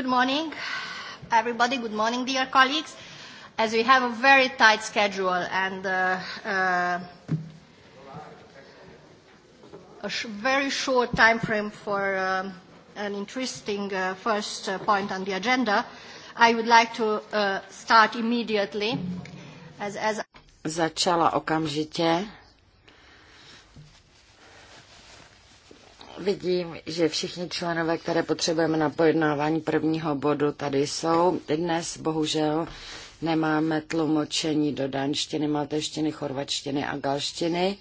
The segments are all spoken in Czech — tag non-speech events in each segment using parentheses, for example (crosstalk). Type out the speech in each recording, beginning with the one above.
Good morning, everybody. Good morning, dear colleagues. As we have a very tight schedule and uh, uh, a very short time frame for uh, an interesting first point on the agenda, I would like to start immediately. Začala okamžitě Vidím, že všichni členové, které potřebujeme na pojednávání prvního bodu, tady jsou. Dnes bohužel nemáme tlumočení do danštiny, malteštiny, chorvačtiny a galštiny.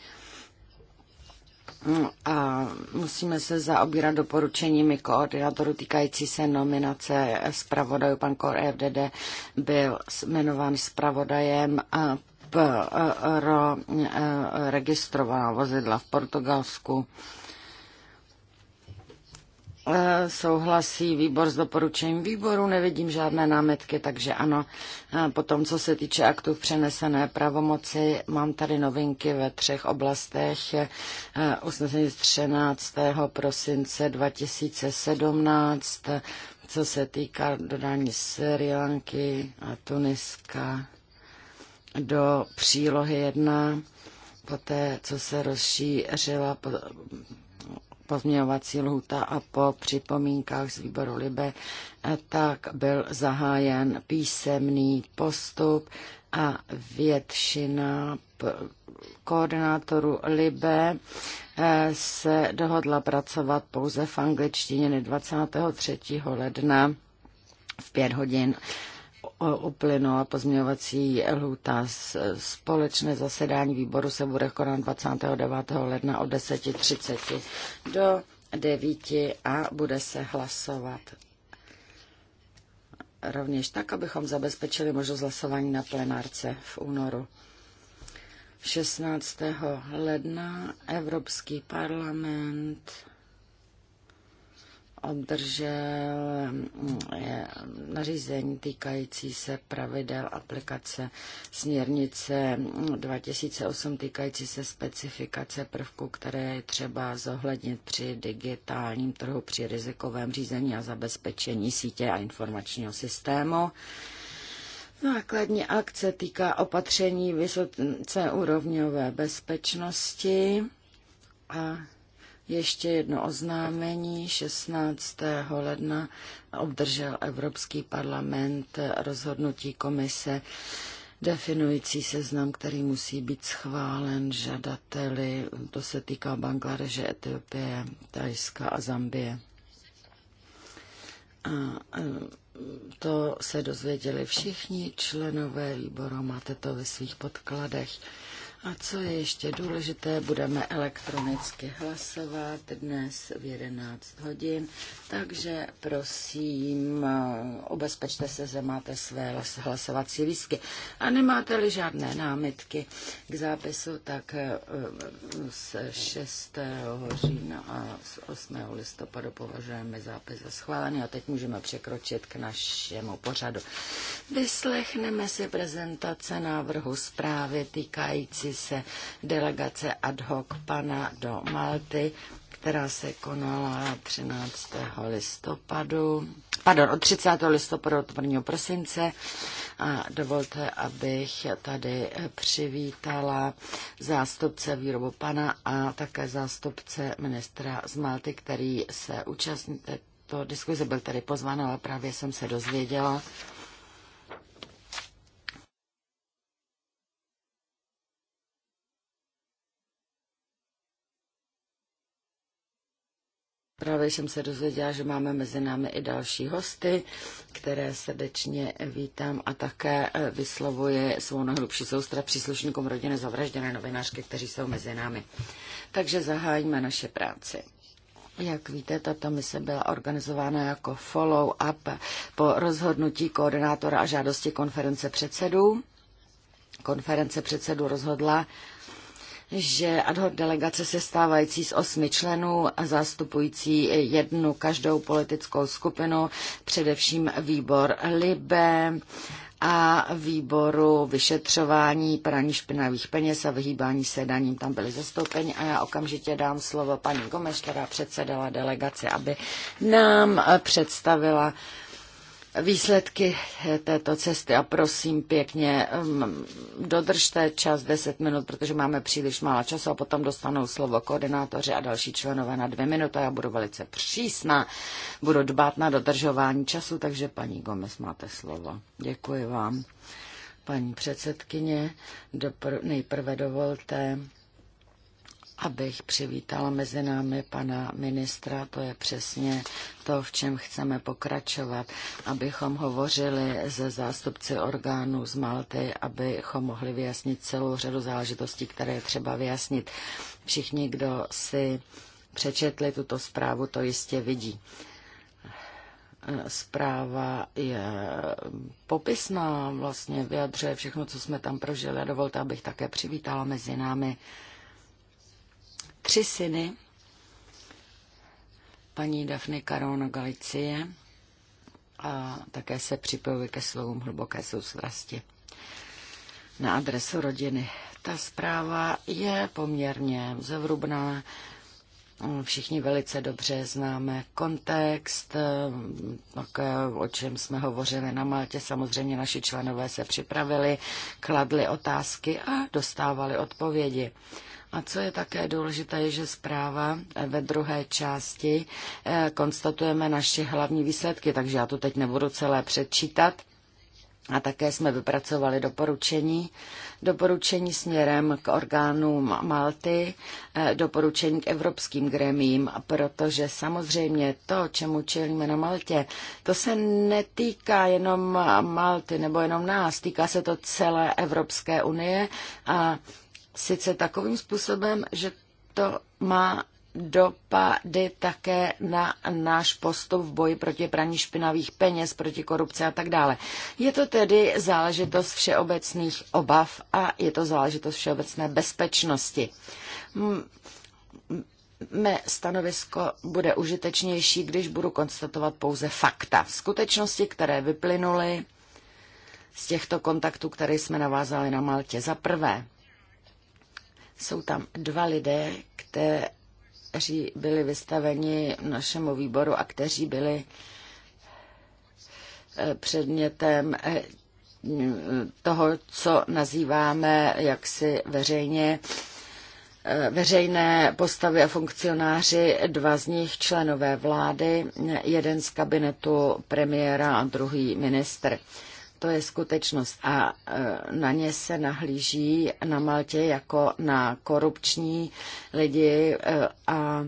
Mm, a musíme se zaobírat doporučeními koordinátorů týkající se nominace zpravodajů. Pan Kor FDD byl jmenován zpravodajem pro registrovaná vozidla v Portugalsku. Eh, souhlasí výbor s doporučením výboru, nevidím žádné námetky, takže ano. Eh, potom, co se týče aktů přenesené pravomoci, mám tady novinky ve třech oblastech. Eh, usnesení z 13. prosince 2017, co se týká dodání Sri Lanky a Tuniska do přílohy 1, poté, co se rozšířila pozměňovací lhuta a po připomínkách z výboru Libe, eh, tak byl zahájen písemný postup a většina koordinátorů Libe eh, se dohodla pracovat pouze v angličtině 23. ledna v pět hodin uplynula pozměňovací lhůta. Společné zasedání výboru se bude konat 29. ledna od 10.30 do 9 a bude se hlasovat. Rovněž tak, abychom zabezpečili možnost hlasování na plenárce v únoru. 16. ledna Evropský parlament obdržel mm, nařízení týkající se pravidel aplikace směrnice 2008 týkající se specifikace prvků, které je třeba zohlednit při digitálním trhu, při rizikovém řízení a zabezpečení sítě a informačního systému. Základní akce týká opatření vysoce úrovňové bezpečnosti a ještě jedno oznámení. 16. ledna obdržel Evropský parlament rozhodnutí komise definující seznam, který musí být schválen žadateli. To se týká Bangladeže, Etiopie, Tajska a Zambie. A e, to se dozvěděli všichni členové výboru, máte to ve svých podkladech. A co je ještě důležité, budeme elektronicky hlasovat dnes v 11 hodin, takže prosím, obezpečte se, že máte své hlasovací lístky. A nemáte-li žádné námitky k zápisu, tak eh, z 6. října a z 8. listopadu považujeme zápis za schválený a teď můžeme překročit k našemu pořadu. Vyslechneme si prezentace návrhu zprávy týkající týkající se delegace ad hoc pana do Malty, která se konala 13. listopadu, pardon, od 30. listopadu od 1. prosince. A dovolte, abych tady přivítala zástupce výrobu pana a také zástupce ministra z Malty, který se účastní této diskuze, byl tady pozván, ale právě jsem se dozvěděla, Právě jsem se dozvěděla, že máme mezi námi i další hosty, které srdečně vítám a také eh, vyslovuje svou nahlubší soustra příslušníkům rodiny zavražděné novinářky, kteří jsou mezi námi. Takže zahájíme naše práci. Jak víte, tato mise byla organizována jako follow-up po rozhodnutí koordinátora a žádosti konference předsedů. Konference předsedů rozhodla, že ad hoc delegace se stávající z osmi členů a zastupující jednu každou politickou skupinu, především výbor LIBE, a výboru vyšetřování praní špinavých peněz a vyhýbání se daním tam byly zastoupeni a já okamžitě dám slovo paní Gomeš, která předsedala delegaci, aby nám představila výsledky této cesty a prosím pěkně, um, dodržte čas 10 minut, protože máme příliš málo času a potom dostanou slovo koordinátoři a další členové na dvě minuty. Já budu velice přísná, budu dbát na dodržování času, takže paní Gomez máte slovo. Děkuji vám. Paní předsedkyně, nejprve dovolte, abych přivítala mezi námi pana ministra, to je přesně to, v čem chceme pokračovat, abychom hovořili ze zástupci orgánů z Malty, abychom mohli vyjasnit celou řadu záležitostí, které je třeba vyjasnit. Všichni, kdo si přečetli tuto zprávu, to jistě vidí zpráva je popisná, vlastně vyjadřuje všechno, co jsme tam prožili. Dovolte, abych také přivítala mezi námi tři syny paní Dafny Karona Galicie a také se připojuji ke slovům hluboké soustrasti na adresu rodiny. Ta zpráva je poměrně zevrubná, Všichni velice dobře známe kontext, o čem jsme hovořili na Maltě. Samozřejmě naši členové se připravili, kladli otázky a dostávali odpovědi. A co je také důležité, je, že zpráva eh, ve druhé části eh, konstatujeme naše hlavní výsledky, takže já to teď nebudu celé předčítat. A také jsme vypracovali doporučení. Doporučení směrem k orgánům Malty, eh, doporučení k evropským gremím, protože samozřejmě to, čemu čelíme na Maltě, to se netýká jenom Malty nebo jenom nás, týká se to celé Evropské unie a sice takovým způsobem, že to má dopady také na náš postup v boji proti praní špinavých peněz, proti korupci a tak dále. Je to tedy záležitost všeobecných obav a je to záležitost všeobecné bezpečnosti. Mé stanovisko bude užitečnější, když budu konstatovat pouze fakta. Skutečnosti, které vyplynuly z těchto kontaktů, které jsme navázali na Maltě. Za prvé, jsou tam dva lidé, kteří byli vystaveni našemu výboru a kteří byli eh, předmětem eh, toho, co nazýváme jaksi veřejně eh, veřejné postavy a funkcionáři, dva z nich členové vlády, jeden z kabinetu premiéra a druhý ministr. To je skutečnost a e, na ně se nahlíží na Maltě jako na korupční lidi e, a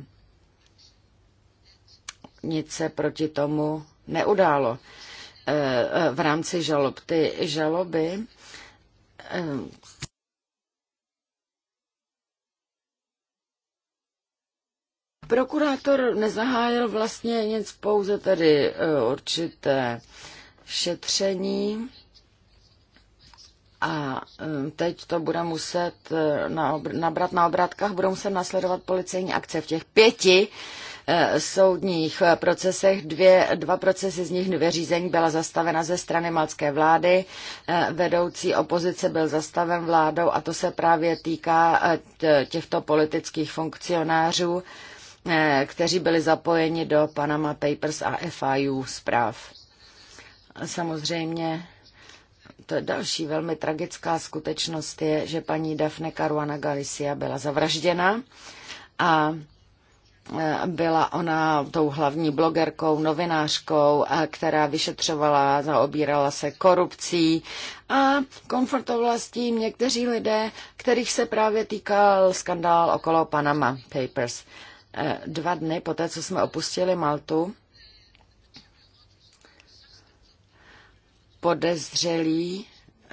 nic se proti tomu neudálo. E, v rámci žalob ty žaloby Prokurátor nezahájil vlastně nic, pouze tedy určité šetření a teď to bude muset eh, nabrat na obrátkách, budou muset nasledovat policejní akce v těch pěti eh, soudních procesech. Dvě, dva procesy z nich dvě řízení byla zastavena ze strany malcké vlády. Eh, vedoucí opozice byl zastaven vládou a to se právě týká těchto politických funkcionářů, kteří byli zapojeni do Panama Papers a FIU zpráv. Samozřejmě to je další velmi tragická skutečnost je, že paní Daphne Caruana Galicia byla zavražděna a e, byla ona tou hlavní blogerkou, novinářkou, která vyšetřovala, zaobírala se korupcí a konfrontovala s tím někteří lidé, kterých se právě týkal skandál okolo Panama Papers. E, dva dny poté, co jsme opustili Maltu, podezřelí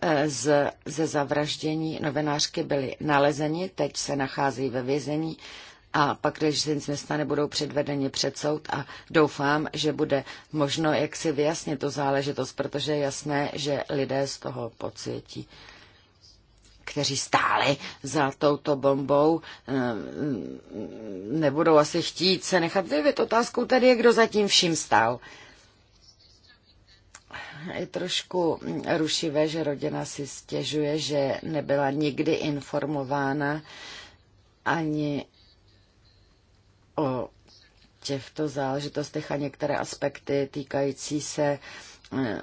eh, z, ze zavraždění novinářky byli nalezeni, teď se nacházejí ve vězení a pak, když se nic nestane, budou předvedeni před soud a doufám, že bude možno jak si vyjasnit tu záležitost, protože je jasné, že lidé z toho pocítí kteří stáli za touto bombou, eh, nebudou asi chtít se nechat vyvět. Otázkou tady je, kdo zatím vším stál. Je trošku rušivé, že rodina si stěžuje, že nebyla nikdy informována ani o těchto záležitostech a některé aspekty týkající se eh,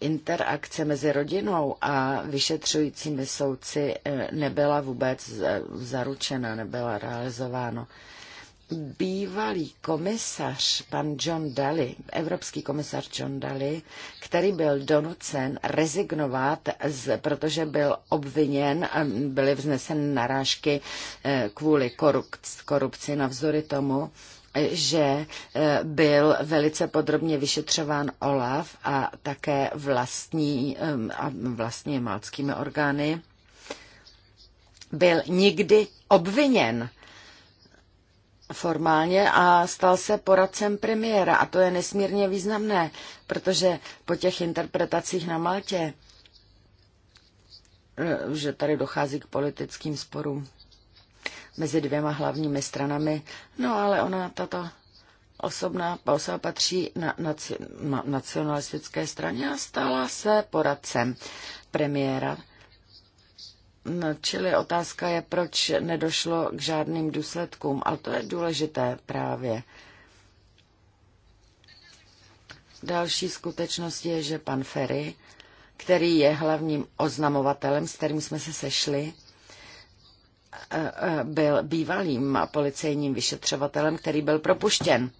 interakce mezi rodinou a vyšetřujícími soudci eh, nebyla vůbec zaručena, nebyla realizováno bývalý komisař, pan John Daly, evropský komisař John Daly, který byl donucen rezignovat, z, protože byl obviněn, byly vzneseny narážky eh, kvůli korupci, korupci navzdory tomu, že eh, byl velice podrobně vyšetřován OLAF a také vlastní, a vlastně malckými orgány, byl nikdy obviněn formálně a stal se poradcem premiéra a to je nesmírně významné, protože po těch interpretacích na Maltě, eh, že tady dochází k politickým sporům mezi dvěma hlavními stranami, no ale ona, tato osobná osoba patří na, na, na nacionalistické straně a stala se poradcem premiéra No, čili otázka je, proč nedošlo k žádným důsledkům, ale to je důležité právě. Další skutečnost je, že pan Ferry, který je hlavním oznamovatelem, s kterým jsme se sešli, eh, eh, byl bývalým policejním vyšetřovatelem, který byl propuštěn.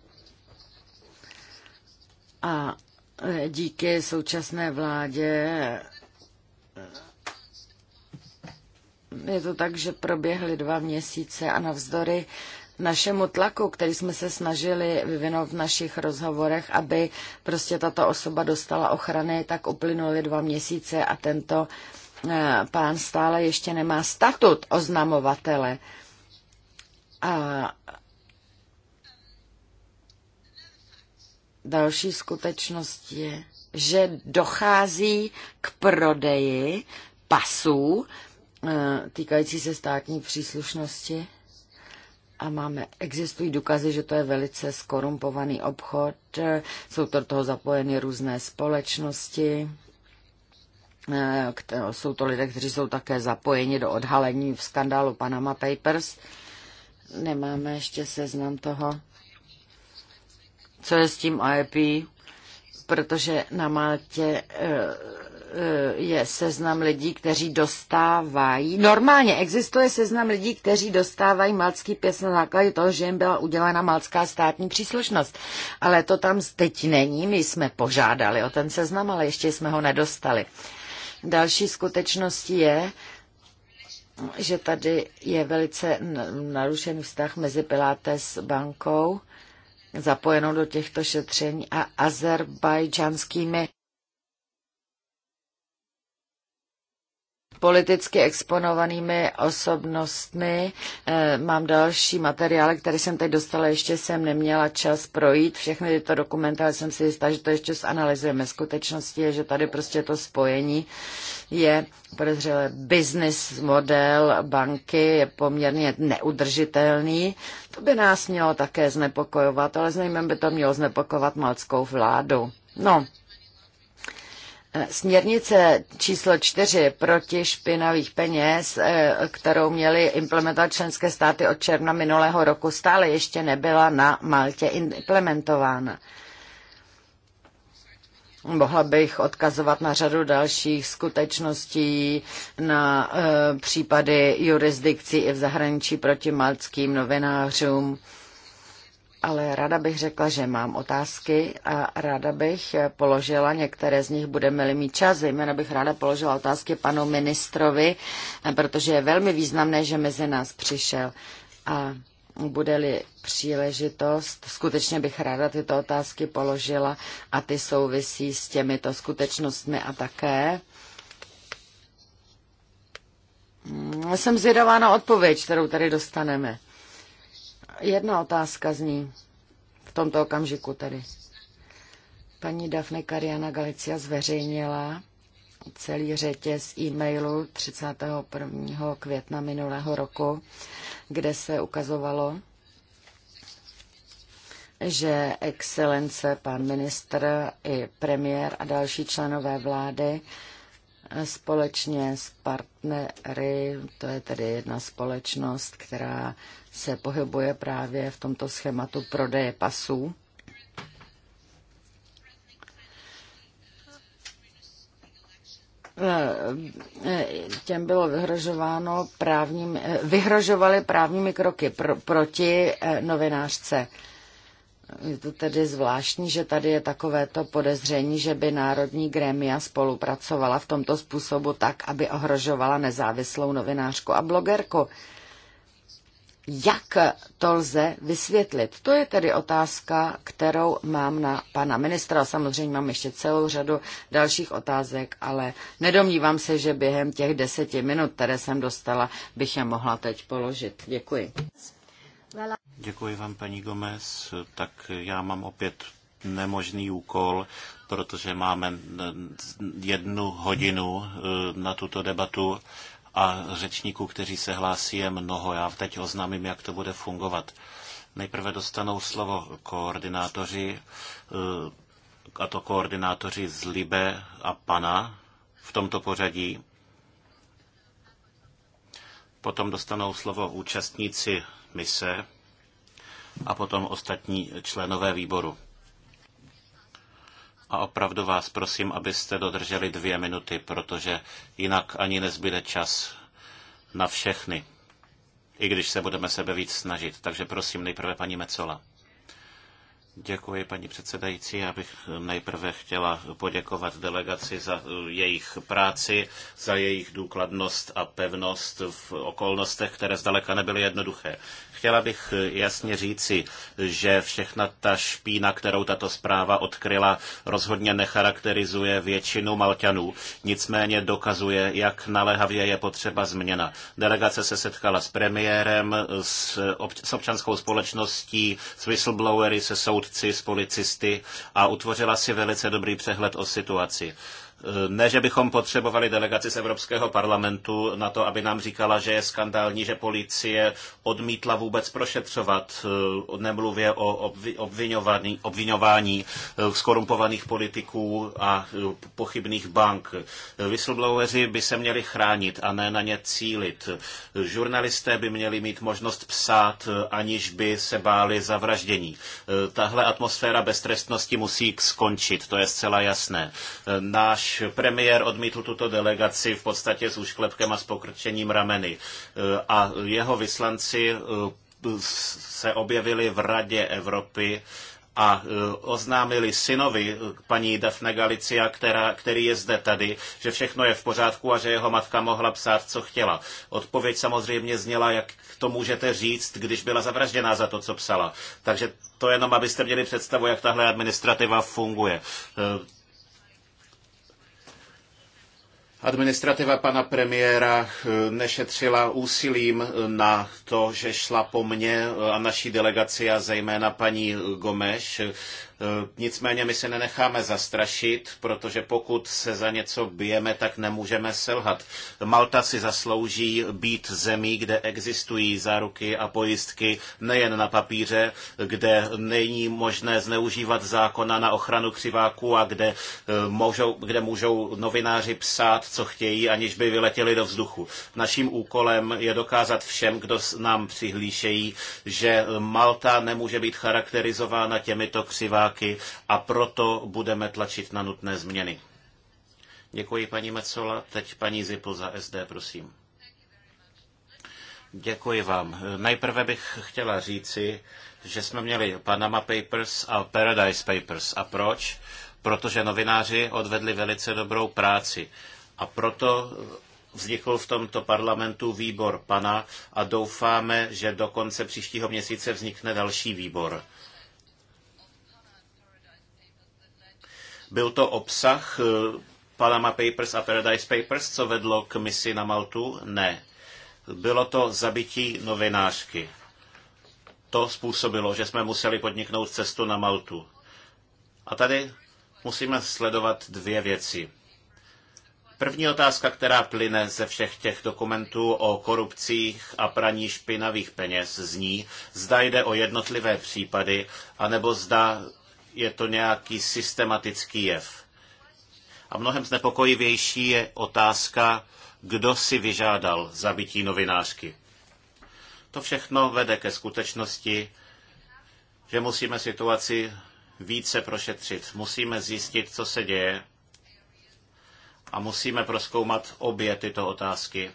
A eh, díky současné vládě je to tak, že proběhly dva měsíce a navzdory našemu tlaku, který jsme se snažili vyvinout v našich rozhovorech, aby prostě tato osoba dostala ochrany, tak uplynuly dva měsíce a tento eh, pán stále ještě nemá statut oznamovatele. A další skutečnost je, že dochází k prodeji pasů, Eh, týkající se státní příslušnosti a máme, existují důkazy, že to je velice skorumpovaný obchod, jsou do toho zapojeny různé společnosti, eh, které, jsou to lidé, kteří jsou také zapojeni do odhalení v skandálu Panama Papers. Nemáme ještě seznam toho, co je s tím IP, protože na Maltě eh, Eh, je seznam lidí, kteří dostávají. Normálně existuje seznam lidí, kteří dostávají malcký pěs na základě toho, že jim byla udělena malcká státní příslušnost. Ale to tam teď není. My jsme požádali o ten seznam, ale ještě jsme ho nedostali. Další skutečností je, že tady je velice narušen vztah mezi Pilates bankou zapojenou do těchto šetření a azerbajdžanskými politicky exponovanými osobnostmi. Eh, mám další materiály, které jsem teď dostala, ještě jsem neměla čas projít. Všechny tyto dokumenty, ale jsem si jistá, že to ještě zanalizujeme. Skutečnosti je, že tady prostě to spojení je podezřelé business model banky je poměrně neudržitelný. To by nás mělo také znepokojovat, ale zejména by to mělo znepokojovat malckou vládu. No, Směrnice číslo čtyři proti špinavých peněz, eh, kterou měly implementovat členské státy od června minulého roku, stále ještě nebyla na Maltě implementována. Mohla bych odkazovat na řadu dalších skutečností, na e, případy jurisdikcí i v zahraničí proti maltským novinářům ale ráda bych řekla, že mám otázky a ráda bych položila, některé z nich budeme-li mít čas, zejména bych ráda položila otázky panu ministrovi, protože je velmi významné, že mezi nás přišel. A bude-li příležitost, skutečně bych ráda tyto otázky položila a ty souvisí s těmito skutečnostmi a také. Jsem zvědavá na odpověď, kterou tady dostaneme. Jedna otázka zní v tomto okamžiku tedy. Paní Dafne Kariana Galicia zveřejnila celý řetěz e-mailu 31. května minulého roku, kde se ukazovalo, že excelence, pan ministr i premiér a další členové vlády společně s partnery, to je tedy jedna společnost, která se pohybuje právě v tomto schématu prodeje pasů. Eh, těm bylo vyhrožováno právním, vyhrožovali právními kroky pro, proti eh, novinářce. Je to tedy zvláštní, že tady je takovéto podezření, že by Národní grémia spolupracovala v tomto způsobu tak, aby ohrožovala nezávislou novinářku a blogerku. Jak to lze vysvětlit? To je tedy otázka, kterou mám na pana ministra. Samozřejmě mám ještě celou řadu dalších otázek, ale nedomnívám se, že během těch deseti minut, které jsem dostala, bych je mohla teď položit. Děkuji. Děkuji vám, paní Gomez. Tak já mám opět nemožný úkol, protože máme jednu hodinu eh, na tuto debatu a řečníků, kteří se hlásí, je mnoho. Já teď oznámím, jak to bude fungovat. Nejprve dostanou slovo koordinátoři, eh, a to koordinátoři z Libe a Pana v tomto pořadí. Potom dostanou slovo účastníci mise a potom ostatní členové výboru. A opravdu vás prosím, abyste dodrželi dvě minuty, protože jinak ani nezbyde čas na všechny, i když se budeme sebe víc snažit. Takže prosím nejprve paní Mecola. Děkuji, paní předsedající. Já bych nejprve chtěla poděkovat delegaci za eh, jejich práci, za jejich důkladnost a pevnost v okolnostech, které zdaleka nebyly jednoduché. Chtěla bych eh, jasně říci, že všechna ta špína, kterou tato zpráva odkryla, rozhodně necharakterizuje většinu Malťanů, nicméně dokazuje, jak naléhavě je potřeba změna. Delegace se setkala s premiérem, s, eh, občanskou společností, s whistleblowery, se soud soudci, s policisty a utvořila si velice dobrý přehled o situaci. Eh, ne, že bychom potřebovali delegaci z Evropského parlamentu na to, aby nám říkala, že je skandální, že policie odmítla vůbec prošetřovat, eh, nemluvě o obvinování, obvinování eh, skorumpovaných politiků a pochybných bank. Whistlebloweri by se měli chránit a ne na ně cílit. Žurnalisté by měli mít možnost psát, aniž by se báli zavraždění. Tahle atmosféra beztrestnosti musí skončit, to je zcela jasné. Náš premiér odmítl tuto delegaci v podstatě s úšklepkem a s pokrčením rameny. E, a jeho vyslanci e, se objevili v Radě Evropy a e, oznámili synovi paní Dafne Galicia, která, který je zde tady, že všechno je v pořádku a že jeho matka mohla psát, co chtěla. Odpověď samozřejmě zněla, jak to můžete říct, když byla zavražděná za to, co psala. Takže to jenom, abyste měli představu, jak tahle administrativa funguje. Administrativa pana premiéra eh, nešetřila úsilím eh, na to, že šla po mně eh, a naší delegaci a zejména paní Gomeš Eh, nicméně my se nenecháme zastrašit, protože pokud se za něco bijeme, tak nemůžeme selhat. Malta si zaslouží být zemí, kde existují záruky a pojistky nejen na papíře, kde není možné zneužívat zákona na ochranu křiváků a kde eh, můžou, kde můžou novináři psát, co chtějí, aniž by vyletěli do vzduchu. Naším úkolem je dokázat všem, kdo nám přihlíšejí, že Malta nemůže být charakterizována těmito křiváky taky a proto budeme tlačit na nutné změny. Děkuji paní Mecola, teď paní Zipl za SD, prosím. Děkuji vám. Nejprve bych chtěla říci, že jsme měli Panama Papers a Paradise Papers. A proč? Protože novináři odvedli velice dobrou práci. A proto vznikl v tomto parlamentu výbor pana a doufáme, že do konce příštího měsíce vznikne další výbor. Byl to obsah eh, Panama Papers a Paradise Papers, co vedlo k misi na Maltu? Ne. Bylo to zabití novinářky. To způsobilo, že jsme museli podniknout cestu na Maltu. A tady musíme sledovat dvě věci. První otázka, která plyne ze všech těch dokumentů o korupcích a praní špinavých peněz, zní, zda jde o jednotlivé případy, anebo zda je to nějaký systematický jev. A mnohem znepokojivější je otázka, kdo si vyžádal zabití novinářky. To všechno vede ke skutečnosti, že musíme situaci více prošetřit. Musíme zjistit, co se děje a musíme proskoumat obě tyto otázky.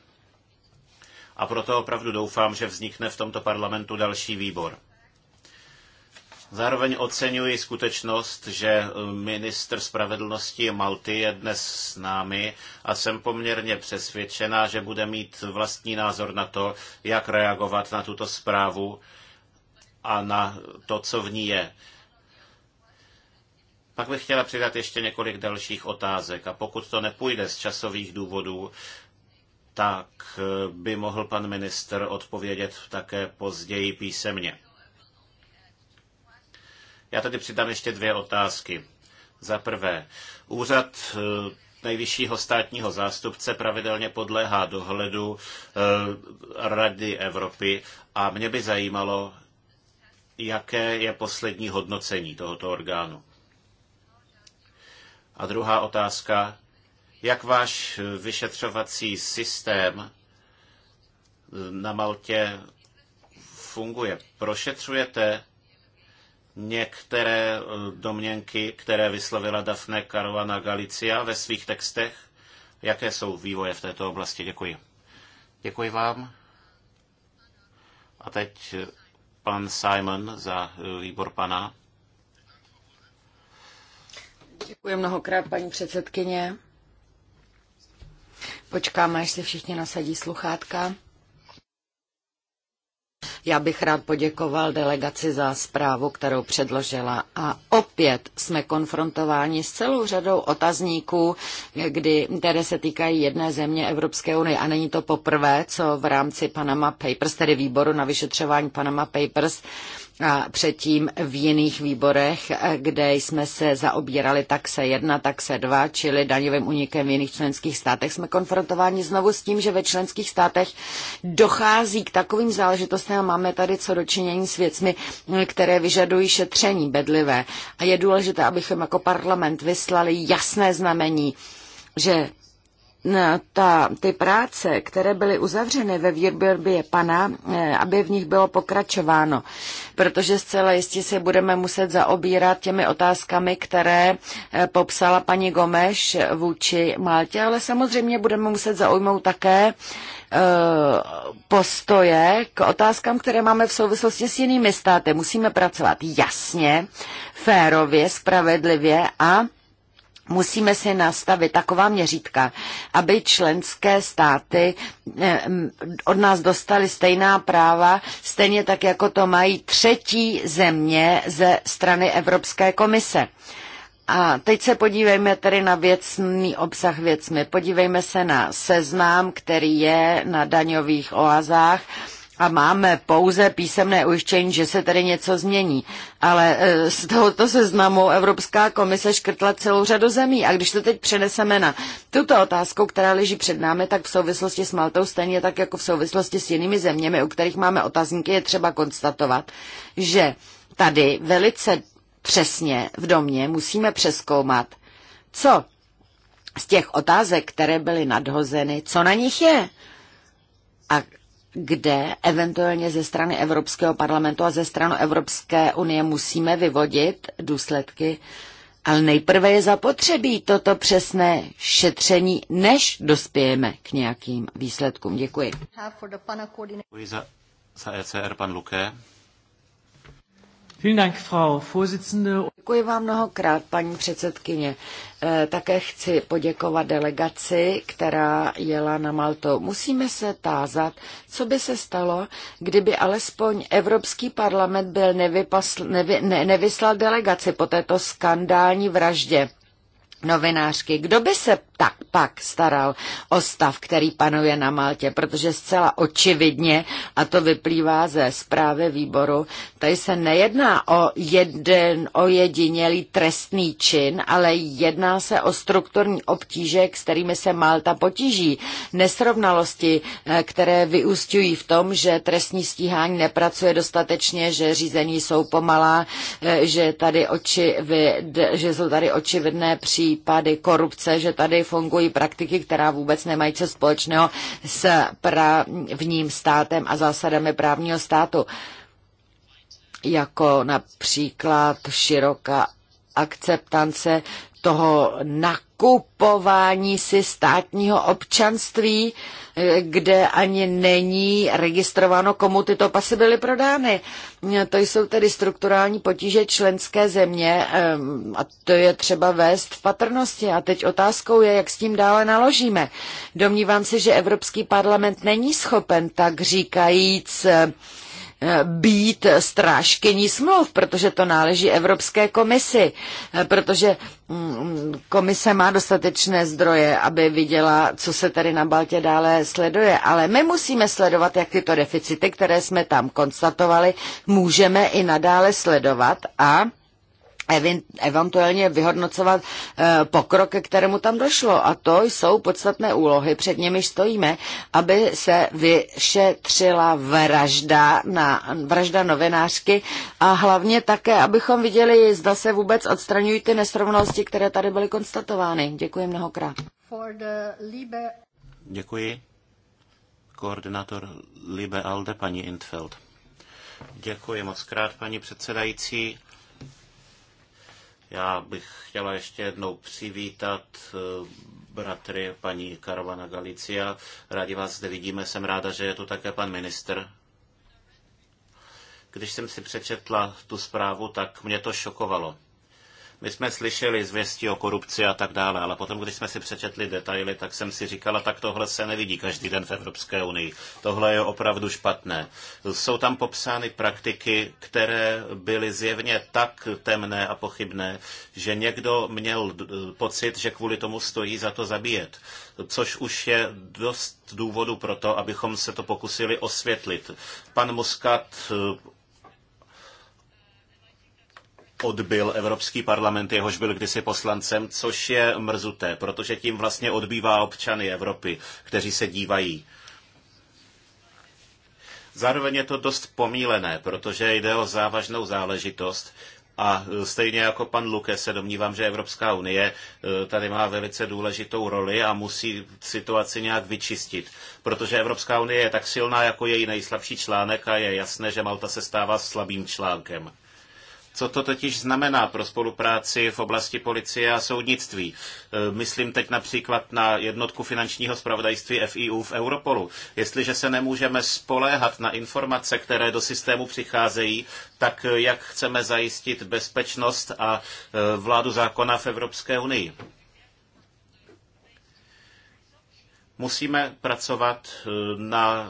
A proto opravdu doufám, že vznikne v tomto parlamentu další výbor. Zároveň oceňuji skutečnost, že eh, ministr spravedlnosti Malty je dnes s námi a jsem poměrně přesvědčená, že bude mít vlastní názor na to, jak reagovat na tuto zprávu a na to, co v ní je. Pak bych chtěla přidat ještě několik dalších otázek a pokud to nepůjde z časových důvodů, tak eh, by mohl pan minister odpovědět také později písemně. Já tady přidám ještě dvě otázky. Za prvé, úřad eh, nejvyššího státního zástupce pravidelně podléhá dohledu eh, Rady Evropy a mě by zajímalo, jaké je poslední hodnocení tohoto orgánu. A druhá otázka, jak váš vyšetřovací systém eh, na Maltě funguje? Prošetřujete některé eh, domněnky, které vyslovila Dafne Caruana Galicia ve svých textech? Jaké jsou vývoje v této oblasti? Děkuji. Děkuji vám. A teď eh, pan Simon za eh, výbor pana. Děkuji mnohokrát, paní předsedkyně. Počkáme, až se všichni nasadí sluchátka. Já bych rád poděkoval delegaci za zprávu, kterou předložila. A opět jsme konfrontováni s celou řadou otazníků, kdy, které se týkají jedné země Evropské unie. A není to poprvé, co v rámci Panama Papers, tedy výboru na vyšetřování Panama Papers, a předtím v jiných výborech, kde jsme se zaobírali tak se jedna, tak se dva, čili daňovým unikem v jiných členských státech, jsme konfrontováni znovu s tím, že ve členských státech dochází k takovým záležitostem a máme tady co dočinění s věcmi, které vyžadují šetření bedlivé. A je důležité, abychom jako parlament vyslali jasné znamení, že ta, ty práce, které byly uzavřeny ve výrobě pana, eh, aby v nich bylo pokračováno, protože zcela jistě se budeme muset zaobírat těmi otázkami, které eh, popsala paní Gomeš vůči Maltě, ale samozřejmě budeme muset zaujmout také eh, postoje k otázkám, které máme v souvislosti s jinými státy. Musíme pracovat jasně, férově, spravedlivě a Musíme si nastavit taková měřítka, aby členské státy eh, od nás dostaly stejná práva, stejně tak, jako to mají třetí země ze strany Evropské komise. A teď se podívejme tedy na věcný obsah věcmi. Podívejme se na seznám, který je na daňových oazách a máme pouze písemné ujištění, že se tady něco změní. Ale e, z tohoto seznamu Evropská komise škrtla celou řadu zemí. A když to teď přeneseme na tuto otázku, která leží před námi, tak v souvislosti s Maltou, stejně tak jako v souvislosti s jinými zeměmi, u kterých máme otazníky, je třeba konstatovat, že tady velice přesně v domě musíme přeskoumat, co z těch otázek, které byly nadhozeny, co na nich je. A kde eventuálně ze strany Evropského parlamentu a ze strany Evropské unie musíme vyvodit důsledky, ale nejprve je zapotřebí toto přesné šetření, než dospějeme k nějakým výsledkům. Děkuji. Děkuji za, za ECR, pan Luke. Děkuji vám mnohokrát, paní předsedkyně. Eh, také chci poděkovat delegaci, která jela na Malto. Musíme se tázat, co by se stalo, kdyby alespoň Evropský parlament byl nevypasl, nevy, ne, nevyslal delegaci po této skandální vraždě novinářky, kdo by se tak pak staral o stav, který panuje na Maltě, protože zcela očividně, a to vyplývá ze zprávy výboru, tady se nejedná o jeden o jedinělý trestný čin, ale jedná se o strukturní obtíže, s kterými se Malta potíží. Nesrovnalosti, eh, které vyústňují v tom, že trestní stíhání nepracuje dostatečně, že řízení jsou pomalá, eh, že, tady oči, že jsou tady očividné příležitosti případy korupce, že tady fungují praktiky, která vůbec nemají co společného s právním státem a zásadami právního státu, jako například široká akceptance toho, na kupování si státního občanství, eh, kde ani není registrováno, komu tyto pasy byly prodány. Eh, to jsou tedy strukturální potíže členské země eh, a to je třeba vést v patrnosti. A teď otázkou je, jak s tím dále naložíme. Domnívám se, že Evropský parlament není schopen tak říkajíc být strážkyní smluv, protože to náleží Evropské komisi, protože mm, komise má dostatečné zdroje, aby viděla, co se tady na Baltě dále sleduje, ale my musíme sledovat, jak tyto deficity, které jsme tam konstatovali, můžeme i nadále sledovat a eventuálně vyhodnocovat eh, pokrok, ke kterému tam došlo. A to jsou podstatné úlohy, před nimiž stojíme, aby se vyšetřila vražda, na, vražda novinářky a hlavně také, abychom viděli, zda se vůbec odstraňují ty nesrovnalosti, které tady byly konstatovány. Děkuji mnohokrát. Děkuji. Koordinátor Libe Alde, paní Intfeld. Děkuji moc krát, paní předsedající. Já bych chtěla ještě jednou přivítat eh, bratry paní Karovana Galicia. Rádi vás zde vidíme, jsem ráda, že je tu také pan minister. Když jsem si přečetla tu zprávu, tak mě to šokovalo. My jsme slyšeli zvěstí o korupci a tak dále, ale potom, když jsme si přečetli detaily, tak jsem si říkala, tak tohle se nevidí každý den v Evropské unii. Tohle je opravdu špatné. Jsou tam popsány praktiky, které byly zjevně tak temné a pochybné, že někdo měl pocit, že kvůli tomu stojí za to zabíjet což už je dost důvodu pro to, abychom se to pokusili osvětlit. Pan muskat odbil Evropský parlament, jehož byl kdysi poslancem, což je mrzuté, protože tím vlastně odbývá občany Evropy, kteří se dívají. Zároveň je to dost pomílené, protože jde o závažnou záležitost a e, stejně jako pan Luke se domnívám, že Evropská unie e, tady má velice důležitou roli a musí situaci nějak vyčistit, protože Evropská unie je tak silná, jako její nejslabší článek a je jasné, že Malta se stává slabým článkem. Co to totiž znamená pro spolupráci v oblasti policie a soudnictví? E, myslím teď například na jednotku finančního spravodajství FIU v Europolu. Jestliže se nemůžeme spoléhat na informace, které do systému přicházejí, tak jak chceme zajistit bezpečnost a e, vládu zákona v Evropské unii? Musíme pracovat e, na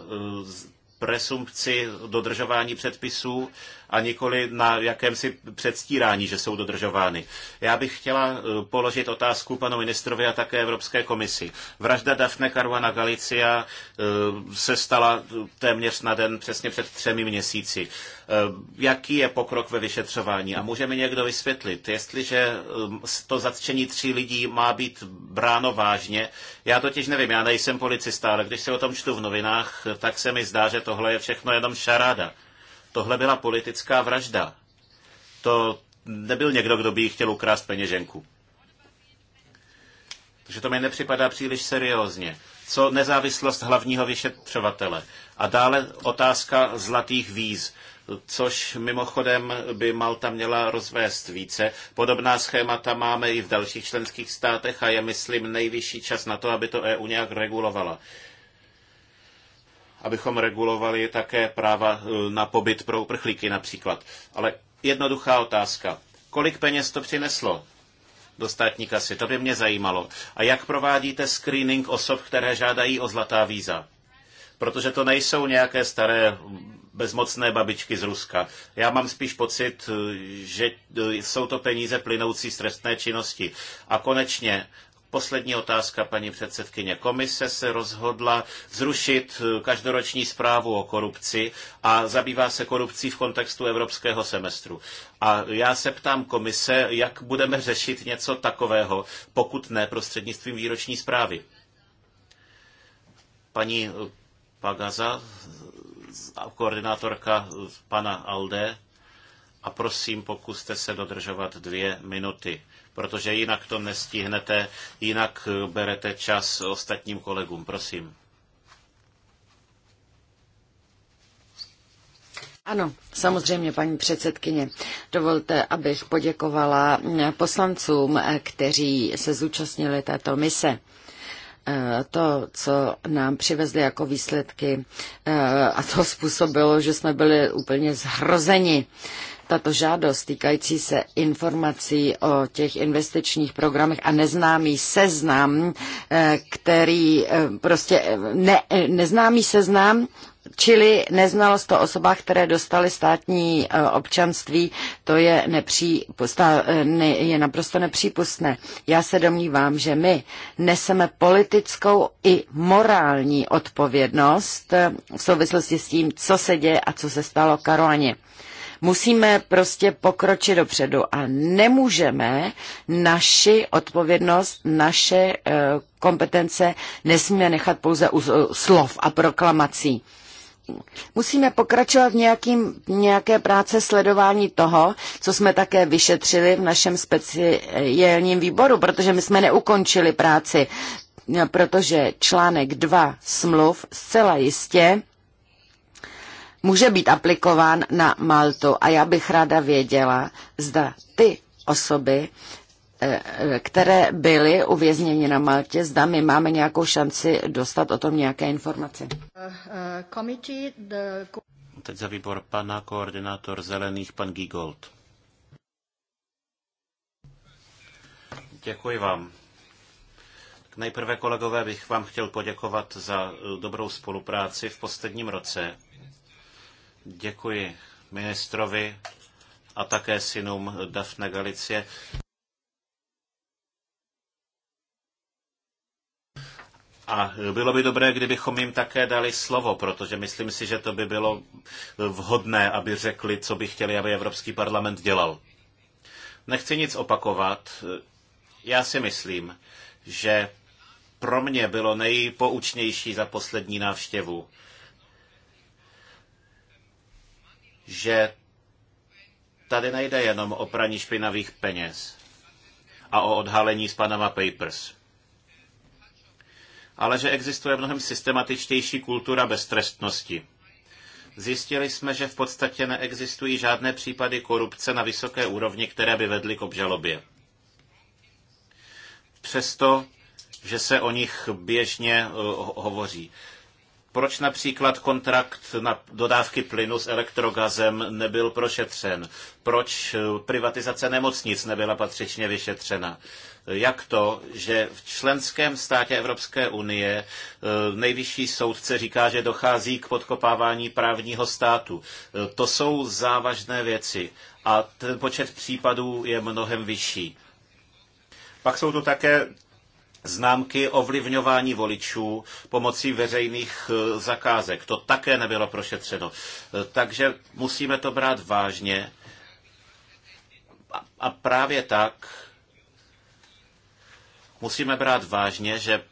presumpci dodržování předpisů a nikoli na jakémsi předstírání, že jsou dodržovány. Já bych chtěla eh, položit otázku panu ministrovi a také Evropské komisi. Vražda Dafne Caruana Galicia eh, se stala eh, téměř na den přesně před třemi měsíci. Jaký je pokrok ve vyšetřování? A může mi někdo vysvětlit, jestliže to zatčení tří lidí má být bráno vážně? Já totiž nevím, já nejsem policista, ale když se o tom čtu v novinách, tak se mi zdá, že tohle je všechno jenom šaráda. Tohle byla politická vražda. To nebyl někdo, kdo by jí chtěl ukrást peněženku. Takže to mi nepřipadá příliš seriózně. Co nezávislost hlavního vyšetřovatele? A dále otázka zlatých víz což mimochodem by Malta měla rozvést více. Podobná schémata máme i v dalších členských státech a je, myslím, nejvyšší čas na to, aby to EU nějak regulovala abychom regulovali také práva eh, na pobyt pro uprchlíky například. Ale jednoduchá otázka. Kolik peněz to přineslo? do státní kasy. To by mě zajímalo. A jak provádíte screening osob, které žádají o zlatá víza? Protože to nejsou nějaké staré mm, bezmocné babičky z Ruska. Já mám spíš pocit, eh, že eh, jsou to peníze plynoucí z trestné činnosti. A konečně, Poslední otázka, paní předsedkyně. Komise se rozhodla zrušit eh, každoroční zprávu o korupci a zabývá se korupcí v kontextu evropského semestru. A já se ptám komise, jak budeme řešit něco takového, pokud ne prostřednictvím výroční zprávy. Paní eh, Pagaza, eh, koordinátorka pana Alde, a prosím, pokuste se dodržovat dvě minuty protože jinak to nestihnete, jinak eh, berete čas ostatním kolegům. Prosím. Ano, samozřejmě, paní předsedkyně. Dovolte, abych poděkovala eh, poslancům, eh, kteří se zúčastnili této mise to, co nám přivezli jako výsledky a to (laughs) způsobilo, že jsme byli úplně zhrozeni tato žádost týkající se informací o těch investičních programech a neznámý seznam, eh, který eh, prostě eh, ne, neznámý seznam, Čili neznalost o osobách, které dostaly státní občanství, to je, nepří, je naprosto nepřípustné. Já se domnívám, že my neseme politickou i morální odpovědnost v souvislosti s tím, co se děje a co se stalo Karoani. Musíme prostě pokročit dopředu a nemůžeme naši odpovědnost, naše eh, kompetence nesmíme nechat pouze u slov a proklamací musíme pokračovat v nějakým, nějaké práce sledování toho, co jsme také vyšetřili v našem speciálním výboru, protože my jsme neukončili práci, protože článek 2 smluv zcela jistě může být aplikován na Maltu. A já bych ráda věděla, zda ty osoby, eh, které byly uvězněny na Maltě, zda my máme nějakou šanci dostat o tom nějaké informace. Eh, eh, Teď za výbor pana koordinátor zelených, pan Gigold. Děkuji vám. Nejprve, kolegové, bych vám chtěl poděkovat za dobrou spolupráci v posledním roce. Děkuji ministrovi a také synům Dafne Galicie. A bylo by dobré, kdybychom jim také dali slovo, protože myslím si, že to by bylo vhodné, aby řekli, co by chtěli, aby Evropský parlament dělal. Nechci nic opakovat. Já si myslím, že pro mě bylo nejpoučnější za poslední návštěvu že tady nejde jenom o praní špinavých peněz a o odhalení z Panama Papers, ale že existuje mnohem systematičtější kultura beztrestnosti. Zjistili jsme, že v podstatě neexistují žádné případy korupce na vysoké úrovni, které by vedly k obžalobě. Přesto, že se o nich běžně eh, hovoří. Proč například kontrakt na dodávky plynu s elektrogazem nebyl prošetřen? Proč eh, privatizace nemocnic nebyla patřičně vyšetřena? Jak to, že v členském státě Evropské unie eh, nejvyšší soudce říká, že dochází k podkopávání právního státu? Eh, to jsou závažné věci a ten počet případů je mnohem vyšší. Pak jsou tu také známky ovlivňování voličů pomocí veřejných eh, zakázek. To také nebylo prošetřeno. Eh, takže musíme to brát vážně. A právě tak musíme brát vážně, že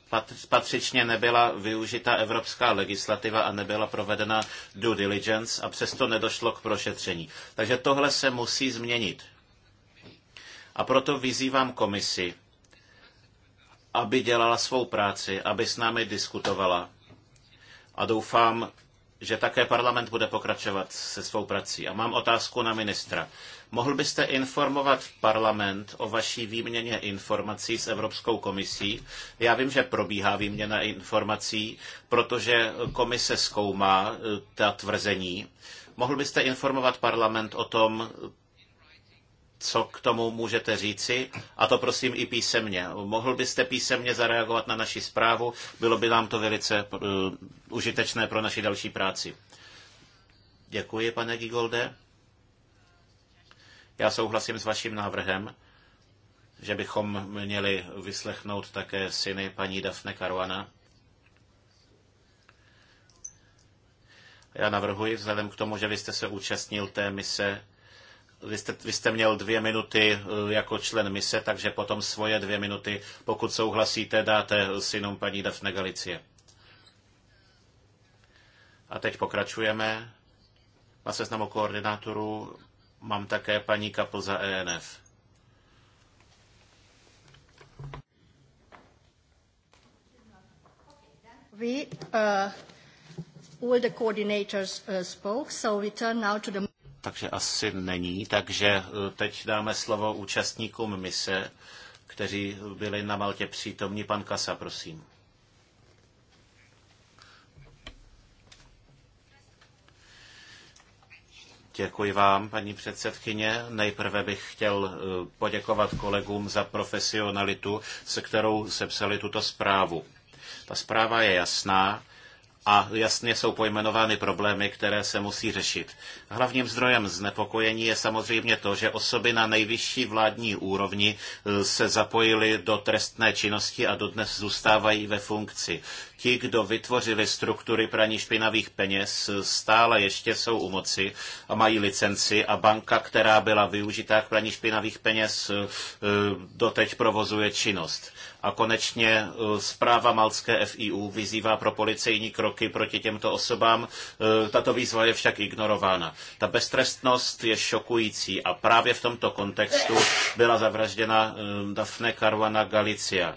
patřičně nebyla využita evropská legislativa a nebyla provedena due diligence a přesto nedošlo k prošetření. Takže tohle se musí změnit. A proto vyzývám komisi, aby dělala svou práci, aby s námi diskutovala. A doufám, že také parlament bude pokračovat se svou prací. A mám otázku na ministra. Mohl byste informovat parlament o vaší výměně informací s Evropskou komisí? Já vím, že probíhá výměna informací, protože komise zkoumá eh, ta tvrzení. Mohl byste informovat parlament o tom, co k tomu můžete říci, a to prosím i písemně. Mohl byste písemně zareagovat na naši zprávu, bylo by nám to velice uh, užitečné pro naši další práci. Děkuji, pane Gigolde. Já souhlasím s vaším návrhem, že bychom měli vyslechnout také syny paní Dafne Karuana. Já navrhuji, vzhledem k tomu, že vy jste se účastnil té mise, vy jste, vy jste měl dvě minuty eh, jako člen mise, takže potom svoje dvě minuty, pokud souhlasíte, dáte synům paní Daphne Galicie. A teď pokračujeme. Na seznamu koordinátorů mám také paní Kapl za ENF. We, uh, all the coordinators uh, spoke, so we turn now to the takže asi není. Takže e, teď dáme slovo účastníkům mise, kteří byli na Maltě přítomní. Pan Kasa, prosím. Děkuji vám, paní předsedkyně. Nejprve bych chtěl e, poděkovat kolegům za profesionalitu, se kterou sepsali tuto zprávu. Ta zpráva je jasná a jasně jsou pojmenovány problémy, které se musí řešit. Hlavním zdrojem znepokojení je samozřejmě to, že osoby na nejvyšší vládní úrovni eh, se zapojily do trestné činnosti a dodnes zůstávají ve funkci. Ti, kdo vytvořili struktury praní špinavých peněz, eh, stále ještě jsou u moci a mají licenci a banka, která byla využitá k praní špinavých peněz, eh, doteď provozuje činnost. A konečně e, zpráva malské FIU vyzývá pro policejní kroky proti těmto osobám. E, tato výzva je však ignorována. Ta beztrestnost je šokující a právě v tomto kontextu byla zavražděna e, Dafne Caruana Galicia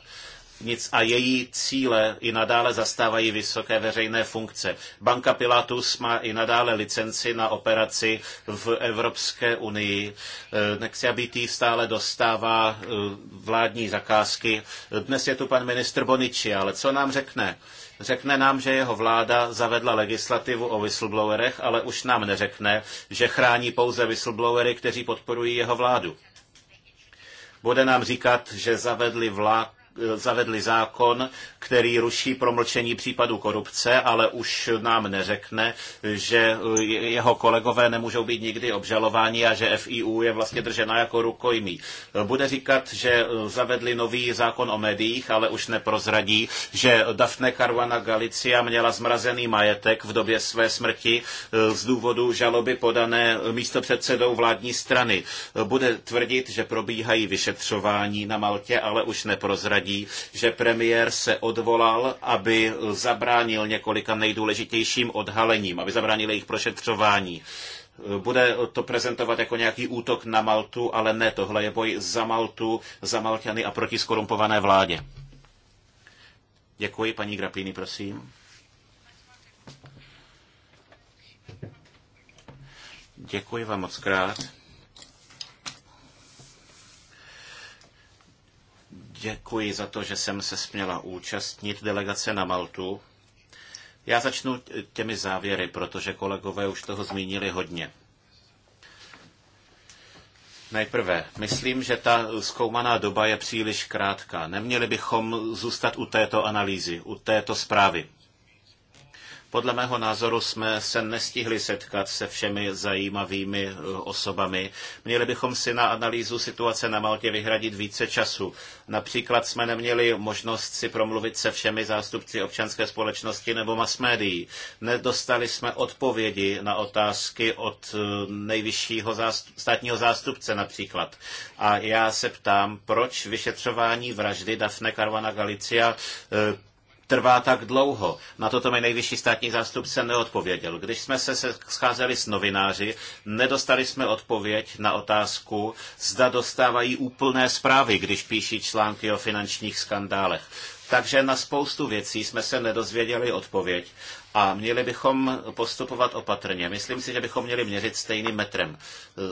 nic a její cíle i nadále zastávají vysoké veřejné funkce. Banka Pilatus má i nadále licenci na operaci v Evropské unii. E, Nexia BT stále dostává e, vládní zakázky. Dnes je tu pan ministr Boniči, ale co nám řekne? Řekne nám, že jeho vláda zavedla legislativu o whistleblowerech, ale už nám neřekne, že chrání pouze whistleblowery, kteří podporují jeho vládu. Bude nám říkat, že zavedli vlád zavedli zákon, který ruší promlčení případu korupce, ale už nám neřekne, že jeho kolegové nemůžou být nikdy obžalováni a že FIU je vlastně držena jako rukojmí. Bude říkat, že zavedli nový zákon o médiích, ale už neprozradí, že Daphne Caruana Galicia měla zmrazený majetek v době své smrti eh, z důvodu žaloby podané místopředsedou vládní strany. Bude tvrdit, že probíhají vyšetřování na Maltě, ale už neprozradí tvrdí, že premiér se odvolal, aby zabránil několika nejdůležitějším odhalením, aby zabránil jejich prošetřování bude to prezentovat jako nějaký útok na Maltu, ale ne, tohle je boj za Maltu, za Malťany a proti skorumpované vládě. Děkuji, paní Grapini, prosím. Děkuji vám moc krát. Děkuji za to, že jsem se směla účastnit delegace na Maltu. Já začnu těmi závěry, protože kolegové už toho zmínili hodně. Nejprve, myslím, že ta zkoumaná doba je příliš krátká. Neměli bychom zůstat u této analýzy, u této zprávy. Podle mého názoru jsme se nestihli setkat se všemi zajímavými eh, osobami. Měli bychom si na analýzu situace na Maltě vyhradit více času. Například jsme neměli možnost si promluvit se všemi zástupci občanské společnosti nebo mass médií. Nedostali jsme odpovědi na otázky od eh, nejvyššího zástup, státního zástupce například. A já se ptám, proč vyšetřování vraždy Dafne Karvana Galicia eh, trvá tak dlouho? Na toto mi nejvyšší státní zástupce neodpověděl. Když jsme se scházeli s novináři, nedostali jsme odpověď na otázku, zda dostávají úplné zprávy, když píší články o finančních skandálech. Takže na spoustu věcí jsme se nedozvěděli odpověď. A měli bychom postupovat opatrně. Myslím si, že bychom měli měřit stejným metrem.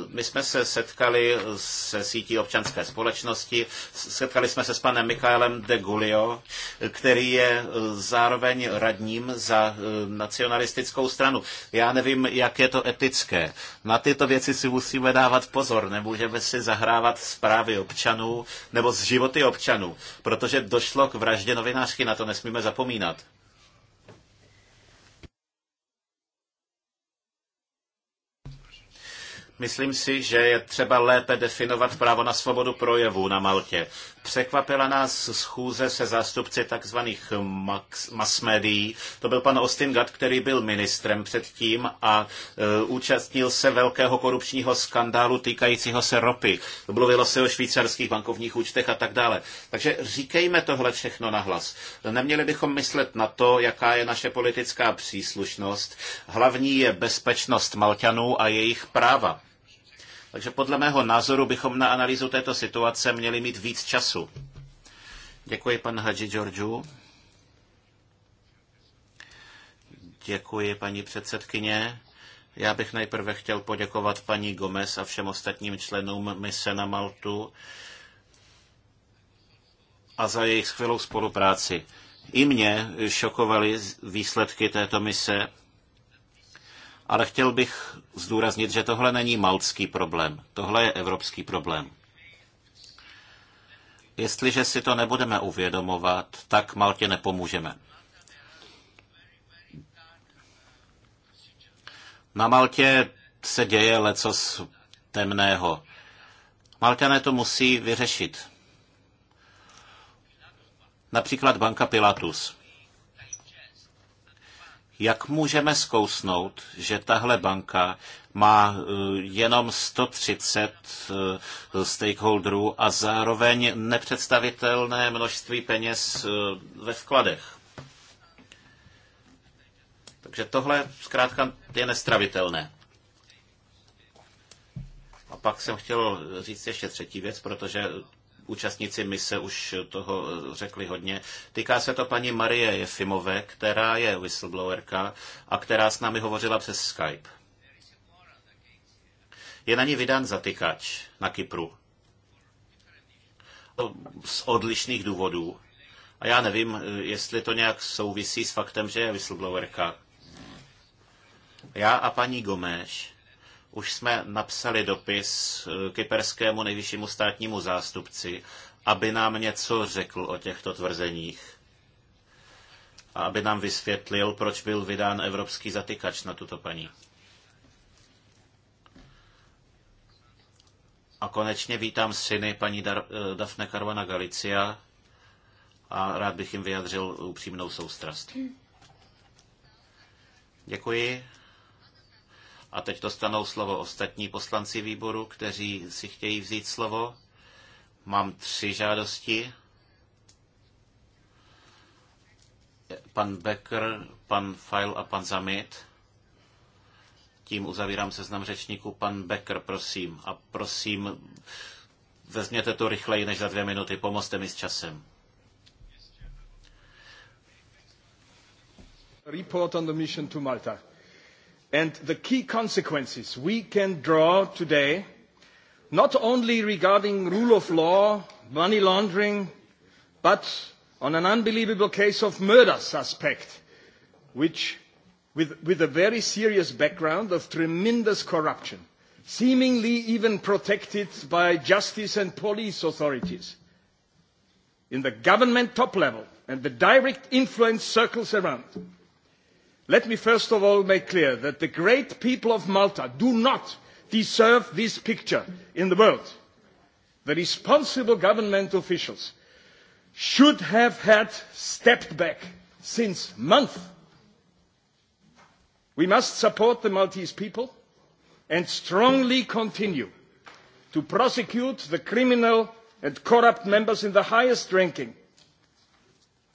My jsme se setkali se sítí občanské společnosti, setkali jsme se s panem Michaelem de Gulio, který je zároveň radním za eh, nacionalistickou stranu. Já nevím, jak je to etické. Na tyto věci si musíme dávat pozor. Nemůžeme si zahrávat zprávy občanů nebo z životy občanů, protože došlo k vraždě novinářky, na to nesmíme zapomínat. Myslím si, že je třeba lépe definovat právo na svobodu projevu na Maltě. Překvapila nás schůze se zástupci tzv. mass médií. To byl pan Gatt, který byl ministrem předtím a e, účastnil se velkého korupčního skandálu týkajícího se ropy. Mluvilo se o švýcarských bankovních účtech a tak dále. Takže říkejme tohle všechno nahlas. Neměli bychom myslet na to, jaká je naše politická příslušnost. Hlavní je bezpečnost Malťanů a jejich práva. Takže podle mého názoru bychom na analýzu této situace měli mít víc času. Děkuji, pan Hadži Georgiou. Děkuji, paní předsedkyně. Já bych nejprve chtěl poděkovat paní Gomez a všem ostatním členům mise na Maltu a za jejich skvělou spolupráci. I mě šokovaly výsledky této mise ale chtěl bych zdůraznit, že tohle není maltský problém, tohle je evropský problém. Jestliže si to nebudeme uvědomovat, tak Maltě nepomůžeme. Na Maltě se děje z temného. Malťané to musí vyřešit. Například banka Pilatus. Jak můžeme zkousnout, že tahle banka má eh, jenom 130 eh, stakeholderů a zároveň nepředstavitelné množství peněz eh, ve vkladech? Takže tohle zkrátka je nestravitelné. A pak jsem chtěl říct ještě třetí věc, protože účastníci mise už toho eh, řekli hodně. Týká se to paní Marie Jefimové, která je whistleblowerka a která s námi hovořila přes Skype. Je na ní vydán zatykač na Kypru. Z odlišných důvodů. A já nevím, eh, jestli to nějak souvisí s faktem, že je whistleblowerka. Já a paní Gomeš už jsme napsali dopis eh, kyperskému nejvyššímu státnímu zástupci, aby nám něco řekl o těchto tvrzeních a aby nám vysvětlil, proč byl vydán evropský zatykač na tuto paní. A konečně vítám syny paní Dar- eh, Dafne Karvana Galicia a rád bych jim vyjadřil upřímnou soustrast. Hmm. Děkuji. A teď dostanou slovo ostatní poslanci výboru, kteří si chtějí vzít slovo. Mám tři žádosti. Pan Becker, pan File a pan Zamit. Tím uzavírám seznam řečníků. Pan Becker, prosím. A prosím, vezměte to rychleji než za dvě minuty. Pomozte mi s časem. Report on the mission to Malta and the key consequences we can draw today, not only regarding rule of law, money laundering, but on an unbelievable case of murder suspect, which, with, with a very serious background of tremendous corruption, seemingly even protected by justice and police authorities, in the government top level and the direct influence circles around Let me first of all make clear that the great people of Malta do not deserve this picture in the world. The responsible government officials should have had stepped back since months. We must support the Maltese people and strongly continue to prosecute the criminal and corrupt members in the highest ranking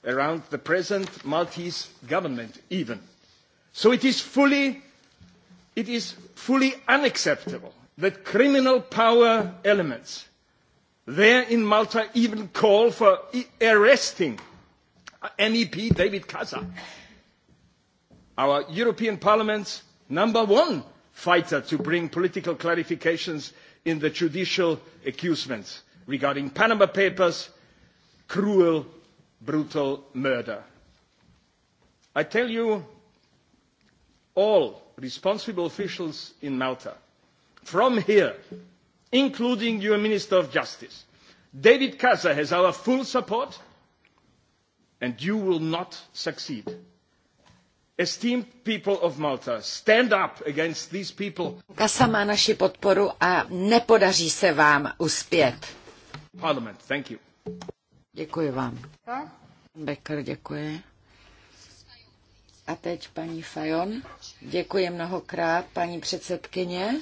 around the present Maltese government even. So it is fully, unacceptable that criminal power elements there in Malta even call for e, arresting MEP David Casa, our European Parliament's number one fighter to bring political clarifications in the judicial accusements regarding Panama Papers, cruel, brutal murder. I tell you all responsible officials in Malta, from here, including your Minister of Justice. David Casa has our full support, and you will not succeed. Esteemed people of Malta, stand up against these people. Kasa má naši podporu a nepodaří se vám uspět. Parliament, thank you. Děkuji vám. Becker, děkuji. A teď paní Fajon. Děkuji mnohokrát, paní předsedkyně.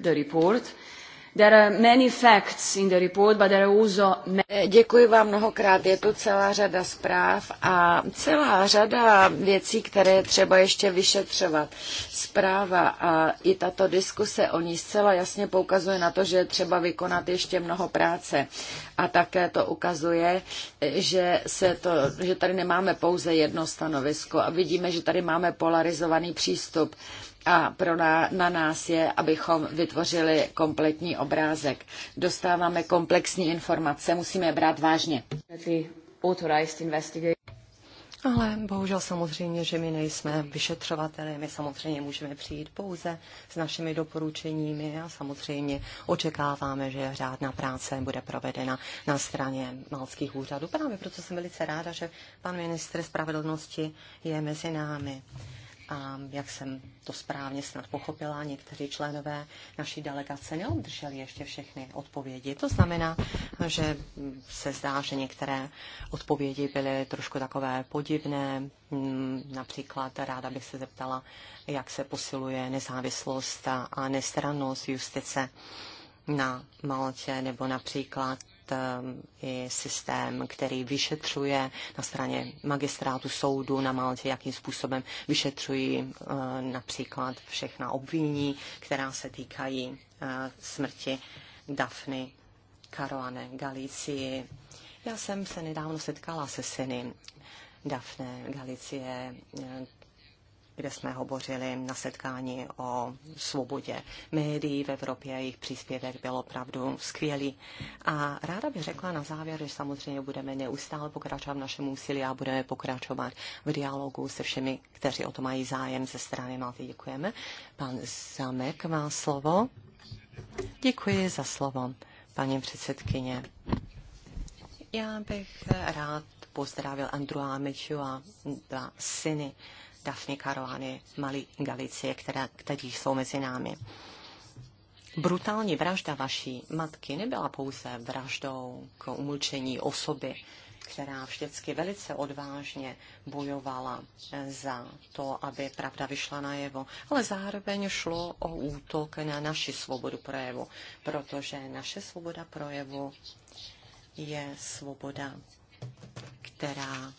The report. Eh, děkuji vám mnohokrát. Je tu celá řada zpráv a celá řada věcí, které je třeba ještě vyšetřovat. Zpráva a i tato diskuse o ní zcela jasně poukazuje na to, že je třeba vykonat ještě mnoho práce. A také to ukazuje, eh, že, se to, že tady nemáme pouze jedno stanovisko a vidíme, že tady máme polarizovaný přístup a pro na, na nás je, abychom vytvořili kompletní obrázek. Dostáváme komplexní informace, musíme je brát vážně. Ale bohužel samozřejmě, že my nejsme vyšetřovateli, my samozřejmě můžeme přijít pouze s našimi doporučeními a samozřejmě očekáváme, že řádná práce bude provedena na straně malských úřadů. Právě proto jsem velice ráda, že pan ministr spravedlnosti je mezi námi a jak jsem to správně snad pochopila, někteří členové naší delegace neobdrželi ještě všechny odpovědi. To znamená, že se zdá, že některé odpovědi byly trošku takové podivné. Mm, například ráda bych se zeptala, jak se posiluje nezávislost a nestrannost justice na Maltě, nebo například Ehm, i systém, který vyšetřuje na straně magistrátu soudu na Maltě, jakým způsobem vyšetřují ehm, například všechna obvinění, která se týkají ehm, smrti Dafny Karoane Galicii. Já jsem se nedávno setkala se syny Dafne Galicie, kde jsme hovořili na setkání o svobodě médií v Evropě. Jejich příspěvek byl opravdu skvělý. A ráda bych řekla na závěr, že samozřejmě budeme neustále pokračovat v našem úsilí a budeme pokračovat v dialogu se všemi, kteří o to mají zájem ze strany Malty. Děkujeme. Pan Zamek má slovo. Děkuji za slovo, paní předsedkyně. Já bych rád pozdravil Andrua Mečiu a dva syny Daphne Caruany z Mali Galicie, která, kteří jsou mezi námi. Brutální vražda vaší matky nebyla pouze vraždou k umlčení osoby, která vždycky velice odvážně bojovala za to, aby pravda vyšla najevo. Ale zároveň šlo o útok na naši svobodu projevu, protože naše svoboda projevu je svoboda, která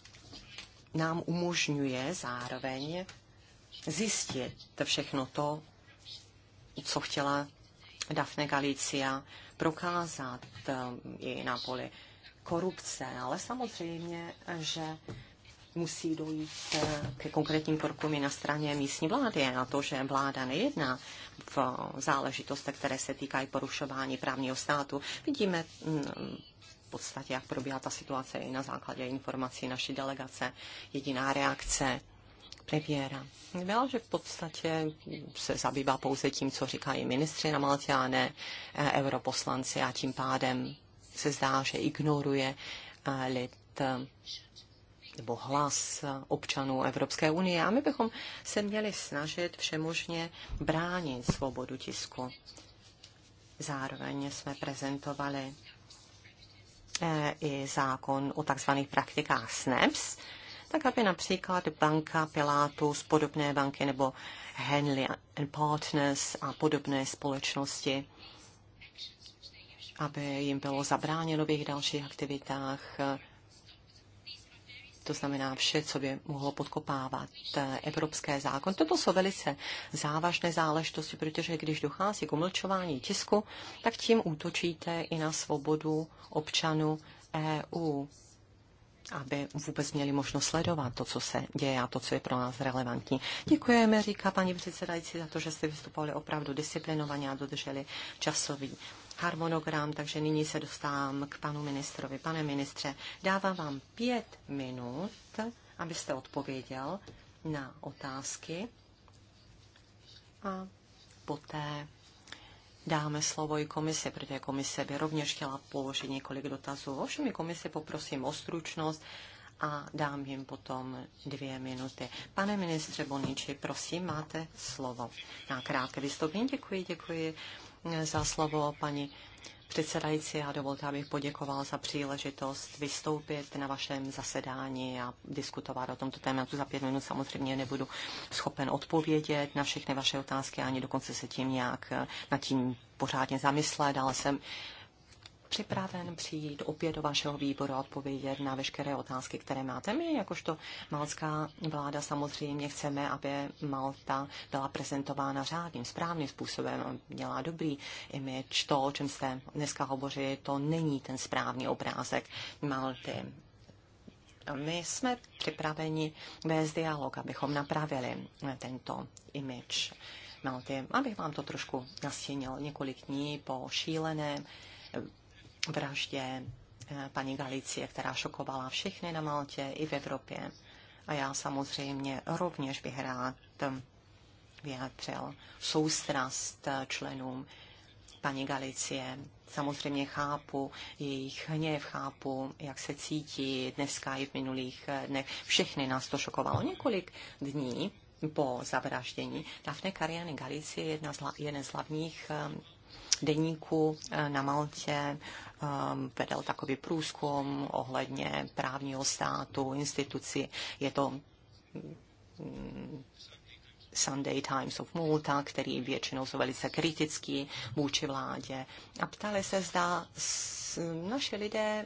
nám umožňuje zároveň zjistit všechno to, co chtěla Dafne Galicia prokázat eh, i na poli korupce, ale samozřejmě, že musí dojít eh, ke konkrétním krokům i na straně místní vlády a to, že vláda nejedná v záležitostech, které se týkají porušování právního státu. Vidíme mm, v podstatě, jak probíhá ta situace i na základě informací naší delegace. Jediná reakce premiéra byla, že v podstatě se zabývá pouze tím, co říkají ministři na Maltě a ne eh, europoslanci a tím pádem se zdá, že ignoruje eh, lid eh, nebo hlas občanů Evropské unie. A my bychom se měli snažit všemožně bránit svobodu tisku. Zároveň jsme prezentovali E, i zákon o tzv. praktikách SNEPS, tak aby například banka Pilatus, podobné banky nebo Henley Partners a podobné společnosti, aby jim bylo zabráněno v jejich dalších aktivitách, to znamená vše, co by mohlo podkopávat eh, evropské zákon. Toto jsou velice závažné záležitosti, protože když dochází k umlčování tisku, tak tím útočíte i na svobodu občanů EU, aby vůbec měli možnost sledovat to, co se děje a to, co je pro nás relevantní. Děkujeme, říká paní předsedající, za to, že jste vystupovali opravdu disciplinovaně a dodrželi časový harmonogram, takže nyní se dostávám k panu ministrovi. Pane ministře, dávám vám pět minut, abyste odpověděl na otázky a poté dáme slovo i komise, protože komise by rovněž chtěla položit několik dotazů. Ovšem i komise poprosím o stručnost a dám jim potom dvě minuty. Pane ministře Boniči, prosím, máte slovo. Na krátké vystoupení děkuji, děkuji za slovo, paní předsedající. A dovolte, abych poděkoval za příležitost vystoupit na vašem zasedání a diskutovat o tomto tématu. Za pět minut samozřejmě nebudu schopen odpovědět na všechny vaše otázky, ani dokonce se tím nějak nad tím pořádně zamyslet, ale jsem připraven přijít opět do vašeho výboru a odpovědět na veškeré otázky, které máte. My, jakožto malská vláda, samozřejmě chceme, aby Malta byla prezentována řádným, správným způsobem, měla dobrý image. To, o čem jste dneska hovořili, to není ten správný obrázek Malty. My jsme připraveni vést dialog, abychom napravili tento image Malty. Abych vám to trošku nastínil několik dní po šílené vraždě eh, paní Galicie, která šokovala všechny na Maltě i v Evropě. A já samozřejmě rovněž bych rád vyjádřil soustrast eh, členům paní Galicie. Samozřejmě chápu jejich hněv, chápu, jak se cítí dneska i v minulých eh, dnech. Všechny nás to šokovalo. Několik dní po zavraždění Dafne Kariany Galicie je jedna z, jeden z hlavních deníku eh, na Maltě eh, vedl takový průzkum ohledně právního státu, instituci. Je to mm, Sunday Times of Malta, který většinou jsou velice kritický vůči vládě. A ptali se, zda naše lidé eh,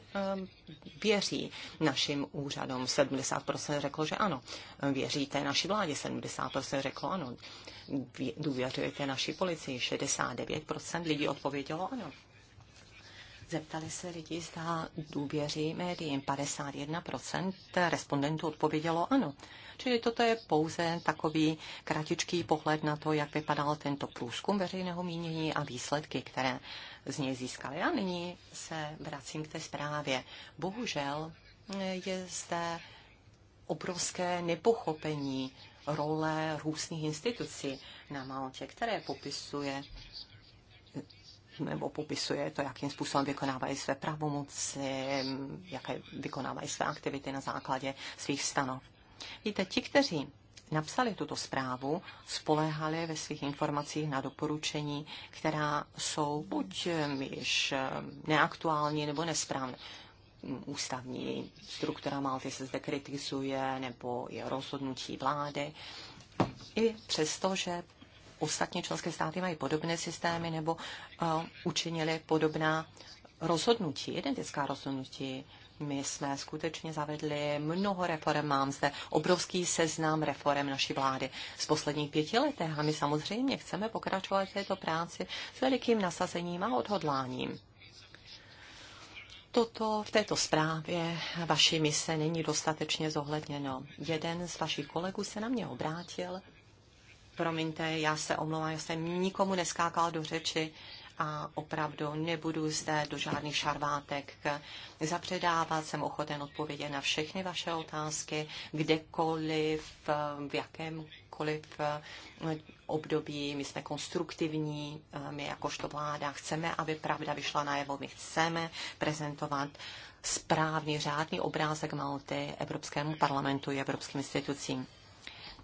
věří našim úřadům. 70% řeklo, že ano. Věříte naší vládě, 70% řeklo ano důvěřujete naší policii. 69% lidí odpovědělo ano. Zeptali se lidi, zda důvěří médiím. 51% respondentů odpovědělo ano. Čili toto je pouze takový kratičký pohled na to, jak vypadal tento průzkum veřejného mínění a výsledky, které z něj získali. A nyní se vracím k té zprávě. Bohužel je zde obrovské nepochopení role různých institucí na Maltě, které popisuje nebo popisuje to, jakým způsobem vykonávají své pravomoci, jaké vykonávají své aktivity na základě svých stanov. Víte, ti, kteří napsali tuto zprávu, spoléhali ve svých informacích na doporučení, která jsou buď eh, již eh, neaktuální nebo nesprávné ústavní struktura Malty se zde kritizuje, nebo je rozhodnutí vlády. I přesto, že ostatní členské státy mají podobné systémy nebo uh, učinili podobná rozhodnutí, identická rozhodnutí. My jsme skutečně zavedli mnoho reform, mám zde obrovský seznam reform naší vlády z posledních pěti letech a my samozřejmě chceme pokračovat v této práci s velikým nasazením a odhodláním toto v této zprávě vaší mise není dostatečně zohledněno. Jeden z vašich kolegů se na mě obrátil. Promiňte, já se omlouvám, já jsem nikomu neskákal do řeči a opravdu nebudu zde do žádných šarvátek zapředávat. Jsem ochoten odpovědět na všechny vaše otázky, kdekoliv, v jakém jakékoliv eh, období. My jsme konstruktivní, eh, my jakožto vláda chceme, aby pravda vyšla najevo. My chceme prezentovat správný, řádný obrázek Malty Evropskému parlamentu i evropským institucím.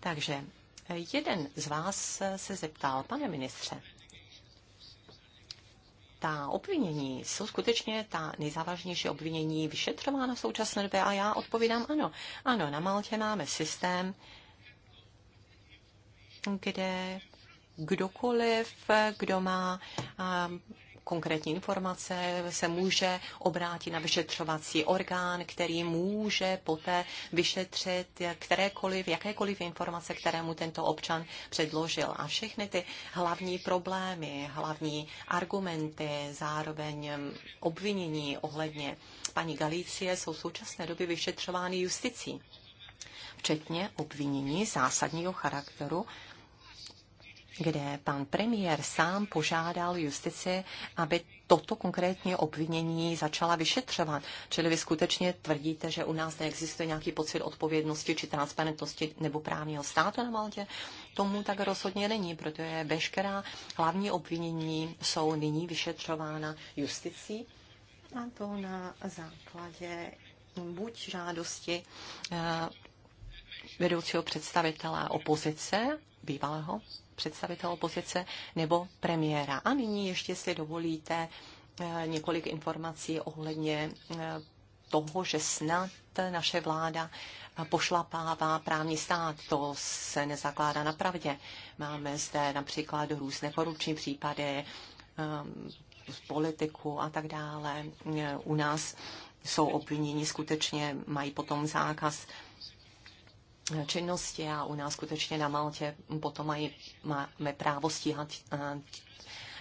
Takže eh, jeden z vás se zeptal, pane ministře, ta obvinění jsou skutečně ta nejzávažnější obvinění Vyšetřována v současné době a já odpovídám ano. Ano, na Maltě máme systém, kde kdokoliv, kdo má konkrétní informace, se může obrátit na vyšetřovací orgán, který může poté vyšetřit kterékoliv, jakékoliv informace, které mu tento občan předložil. A všechny ty hlavní problémy, hlavní argumenty, zároveň obvinění ohledně paní Galicie jsou v současné době vyšetřovány justicí včetně obvinění zásadního charakteru kde pan premiér sám požádal justici, aby toto konkrétní obvinění začala vyšetřovat. Čili vy skutečně tvrdíte, že u nás neexistuje nějaký pocit odpovědnosti či transparentnosti nebo právního státu na Maltě? Tomu tak rozhodně není, protože veškerá hlavní obvinění jsou nyní vyšetřována justicí a to na základě buď žádosti eh, vedoucího představitele opozice, bývalého představitel opozice nebo premiéra. A nyní ještě si dovolíte eh, několik informací ohledně eh, toho, že snad naše vláda eh, pošlapává právní stát. To se nezakládá na pravdě. Máme zde například různé korupční případy politiku a tak dále. U nás jsou obvinění skutečně, mají potom zákaz činnosti a u nás skutečně na Maltě potom mají, máme právo stíhat eh,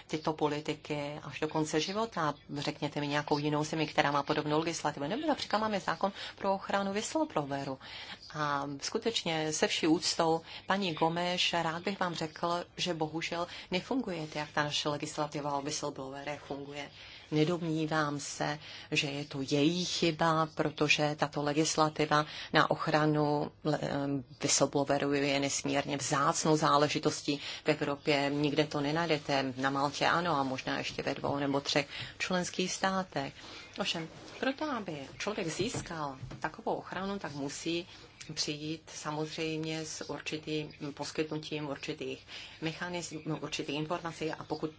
tyto politiky až do konce života. Řekněte mi nějakou jinou zemi, která má podobnou legislativu. Nebo například máme zákon pro ochranu vysloproveru. A skutečně se vší úctou, paní Gomeš, rád bych vám řekl, že bohužel nefunguje to, jak ta naše legislativa o whistleblowerech funguje. Nedomnívám se, že je to její chyba, protože tato legislativa na ochranu vysobloverů je nesmírně vzácnou záležitostí v Evropě. Nikde to nenajdete. Na Maltě ano a možná ještě ve dvou nebo třech členských státech. Ovšem, proto, aby člověk získal takovou ochranu, tak musí přijít samozřejmě s určitým poskytnutím určitých mechanismů, určitých informací a pokud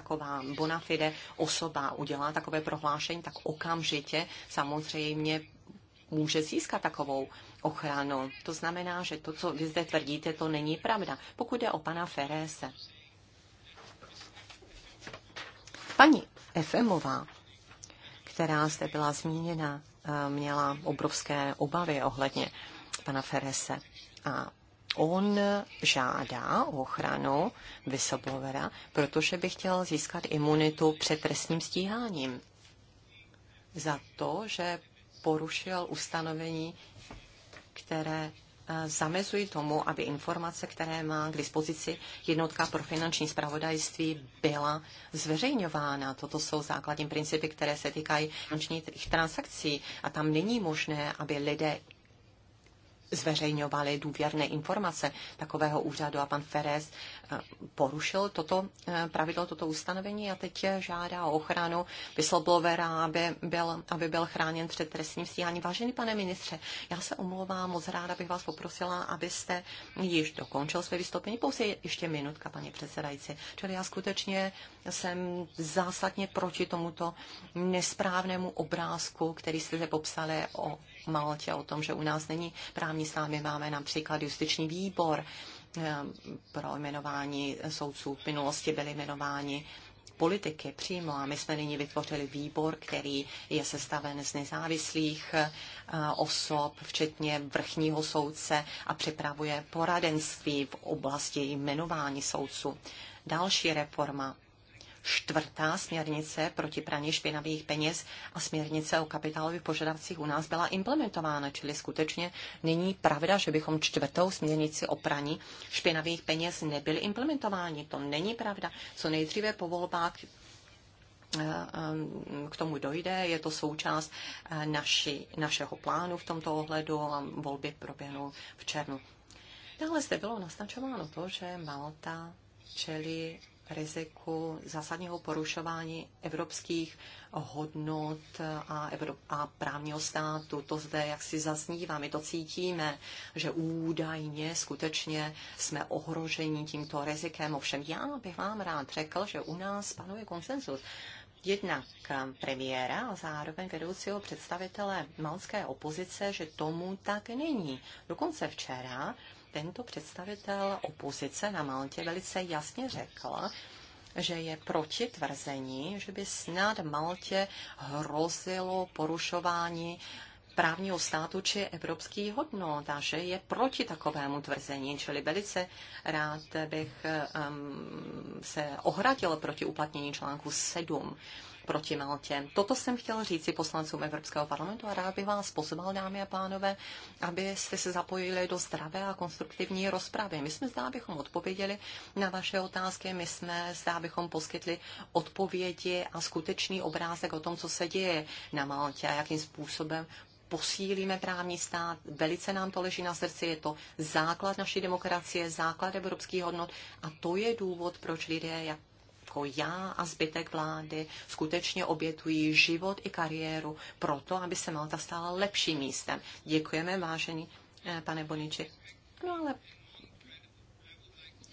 taková bona fide osoba udělá takové prohlášení, tak okamžitě samozřejmě může získat takovou ochranu. To znamená, že to, co vy zde tvrdíte, to není pravda. Pokud jde o pana Ferese. Paní Efemová, která zde byla zmíněna, eh, měla obrovské obavy ohledně pana Ferese. A on žádá ochranu Vysoblovera, protože by chtěl získat imunitu před trestním stíháním za to, že porušil ustanovení, které eh, zamezují tomu, aby informace, které má k dispozici jednotka pro finanční spravodajství, byla zveřejňována. Toto jsou základní principy, které se týkají finančních transakcí a tam není možné, aby lidé zveřejňovali důvěrné informace takového úřadu a pan Ferez eh, porušil toto eh, pravidlo, toto ustanovení a teď žádá o ochranu whistleblowera, aby byl, aby byl chráněn před trestním stíháním. Vážený pane ministře, já se omlouvám, moc ráda bych vás poprosila, abyste již dokončil své vystoupení. Pouze ještě minutka, paní předsedající. Čili já skutečně jsem zásadně proti tomuto nesprávnému obrázku, který jste popsali o Maltě o tom, že u nás není právní stát. My máme například justiční výbor ehm, pro jmenování soudců. V minulosti byly jmenováni politiky přímo a my jsme nyní vytvořili výbor, který je sestaven z nezávislých eh, osob, včetně vrchního soudce a připravuje poradenství v oblasti jmenování soudců. Další reforma čtvrtá směrnice proti praní špinavých peněz a směrnice o kapitálových požadavcích u nás byla implementována, čili skutečně není pravda, že bychom čtvrtou směrnici o praní špinavých peněz nebyli implementováni. To není pravda. Co nejdříve po volbách eh, eh, k tomu dojde, je to součást eh, naši, našeho plánu v tomto ohledu a volby proběhnou v červnu. Dále zde bylo naznačováno to, že Malta čelí riziku zásadního porušování evropských hodnot a, Evrop- a právního státu. To zde jak si zaznívá, my to cítíme, že údajně skutečně jsme ohroženi tímto rizikem. Ovšem já bych vám rád řekl, že u nás panuje konsenzus jednak premiéra a zároveň vedoucího představitele malské opozice, že tomu tak není. Dokonce včera tento představitel opozice na Maltě velice jasně řekl, že je proti tvrzení, že by snad Maltě hrozilo porušování právního státu či evropských hodnot a že je proti takovému tvrzení. Čili velice rád bych um, se ohradil proti uplatnění článku 7 proti Maltě. Toto jsem chtěl i poslancům Evropského parlamentu a rád bych vás pozval, dámy a pánové, abyste se zapojili do zdravé a konstruktivní rozpravy. My jsme zdá, abychom odpověděli na vaše otázky, my jsme zdá, abychom poskytli odpovědi a skutečný obrázek o tom, co se děje na Maltě a jakým způsobem posílíme právní stát, velice nám to leží na srdci, je to základ naší demokracie, základ evropských hodnot a to je důvod, proč lidé, jak jako já a zbytek vlády skutečně obětují život i kariéru proto, aby se Malta stala lepším místem. Děkujeme, vážený eh, pane Boniči. No ale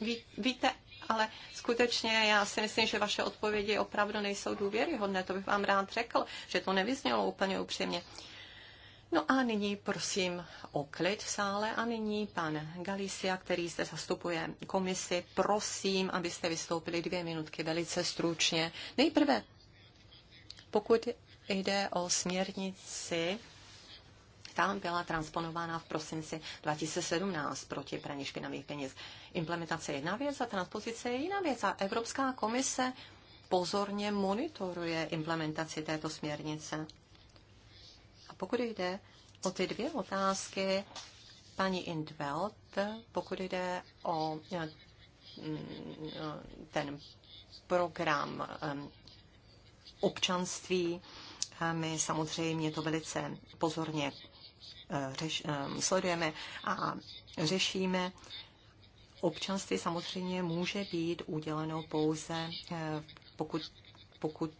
ví, víte, ale skutečně já si myslím, že vaše odpovědi opravdu nejsou důvěryhodné. To bych vám rád řekl, že to nevyznělo úplně upřímně. Uh, No a nyní prosím o klid v sále a nyní pan Galicia, který zde zastupuje komisi, prosím, abyste vystoupili dvě minutky velice stručně. Nejprve, pokud jde o směrnici, tam byla transponována v prosinci 2017 proti praní špinavých peněz. Implementace je jedna věc a transpozice je jiná věc. A Evropská komise pozorně monitoruje implementaci této směrnice. A pokud jde o ty dvě otázky, paní Indveld, pokud jde o eh, mm, ten program eh, občanství, eh, my samozřejmě to velice pozorně řeš, sledujeme a řešíme. Občanství samozřejmě může být uděleno pouze, pokud, pokud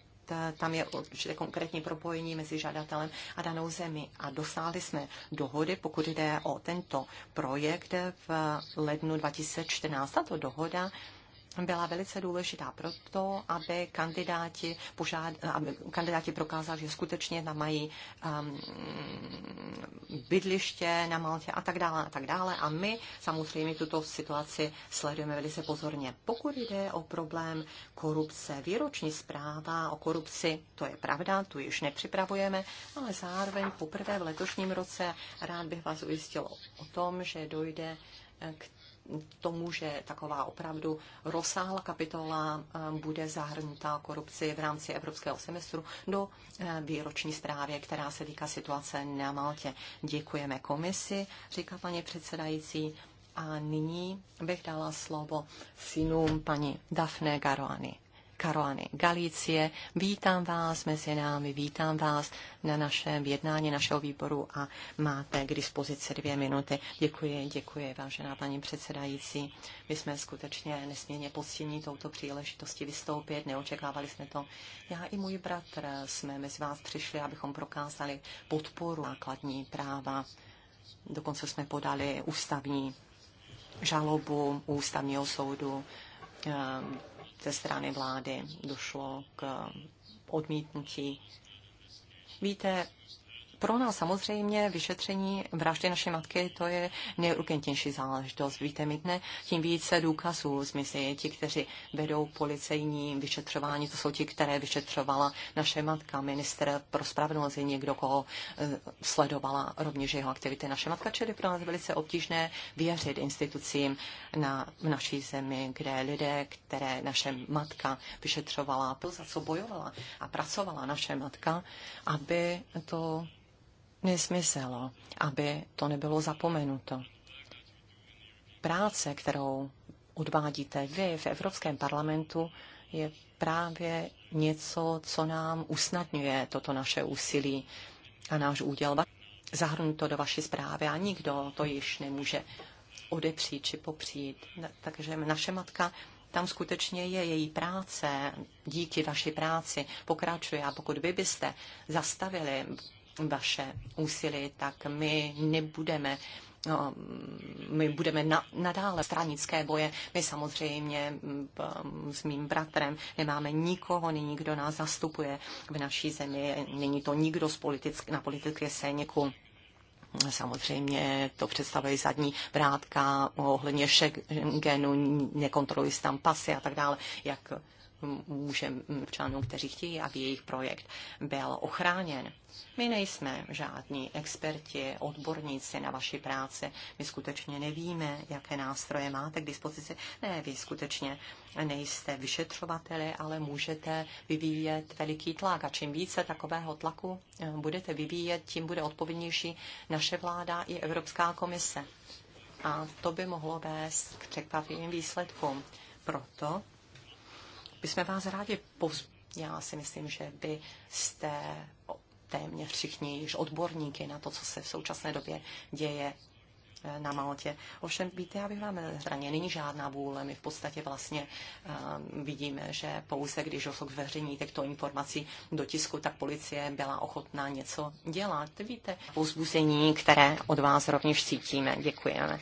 tam je určitě konkrétní propojení mezi žadatelem a danou zemi. A dosáhli jsme dohody, pokud jde o tento projekt v lednu 2014. Tato dohoda byla velice důležitá proto, aby kandidáti, požád, aby kandidáti prokázali, že skutečně tam mají um, bydliště na Maltě a tak dále a tak dále. A my samozřejmě tuto situaci sledujeme velice pozorně. Pokud jde o problém korupce, výroční zpráva o korupci, to je pravda, tu již nepřipravujeme, ale zároveň poprvé v letošním roce rád bych vás ujistil o tom, že dojde k tomu, že taková opravdu rozsáhla kapitola eh, bude zahrnuta korupci v rámci evropského semestru do eh, výroční zprávy, která se týká situace na Maltě. Děkujeme komisi, říká paní předsedající. A nyní bych dala slovo synům paní Dafne Garoany. Karolany Galicie. Vítám vás mezi námi, vítám vás na našem jednání našeho výboru a máte k dispozici dvě minuty. Děkuji, děkuji, vážená paní předsedající. My jsme skutečně nesmírně postění touto příležitosti vystoupit, neočekávali jsme to. Já i můj bratr jsme mezi vás přišli, abychom prokázali podporu nákladní práva. Dokonce jsme podali ústavní žalobu ústavního soudu ze strany vlády došlo k odmítnutí. Víte, pro nás samozřejmě vyšetření vraždy naší matky, to je nejurgentnější záležitost. Víte, my dne tím více důkazů zmizí. Ti, kteří vedou policejní vyšetřování, to jsou ti, které vyšetřovala naše matka, minister pro spravedlnost, někdo, koho eh, sledovala rovněž jeho aktivity. Naše matka čili pro nás velice obtížné věřit institucím na, v naší zemi, kde lidé, které naše matka vyšetřovala, to, za co bojovala a pracovala naše matka, aby to nesmysl, aby to nebylo zapomenuto. Práce, kterou odvádíte vy v Evropském parlamentu, je právě něco, co nám usnadňuje toto naše úsilí a náš úděl. Zahrnu to do vaší zprávy a nikdo to již nemůže odepřít či popřít. Takže naše matka tam skutečně je její práce, díky vaší práci pokračuje. A pokud vy byste zastavili vaše úsilí, tak my nebudeme No, my budeme na, nadále stranické boje. My samozřejmě mm, s mým bratrem nemáme nikoho nyní, nás zastupuje v naší zemi. Není to nikdo z politick, na politické séniku. Samozřejmě to představuje zadní vrátka ohledně Schengenu, nekontrolují tam pasy a tak dále, jak Mm, občanům, kteří chtějí, aby jejich projekt byl ochráněn. My nejsme žádní experti, odborníci na vaši práci. My skutečně nevíme, jaké nástroje máte k dispozici. Ne, vy skutečně nejste vyšetřovateli, ale můžete vyvíjet veliký tlak. A čím více takového tlaku eh, budete vyvíjet, tím bude odpovědnější naše vláda i Evropská komise. A to by mohlo vést k překvapivým výsledkům. Proto bychom vás rádi poz... Já si myslím, že by jste téměř všichni již odborníky na to, co se v současné době děje eh, na Maltě. Ovšem, víte, já bych vám zraně, není žádná vůle. My v podstatě vlastně um, vidíme, že pouze když došlo k veřejní těchto informací do tisku, tak policie byla ochotná něco dělat. Víte, pouzbuzení, které od vás rovněž cítíme. Děkujeme.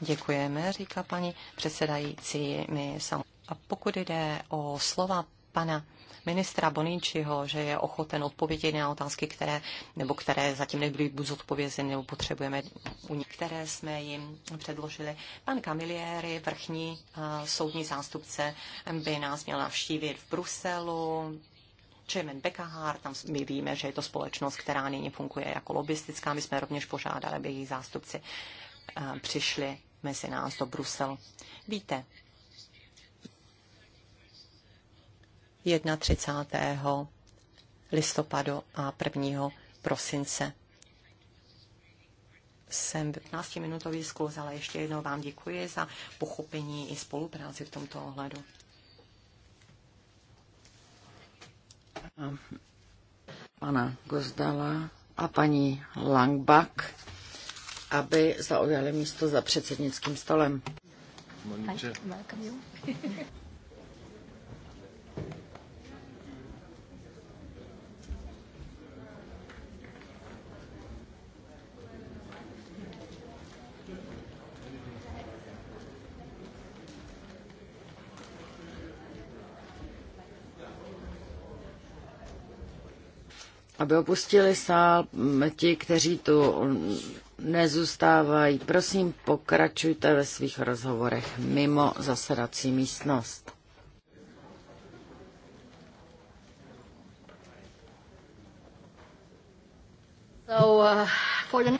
Děkujeme, říká paní předsedající. My sam... A pokud jde o slova pana ministra Boníčiho, že je ochoten odpovědět na otázky, které, nebo které zatím nebyly buď zodpovězeny, nebo potřebujeme u nich, které jsme jim předložili. Pan Kamiliéry, vrchní soudní zástupce, by nás měl navštívit v Bruselu, Chairman Bekahar, tam my víme, že je to společnost, která nyní funguje jako lobbystická. My jsme rovněž požádali, aby její zástupci přišli mezi nás do Brusel. Víte, 31. listopadu a 1. prosince jsem v 15-minutový zkus, ale ještě jednou vám děkuji za pochopení i spolupráci v tomto ohledu. Pana Gozdala a paní Langbach aby zaujali místo za předsednickým stolem. aby opustili sál ti, kteří tu nezůstávají. Prosím, pokračujte ve svých rozhovorech mimo zasedací místnost. So, uh, for the...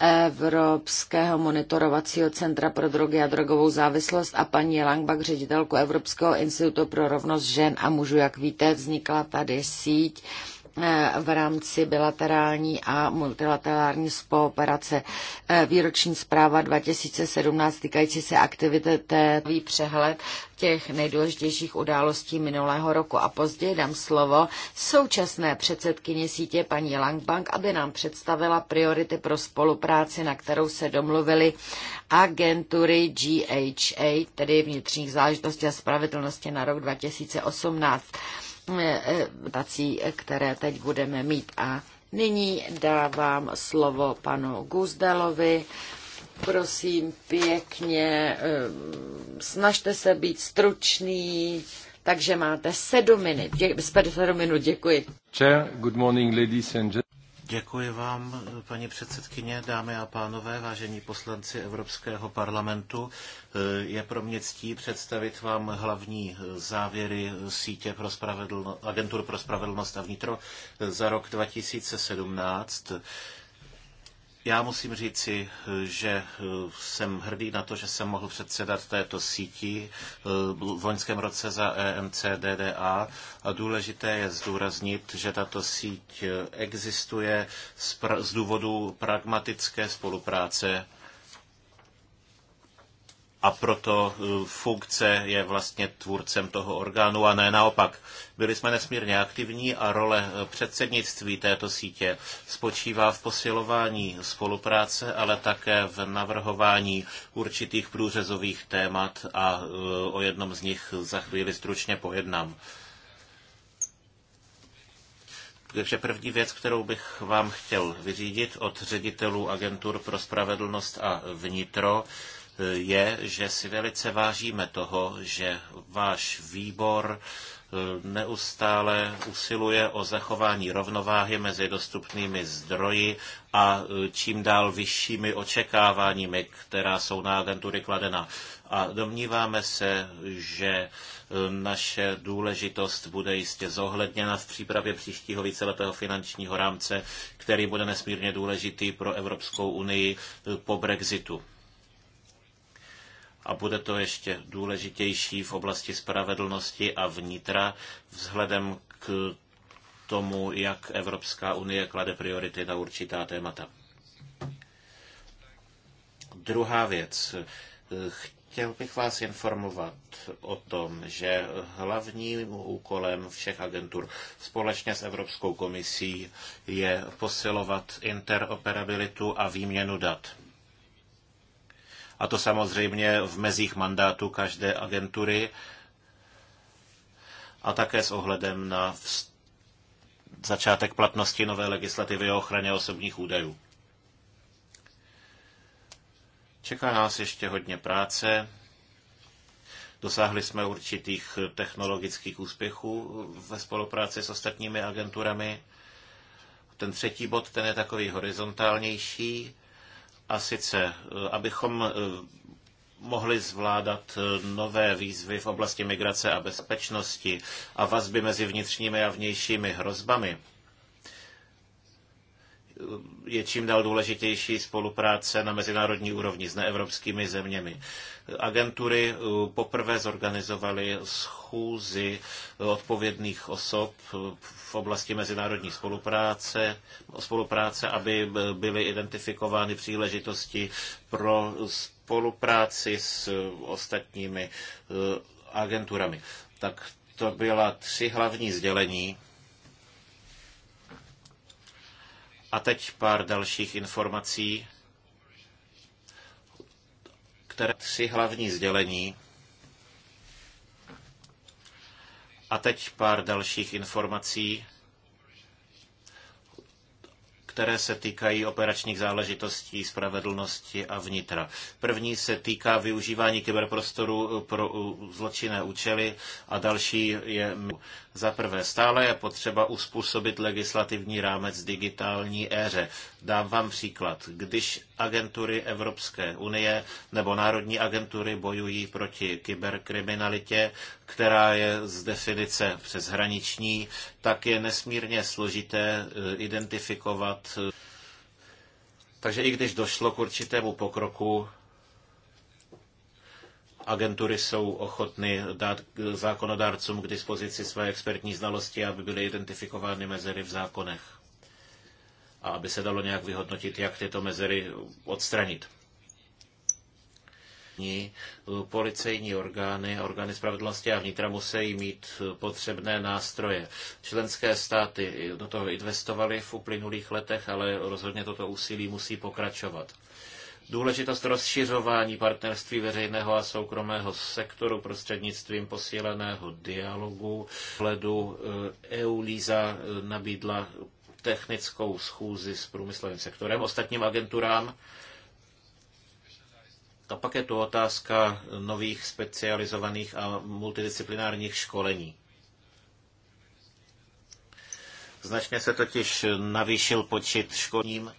Evropského monitorovacího centra pro drogy a drogovou závislost a paní Langbach, ředitelku Evropského institutu pro rovnost žen a mužů. Jak víte, vznikla tady síť Eh, v rámci bilaterální a multilaterální spolupráce. Eh, výroční zpráva 2017 týkající se aktivity tétový přehled těch nejdůležitějších událostí minulého roku a později dám slovo současné předsedkyni sítě paní Langbank, aby nám představila priority pro spolupráci, na kterou se domluvili agentury GHA, tedy vnitřních záležitostí a spravedlnosti na rok 2018 tací, které teď budeme mít. A nyní dávám slovo panu Guzdalovi. Prosím pěkně, eh, snažte se být stručný, takže máte sedm minut. Dě, sedm minut, děkuji. Chair, good morning, ladies and gentlemen. Děkuji vám, paní předsedkyně, dámy a pánové, vážení poslanci Evropského parlamentu. Je pro mě ctí představit vám hlavní závěry sítě pro agentur pro spravedlnost a vnitro za rok 2017. Já musím říci, že eh, jsem hrdý na to, že jsem mohl předsedat této síti eh, v loňském roce za EMC DDA a důležité je zdůraznit, že tato síť eh, existuje z, z důvodu pragmatické spolupráce a proto eh, funkce je vlastně tvůrcem toho orgánu a ne naopak. Byli jsme nesmírně aktivní a role eh, předsednictví této sítě spočívá v posilování spolupráce, ale také v navrhování určitých průřezových témat a eh, o jednom z nich za chvíli stručně pojednám. Takže první věc, kterou bych vám chtěl vyřídit od ředitelů agentur pro spravedlnost a vnitro, je, že si velice vážíme toho, že váš výbor eh, neustále usiluje o zachování rovnováhy mezi dostupnými zdroji a eh, čím dál vyššími očekáváními, která jsou na agentury kladena. A domníváme se, že eh, naše důležitost bude jistě zohledněna v přípravě příštího víceletého finančního rámce, který bude nesmírně důležitý pro Evropskou unii po Brexitu a bude to ještě důležitější v oblasti spravedlnosti a vnitra vzhledem k tomu, jak Evropská unie klade priority na určitá témata. Druhá věc. Chtěl bych vás informovat o tom, že hlavním úkolem všech agentur společně s Evropskou komisí je posilovat interoperabilitu a výměnu dat a to samozřejmě v mezích mandátu každé agentury a také s ohledem na začátek platnosti nové legislativy o ochraně osobních údajů. Čeká nás ještě hodně práce. Dosáhli jsme určitých technologických úspěchů ve spolupráci s ostatními agenturami. Ten třetí bod, ten je takový horizontálnější. A sice, e, abychom e, mohli zvládat e, nové výzvy v oblasti migrace a bezpečnosti a vazby mezi vnitřními a vnějšími hrozbami je čím dál důležitější spolupráce na mezinárodní úrovni s neevropskými zeměmi. Agentury eh, poprvé zorganizovaly schůzi eh, odpovědných osob eh, v oblasti mezinárodní spolupráce, spolupráce aby byly identifikovány příležitosti pro spolupráci s ostatními agenturami. Tak to byla tři hlavní sdělení A teď pár dalších informací, které tři hlavní sdělení. A teď pár dalších informací, které se týkají operačních záležitostí spravedlnosti a vnitra. První se týká využívání kyberprostoru pro zločinné účely a další je za prvé, stále je potřeba uspůsobit legislativní rámec digitální éře. Dám vám příklad. Když agentury Evropské unie nebo národní agentury bojují proti kyberkriminalitě, která je z definice přeshraniční, tak je nesmírně složité eh, identifikovat. Eh, Takže i když došlo k určitému pokroku, agentury jsou ochotny dát zákonodárcům k dispozici své expertní znalosti, aby byly identifikovány mezery v zákonech a aby se dalo nějak vyhodnotit, jak tyto mezery odstranit. Eh, policejní orgány, orgány spravedlnosti a vnitra musí mít potřebné nástroje. Členské státy do toho investovaly v uplynulých letech, ale rozhodně toto úsilí musí pokračovat důležitost rozšiřování partnerství veřejného a soukromého sektoru prostřednictvím posíleného dialogu. Hledu eh, eu Líza eh, nabídla technickou schůzi s průmyslovým sektorem, ostatním agenturám. A pak je tu otázka nových specializovaných a multidisciplinárních školení. Značně se totiž navýšil počet školním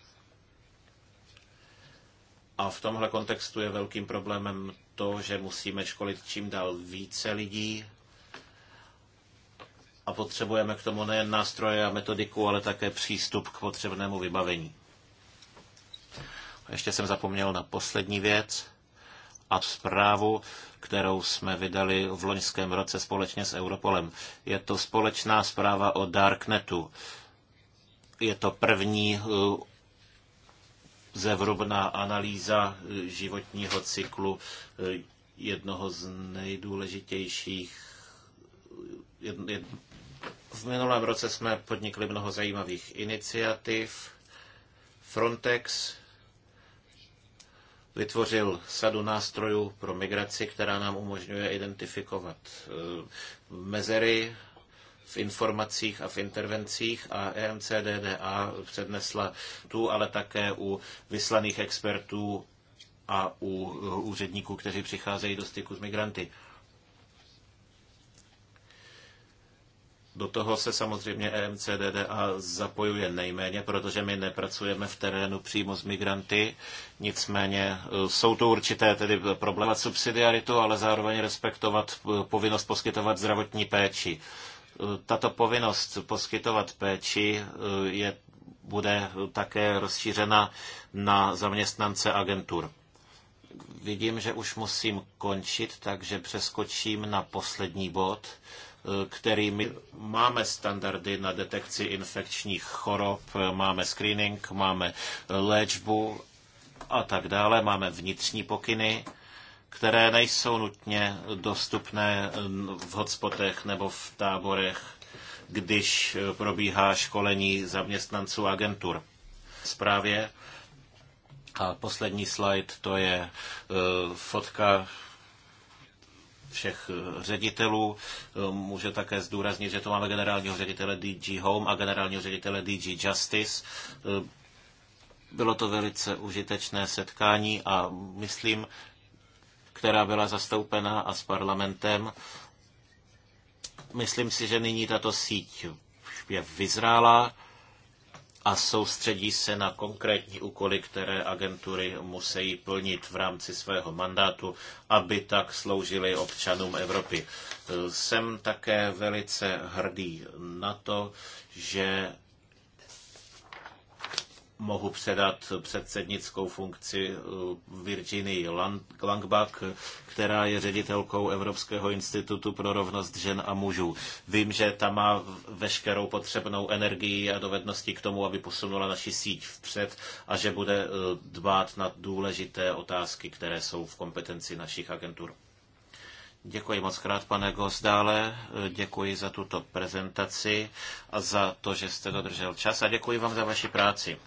a v tomhle kontextu je velkým problémem to, že musíme školit čím dál více lidí a potřebujeme k tomu nejen nástroje a metodiku, ale také přístup k potřebnému vybavení. A ještě jsem zapomněl na poslední věc a zprávu, kterou jsme vydali v loňském roce společně s Europolem. Je to společná zpráva o Darknetu. Je to první eh, zevrubná analýza eh, životního cyklu eh, jednoho z nejdůležitějších eh, jed, jed, v minulém roce jsme podnikli mnoho zajímavých iniciativ. Frontex vytvořil sadu nástrojů pro migraci, která nám umožňuje identifikovat mezery v informacích a v intervencích a EMCDDA přednesla tu, ale také u vyslaných expertů a u úředníků, kteří přicházejí do styku s migranty. Do toho se samozřejmě EMCDDA zapojuje nejméně, protože my nepracujeme v terénu přímo s migranty. Nicméně e, jsou to určité tedy problémy subsidiaritu, ale zároveň respektovat e, povinnost poskytovat zdravotní péči. Tato povinnost poskytovat péči eh, je, bude také rozšířena na zaměstnance agentur. Vidím, že už musím končit, takže přeskočím na poslední bod, eh, kterými máme standardy na detekci infekčních chorob, máme screening, máme léčbu a tak dále, máme vnitřní pokyny které nejsou nutně dostupné v hotspotech nebo v táborech, když probíhá školení zaměstnanců agentur. Zprávě. A poslední slide, to je e, fotka všech ředitelů. E, může také zdůraznit, že to máme generálního ředitele DG Home a generálního ředitele DG Justice. E, bylo to velice užitečné setkání a myslím, která byla zastoupena a s parlamentem. Myslím si, že nyní tato síť je vyzrála a soustředí se na konkrétní úkoly, které agentury musí plnit v rámci svého mandátu, aby tak sloužily občanům Evropy. Jsem také velice hrdý na to, že mohu předat předsednickou funkci eh, Virginii Langbach, která je ředitelkou Evropského institutu pro rovnost žen a mužů. Vím, že ta má veškerou potřebnou energii a dovednosti k tomu, aby posunula naši síť vpřed a že bude eh, dbát na důležité otázky, které jsou v kompetenci našich agentur. Děkuji moc krát, pane Gosdále, eh, děkuji za tuto prezentaci a za to, že jste dodržel čas a děkuji vám za vaši práci.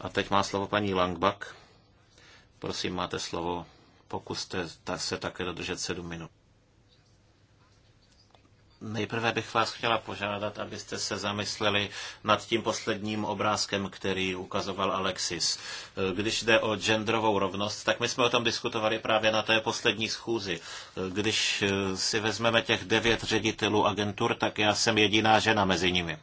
A teď má slovo paní Langbak. Prosím, máte slovo. Pokuste se také dodržet sedm minut. Nejprve bych vás chtěla požádat, abyste se zamysleli nad tím posledním obrázkem, který ukazoval Alexis. Když jde o genderovou rovnost, tak my jsme o tom diskutovali právě na té poslední schůzi. Když si vezmeme těch devět ředitelů agentur, tak já jsem jediná žena mezi nimi.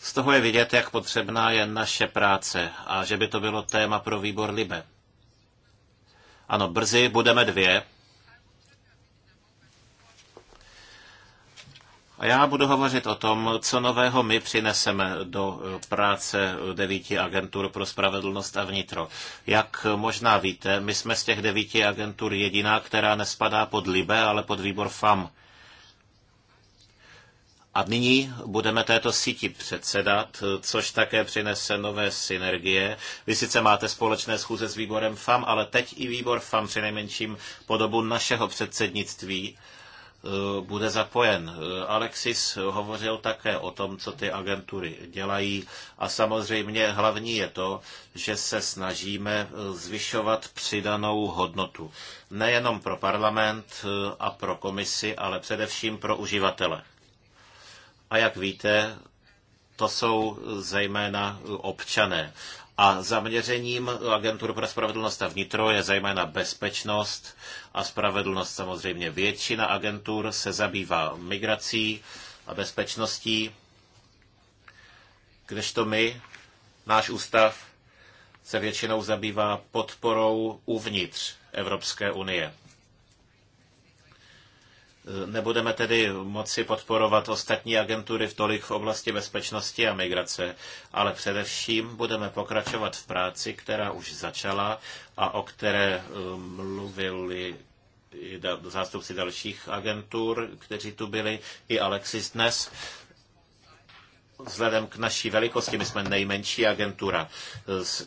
Z toho je vidět, jak potřebná je naše práce a že by to bylo téma pro výbor Libe. Ano, brzy budeme dvě. A já budu hovořit o tom, co nového my přineseme do eh, práce devíti agentur pro spravedlnost a vnitro. Jak možná víte, my jsme z těch devíti agentur jediná, která nespadá pod LIBE, ale pod výbor FAM. A nyní budeme této síti předsedat, což také přinese nové synergie. Vy sice máte společné schůze s výborem FAM, ale teď i výbor FAM při nejmenším podobu našeho předsednictví e, bude zapojen. Alexis hovořil také o tom, co ty agentury dělají a samozřejmě hlavní je to, že se snažíme e, zvyšovat přidanou hodnotu. Nejenom pro parlament e, a pro komisi, ale především pro uživatele. A jak víte, to jsou zejména občané. A zaměřením agentur pro spravedlnost a vnitro je zejména bezpečnost a spravedlnost samozřejmě. Většina agentur se zabývá migrací a bezpečností, kdežto my, náš ústav, se většinou zabývá podporou uvnitř Evropské unie. Nebudeme tedy moci podporovat ostatní agentury v tolik v oblasti bezpečnosti a migrace, ale především budeme pokračovat v práci, která už začala a o které um, mluvili i zástupci dalších agentur, kteří tu byli, i Alexis dnes vzhledem k naší velikosti, my jsme nejmenší agentura.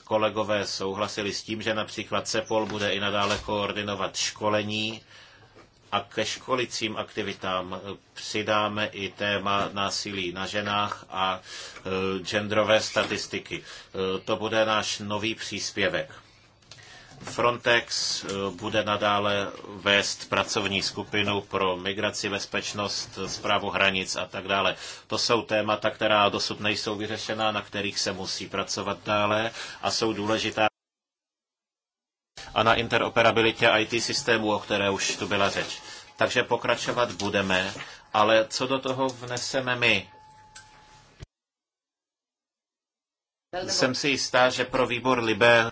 Kolegové souhlasili s tím, že například CEPOL bude i nadále koordinovat školení a ke školicím aktivitám přidáme i téma násilí na ženách a e, genderové statistiky. E, to bude náš nový příspěvek. Frontex e, bude nadále vést pracovní skupinu pro migraci, bezpečnost, zprávu hranic a tak dále. To jsou témata, která dosud nejsou vyřešena, na kterých se musí pracovat dále a jsou důležitá a na interoperabilitě IT systémů, o které už tu byla řeč. Takže pokračovat budeme, ale co do toho vneseme my? Jsem si jistá, že pro výbor Libe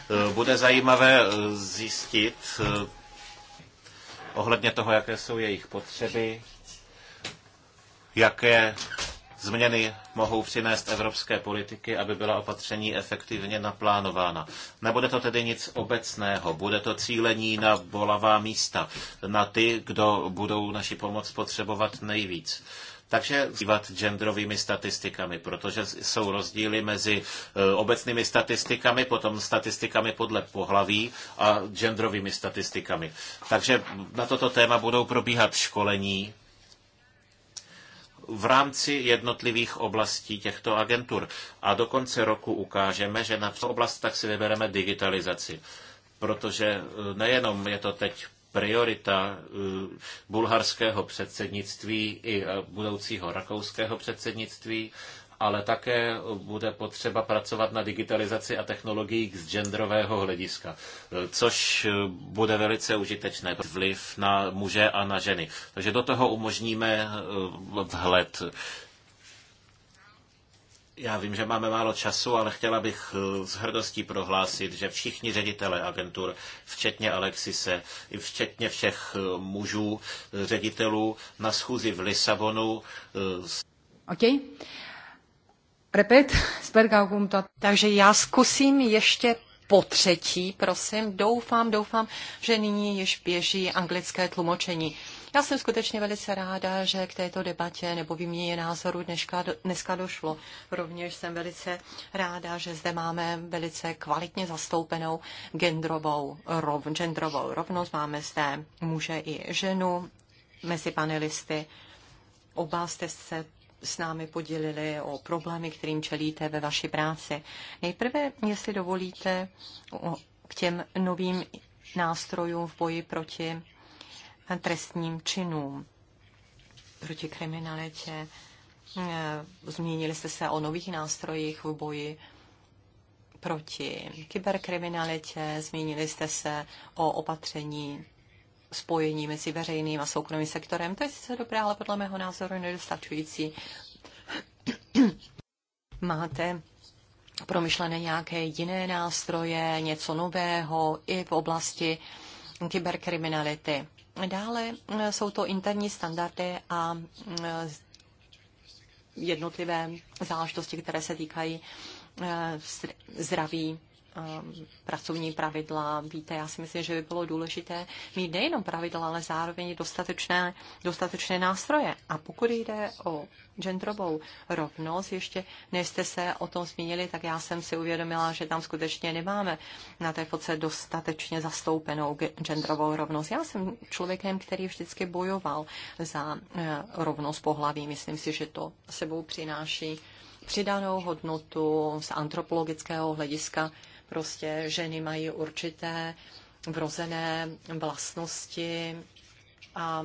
eh, bude zajímavé eh, zjistit eh, ohledně toho, jaké jsou jejich potřeby, jaké Změny mohou přinést evropské politiky, aby byla opatření efektivně naplánována. Nebude to tedy nic obecného, bude to cílení na bolavá místa, na ty, kdo budou naši pomoc potřebovat nejvíc. Takže zývat genderovými statistikami, protože jsou rozdíly mezi e, obecnými statistikami, potom statistikami podle pohlaví a genderovými statistikami. Takže na toto téma budou probíhat školení v rámci jednotlivých oblastí těchto agentur. A do konce roku ukážeme, že na oblast tak si vybereme digitalizaci. Protože eh, nejenom je to teď priorita eh, bulharského předsednictví i eh, budoucího rakouského předsednictví, ale také bude potřeba pracovat na digitalizaci a technologiích z genderového hlediska, což bude velice užitečné vliv na muže a na ženy. Takže do toho umožníme eh, vhled. Já vím, že máme málo času, ale chtěla bych eh, s hrdostí prohlásit, že všichni ředitele agentur, včetně Alexise, i včetně všech eh, mužů, ředitelů na schůzi v Lisabonu. Okay. Repet, sper că Takže já zkusím ještě po třetí, prosím, doufám, doufám, že nyní již běží anglické tlumočení. Já jsem skutečně velice ráda, že k této debatě nebo výměně názoru dneška, dneska došlo. Rovněž jsem velice ráda, že zde máme velice kvalitně zastoupenou genderovou, rov, genderovou rovnost. Máme zde muže i ženu mezi panelisty. Oba jste se s námi podělili o problémy, kterým čelíte ve vaší práci. Nejprve, jestli dovolíte, k těm novým nástrojům v boji proti trestním činům, proti kriminalitě. E, zmínili jste se o nových nástrojích v boji proti kyberkriminalitě, zmínili jste se o opatření spojení mezi veřejným a soukromým sektorem. To je sice dobré, ale podle mého názoru nedostačující. (clears throat) Máte promyšlené nějaké jiné nástroje, něco nového i v oblasti kyberkriminality. Dále eh, jsou to interní standardy a eh, jednotlivé záležitosti, které se týkají eh, zdraví Um, pracovní pravidla. Víte, já si myslím, že by bylo důležité mít nejenom pravidla, ale zároveň dostatečné, dostatečné nástroje. A pokud jde o genderovou rovnost, ještě než jste se o tom zmínili, tak já jsem si uvědomila, že tam skutečně nemáme na té fotce dostatečně zastoupenou genderovou rovnost. Já jsem člověkem, který vždycky bojoval za eh, rovnost pohlaví. Myslím si, že to sebou přináší přidanou hodnotu z antropologického hlediska prostě ženy mají určité vrozené vlastnosti a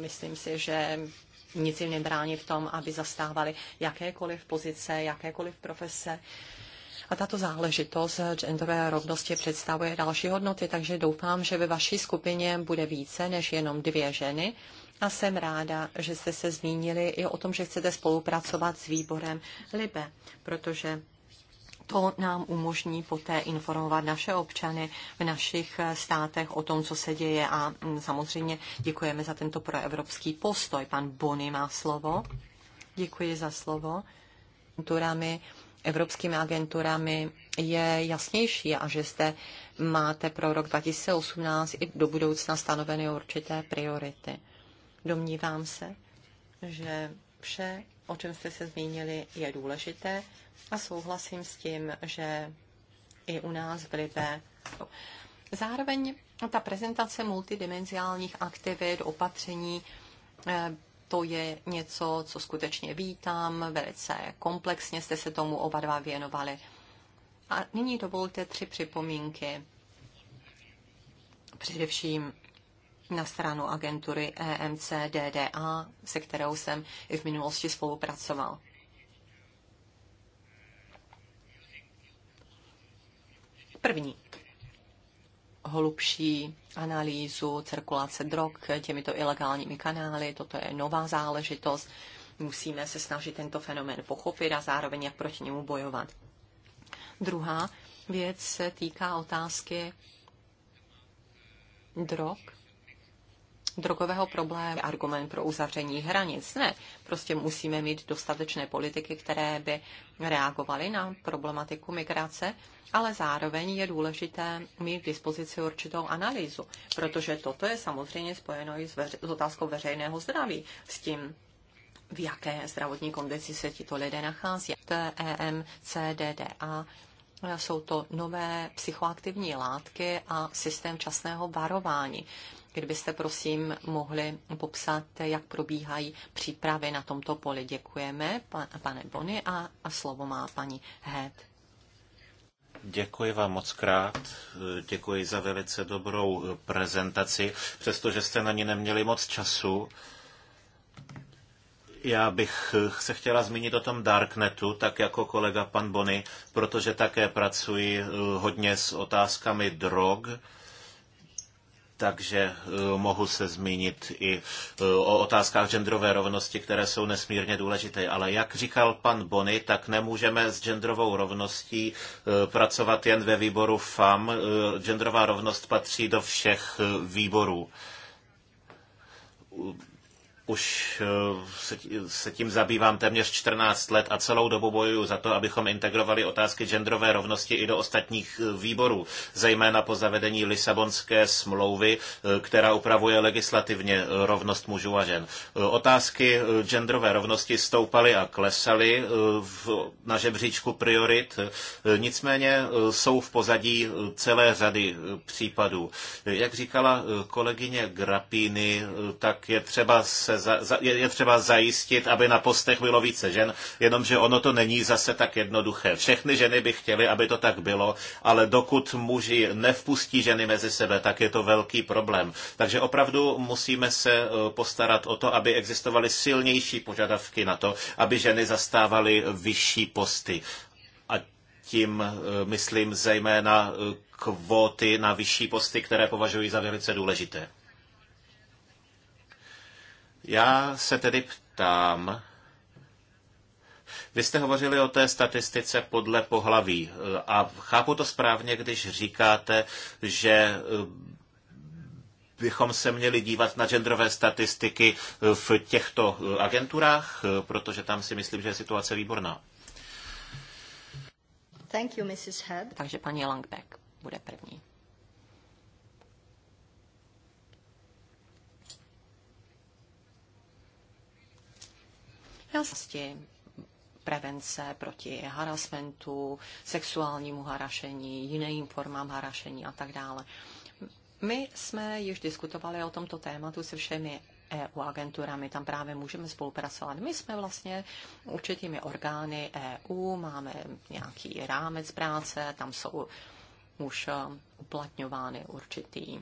myslím si, že nic jim nebrání v tom, aby zastávali jakékoliv pozice, jakékoliv profese. A tato záležitost genderové rovnosti představuje další hodnoty, takže doufám, že ve vaší skupině bude více než jenom dvě ženy. A jsem ráda, že jste se zmínili i o tom, že chcete spolupracovat s výborem LIBE, protože to nám umožní poté informovat naše občany v našich eh, státech o tom, co se děje a mm, samozřejmě děkujeme za tento proevropský postoj. Pan Bony má slovo. Děkuji za slovo. Turami, evropskými agenturami je jasnější a že zde máte pro rok 2018 i do budoucna stanoveny určité priority. Domnívám se, že vše, o čem jste se zmínili, je důležité a souhlasím s tím, že i u nás v Libe. Zároveň ta prezentace multidimenziálních aktivit, opatření, eh, to je něco, co skutečně vítám. Velice komplexně jste se tomu oba dva věnovali. A nyní dovolte tři připomínky. Především na stranu agentury EMC DDA, se kterou jsem i v minulosti spolupracoval. První, holubší analýzu cirkulace drog těmito ilegálními kanály. Toto je nová záležitost. Musíme se snažit tento fenomén pochopit a zároveň jak proti němu bojovat. Druhá věc se týká otázky drog drogového problému argument pro uzavření hranic. Ne, prostě musíme mít dostatečné politiky, které by reagovaly na problematiku migrace, ale zároveň je důležité mít k dispozici určitou analýzu, protože toto je samozřejmě spojeno i s, veř- s otázkou veřejného zdraví, s tím, v jaké zdravotní kondici se tito lidé nachází. TEM, CDDA, jsou to nové psychoaktivní látky a systém časného varování. Kdybyste prosím mohli popsat, jak probíhají přípravy na tomto poli. Děkujeme, pane Bony, a, slovo má paní Head. Děkuji vám moc krát. Děkuji za velice dobrou prezentaci, přestože jste na ní neměli moc času. Já bych se chtěla zmínit o tom Darknetu, tak jako kolega pan Bony, protože také pracuji eh, hodně s otázkami drog takže eh, mohu se zmínit i eh, o otázkách genderové rovnosti, které jsou nesmírně důležité. Ale jak říkal pan Bony, tak nemůžeme s genderovou rovností eh, pracovat jen ve výboru FAM. Genderová rovnost patří do všech výborů už eh, se tím zabývám téměř 14 let a celou dobu bojuju za to, abychom integrovali otázky genderové rovnosti i do ostatních eh, výborů, zejména po zavedení Lisabonské smlouvy, eh, která upravuje legislativně rovnost mužů a žen. Otázky genderové rovnosti stoupaly a klesaly na žebříčku priorit, nicméně jsou v pozadí celé řady případů. Jak říkala kolegyně Grapíny, tak je třeba se se za, za, je, je třeba zajistit, aby na postech bylo více žen, jenomže ono to není zase tak jednoduché. Všechny ženy by chtěly, aby to tak bylo, ale dokud muži nevpustí ženy mezi sebe, tak je to velký problém. Takže opravdu musíme se eh, postarat o to, aby existovaly silnější požadavky na to, aby ženy zastávaly vyšší posty. A tím eh, myslím zejména eh, kvóty na vyšší posty, které považuji za velice důležité. Já se tedy ptám, vy jste hovořili o té statistice podle pohlaví eh, a chápu to správně, když říkáte, že eh, bychom se měli dívat na genderové statistiky eh, v těchto agenturách, protože tam si myslím, že je situace výborná. Thank you, Mrs. Head. Takže paní Langbeck bude první. Otázky prevence proti harassmentu, sexuálnímu harašení, jiným formám harašení a tak dále. My jsme již diskutovali o tomto tématu se všemi EU agenturami, tam právě můžeme spolupracovat. My jsme vlastně určitými orgány EU, máme nějaký rámec práce, tam jsou už eh, uplatňovány určitý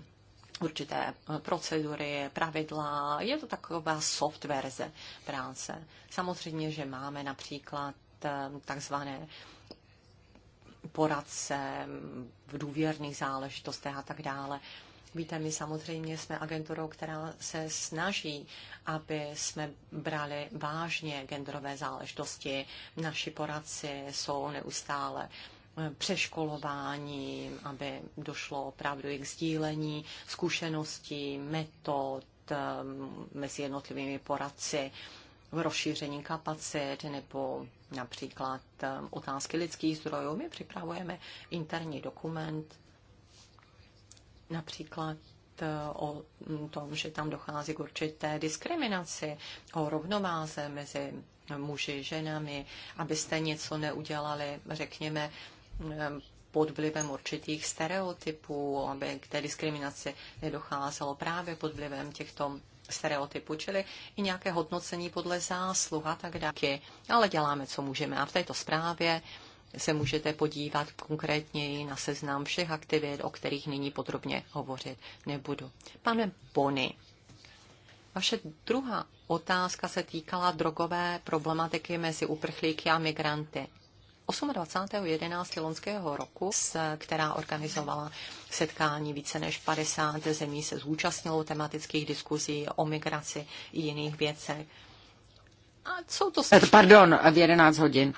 určité eh, procedury, pravidla. Je to taková soft verze práce. Samozřejmě, že máme například eh, takzvané poradce v důvěrných záležitostech a tak dále. Víte, my samozřejmě jsme agenturou, která se snaží, aby jsme brali vážně genderové záležitosti. Naši poradci jsou neustále uh, přeškolování, aby došlo opravdu i k sdílení zkušeností, metod mezi jednotlivými poradci, v rozšíření kapacit nebo například otázky lidských zdrojů. My připravujeme interní dokument například e, o tom, že tam dochází k určité diskriminaci, o rovnováze mezi muži, ženami, abyste něco neudělali, řekněme, pod vlivem určitých stereotypů, aby k té diskriminaci nedocházelo právě pod vlivem těchto stereotypů, čili i nějaké hodnocení podle zásluh a tak dále. Ale děláme, co můžeme. A v této zprávě se můžete podívat konkrétněji na seznam všech aktivit, o kterých nyní podrobně hovořit nebudu. Pane Bony, vaše druhá otázka se týkala drogové problematiky mezi uprchlíky a migranty. 28.11. loňského roku, která organizovala setkání více než 50 zemí, se zúčastnilo tematických diskuzí o migraci i jiných věcech. A co to... Eh, pardon, v 11 hodin.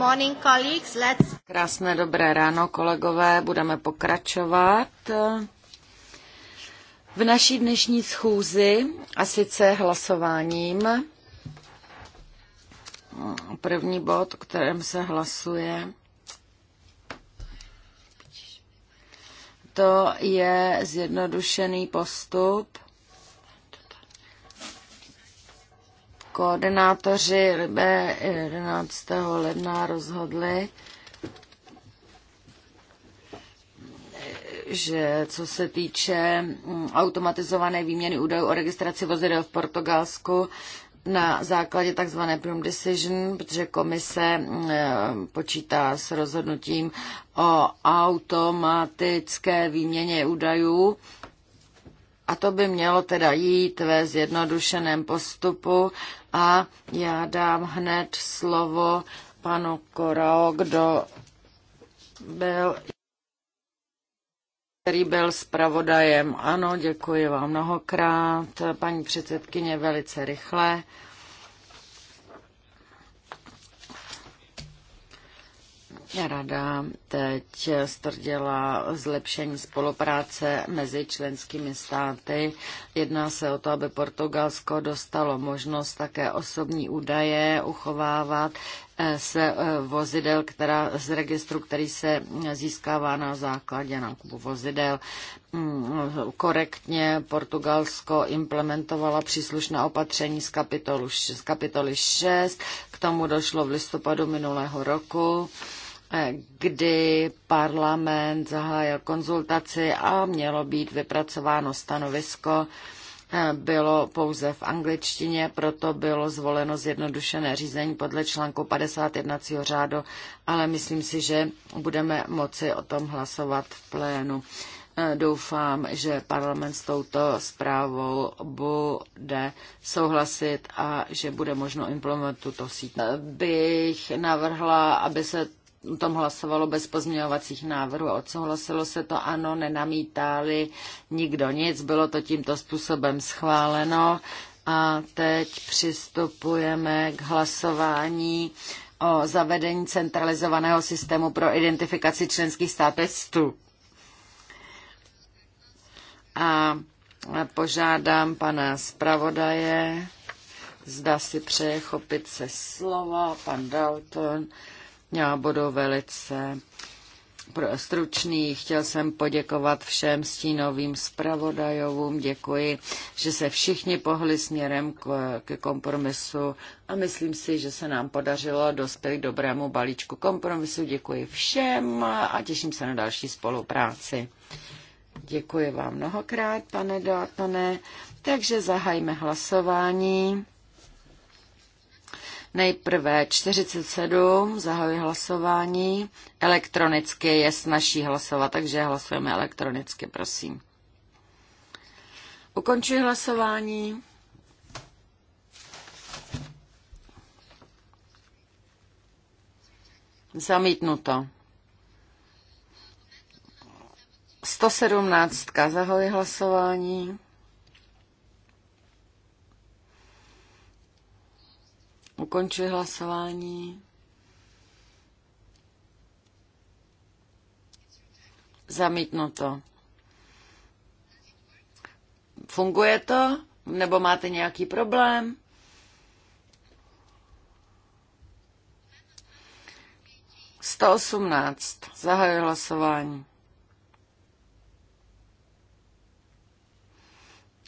morning, colleagues. Let's... Krásné dobré ráno, kolegové. Budeme pokračovat v naší dnešní schůzi a sice hlasováním. První bod, o kterém se hlasuje, to je zjednodušený postup Koordinátoři 11. ledna rozhodli, že co se týče mm, automatizované výměny údajů o registraci vozidel v Portugalsku, na základě tzv. Prum Decision, protože komise mm, počítá s rozhodnutím o automatické výměně údajů a to by mělo teda jít ve zjednodušeném postupu a já dám hned slovo panu Korao, kdo byl který byl zpravodajem. Ano, děkuji vám mnohokrát, paní předsedkyně, velice rychle. Rada teď strděla zlepšení spolupráce mezi členskými státy. Jedná se o to, aby Portugalsko dostalo možnost také osobní údaje uchovávat eh, se eh, vozidel, která, z registru, který se získává na základě nákupu vozidel. Mm, korektně Portugalsko implementovala příslušná opatření z, kapitolu, z kapitoly 6. K tomu došlo v listopadu minulého roku kdy parlament zahájil konzultaci a mělo být vypracováno stanovisko. Bylo pouze v angličtině, proto bylo zvoleno zjednodušené řízení podle článku 51 řádu, ale myslím si, že budeme moci o tom hlasovat v plénu. Doufám, že parlament s touto zprávou bude souhlasit a že bude možno implementovat tuto síť. Bych navrhla, aby se tom hlasovalo bez pozměňovacích návrhů odsouhlasilo se to ano, nenamítali nikdo nic, bylo to tímto způsobem schváleno a teď přistupujeme k hlasování o zavedení centralizovaného systému pro identifikaci členských států. A požádám pana zpravodaje, zda si přeje chopit se slova, pan Dalton. Já budu velice stručný. Chtěl jsem poděkovat všem stínovým zpravodajovům. Děkuji, že se všichni pohli směrem k, k kompromisu a myslím si, že se nám podařilo dospět k dobrému balíčku kompromisu. Děkuji všem a těším se na další spolupráci. Děkuji vám mnohokrát, pane Dátone. Takže zahajme hlasování. Nejprve 47, zahajuji hlasování. Elektronicky je snažší hlasovat, takže hlasujeme elektronicky, prosím. Ukončuji hlasování. Zamítnuto. 117. Zahoji hlasování. Ukončuji hlasování. Zamítnuto. Funguje to? Nebo máte nějaký problém? Sto osmnáct. Zahajuji hlasování.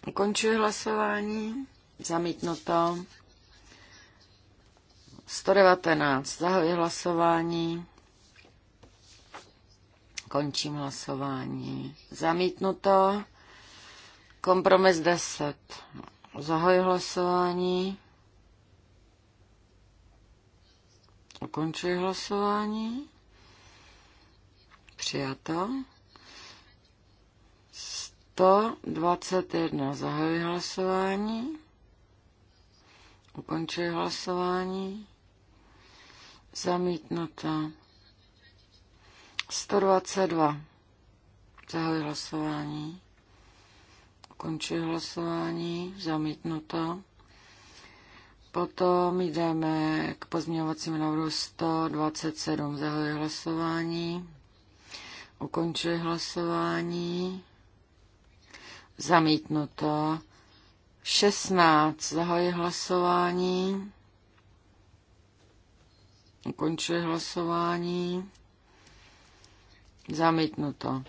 Ukončuji hlasování. Zamítnuto. 119. Zahajuji hlasování. Končím hlasování. Zamítnuto. Kompromis 10. Zahajuji hlasování. Ukončuji hlasování. Přijato. 121. Zahajuji hlasování. Ukončuji hlasování. Zamítnuto. 122. Zahoj hlasování. Končí hlasování. Zamítnuto. Potom jdeme k pozměňovacímu návrhu 127. Zahoj hlasování. Ukončuji hlasování. Zamítnuto. 16. Zahoj hlasování. Ukončuji hlasování. Zamítnuto.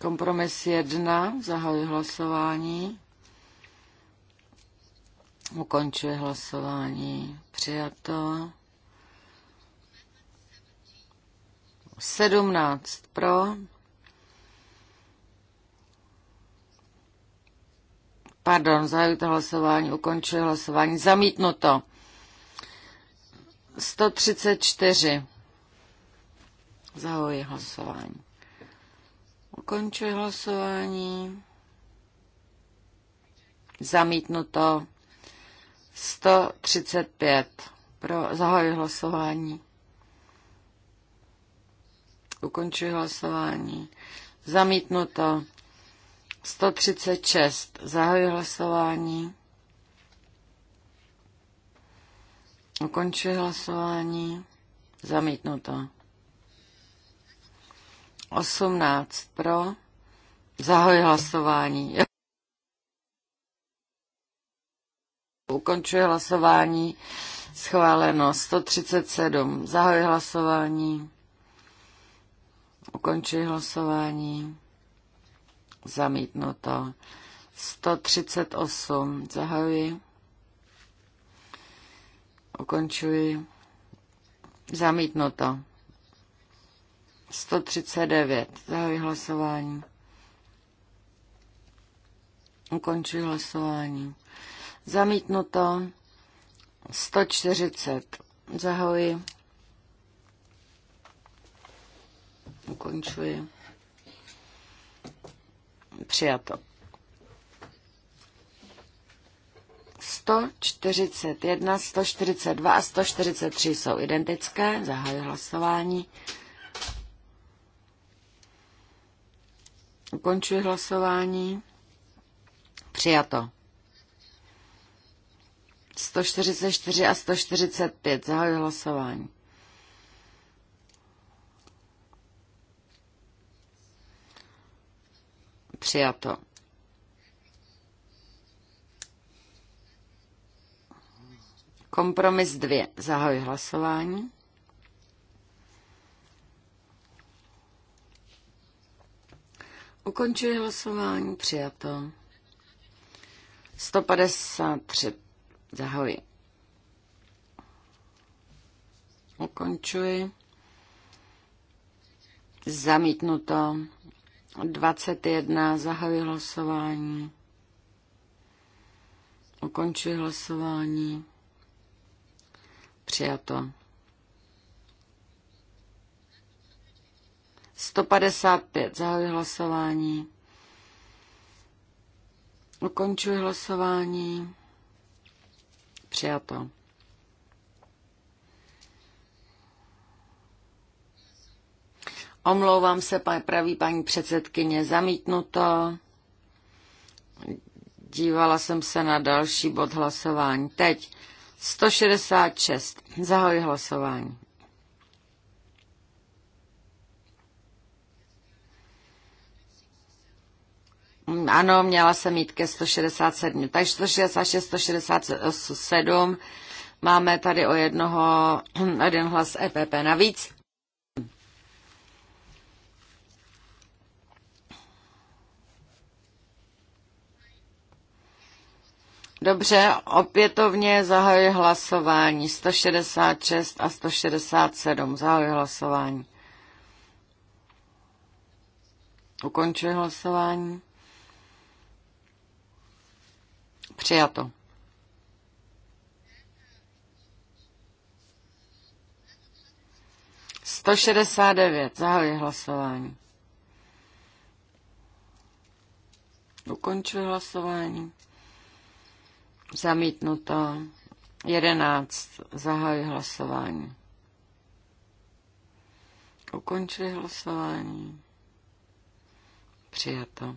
Kompromis 1. Zahajuje hlasování. Ukončuji hlasování. Přijato. 17 pro. 17 Pardon, zahajuje hlasování, ukončuji hlasování, zamítnuto. 134. Zahoji hlasování. Ukončuji hlasování. Zamítnuto. 135. Pro zahoji hlasování. Ukončuji hlasování. Zamítnuto. 136. Zahoji hlasování. Ukončuji hlasování. Zamítnuto. 18 pro. Zahoj hlasování. Ukončuji hlasování. Schváleno 137. Zahoj hlasování. Ukončuji hlasování. Zamítnuto. 138. Zahajuji. Ukončuji. Zamítnuto. 139. Zahajuji hlasování. Ukončuji hlasování. Zamítnuto. 140. Zahajuji. Ukončuji. Přijato. 141, 142 a 143 jsou identické. Zahajuji hlasování. Ukončuji hlasování. Přijato. 144 a 145. Zahajuji hlasování. Přijato. Kompromis 2. Zahoj hlasování. Ukončuji hlasování. Přijato. 153. Zahoj. Ukončuji. Zamítnuto. 21. Zahoj hlasování. Ukončuji hlasování. Přijato. 155. Zahajuji hlasování. Ukončuji hlasování. Přijato. Omlouvám se, pravý paní předsedkyně, zamítnuto. Dívala jsem se na další bod hlasování. Teď 166. Zahoj hlasování. Ano, měla jsem jít ke 167. Takže 166, 167. Máme tady o jednoho, jeden hlas EPP navíc. Dobře, opětovně zahajuji hlasování. 166 a 167. Zahajuji hlasování. Ukončuji hlasování. Přijato. Sto šedesát devět. Zahajuji hlasování. Ukončuji hlasování. Zamítnuto. 11. Zahajuji hlasování. Ukončili hlasování. Přijato.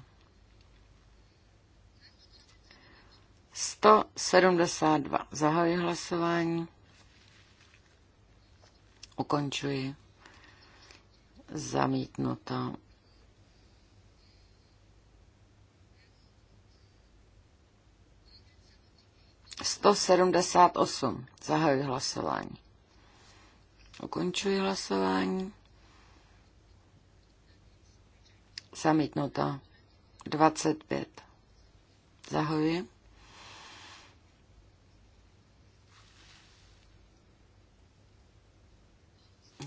172. Zahajuji hlasování. Ukončuji. Zamítnuto. 178. Zahajuji hlasování. Ukončuji hlasování. Zamítnuto. 25. Zahajuji.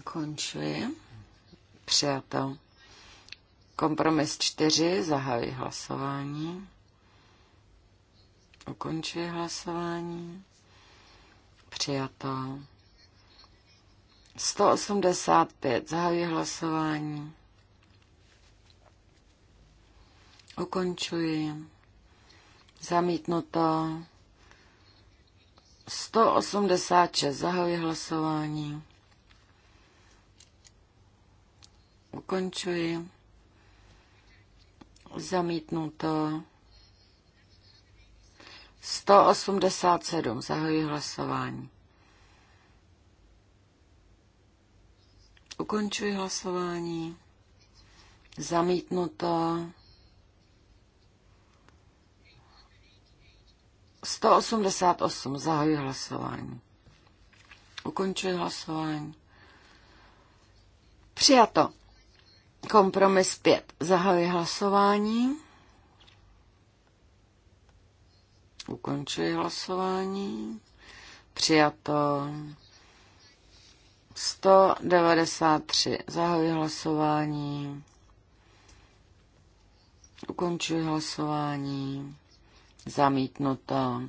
Končuji. Přijato. Kompromis 4. Zahajuji hlasování. Ukončuji hlasování. Přijato. 185. Zahajuji hlasování. Ukončuji. Zamítnuto. 186. Zahajuji hlasování. Ukončuji. Zamítnuto. 187. Zahajuji hlasování. Ukončuji hlasování. Zamítnuto. 188. Zahajuji hlasování. Ukončuji hlasování. Přijato. Kompromis 5. Zahajuji hlasování. Ukončuji hlasování. Přijato. 193. Zahajuji hlasování. Ukončuji hlasování. Zamítnuto.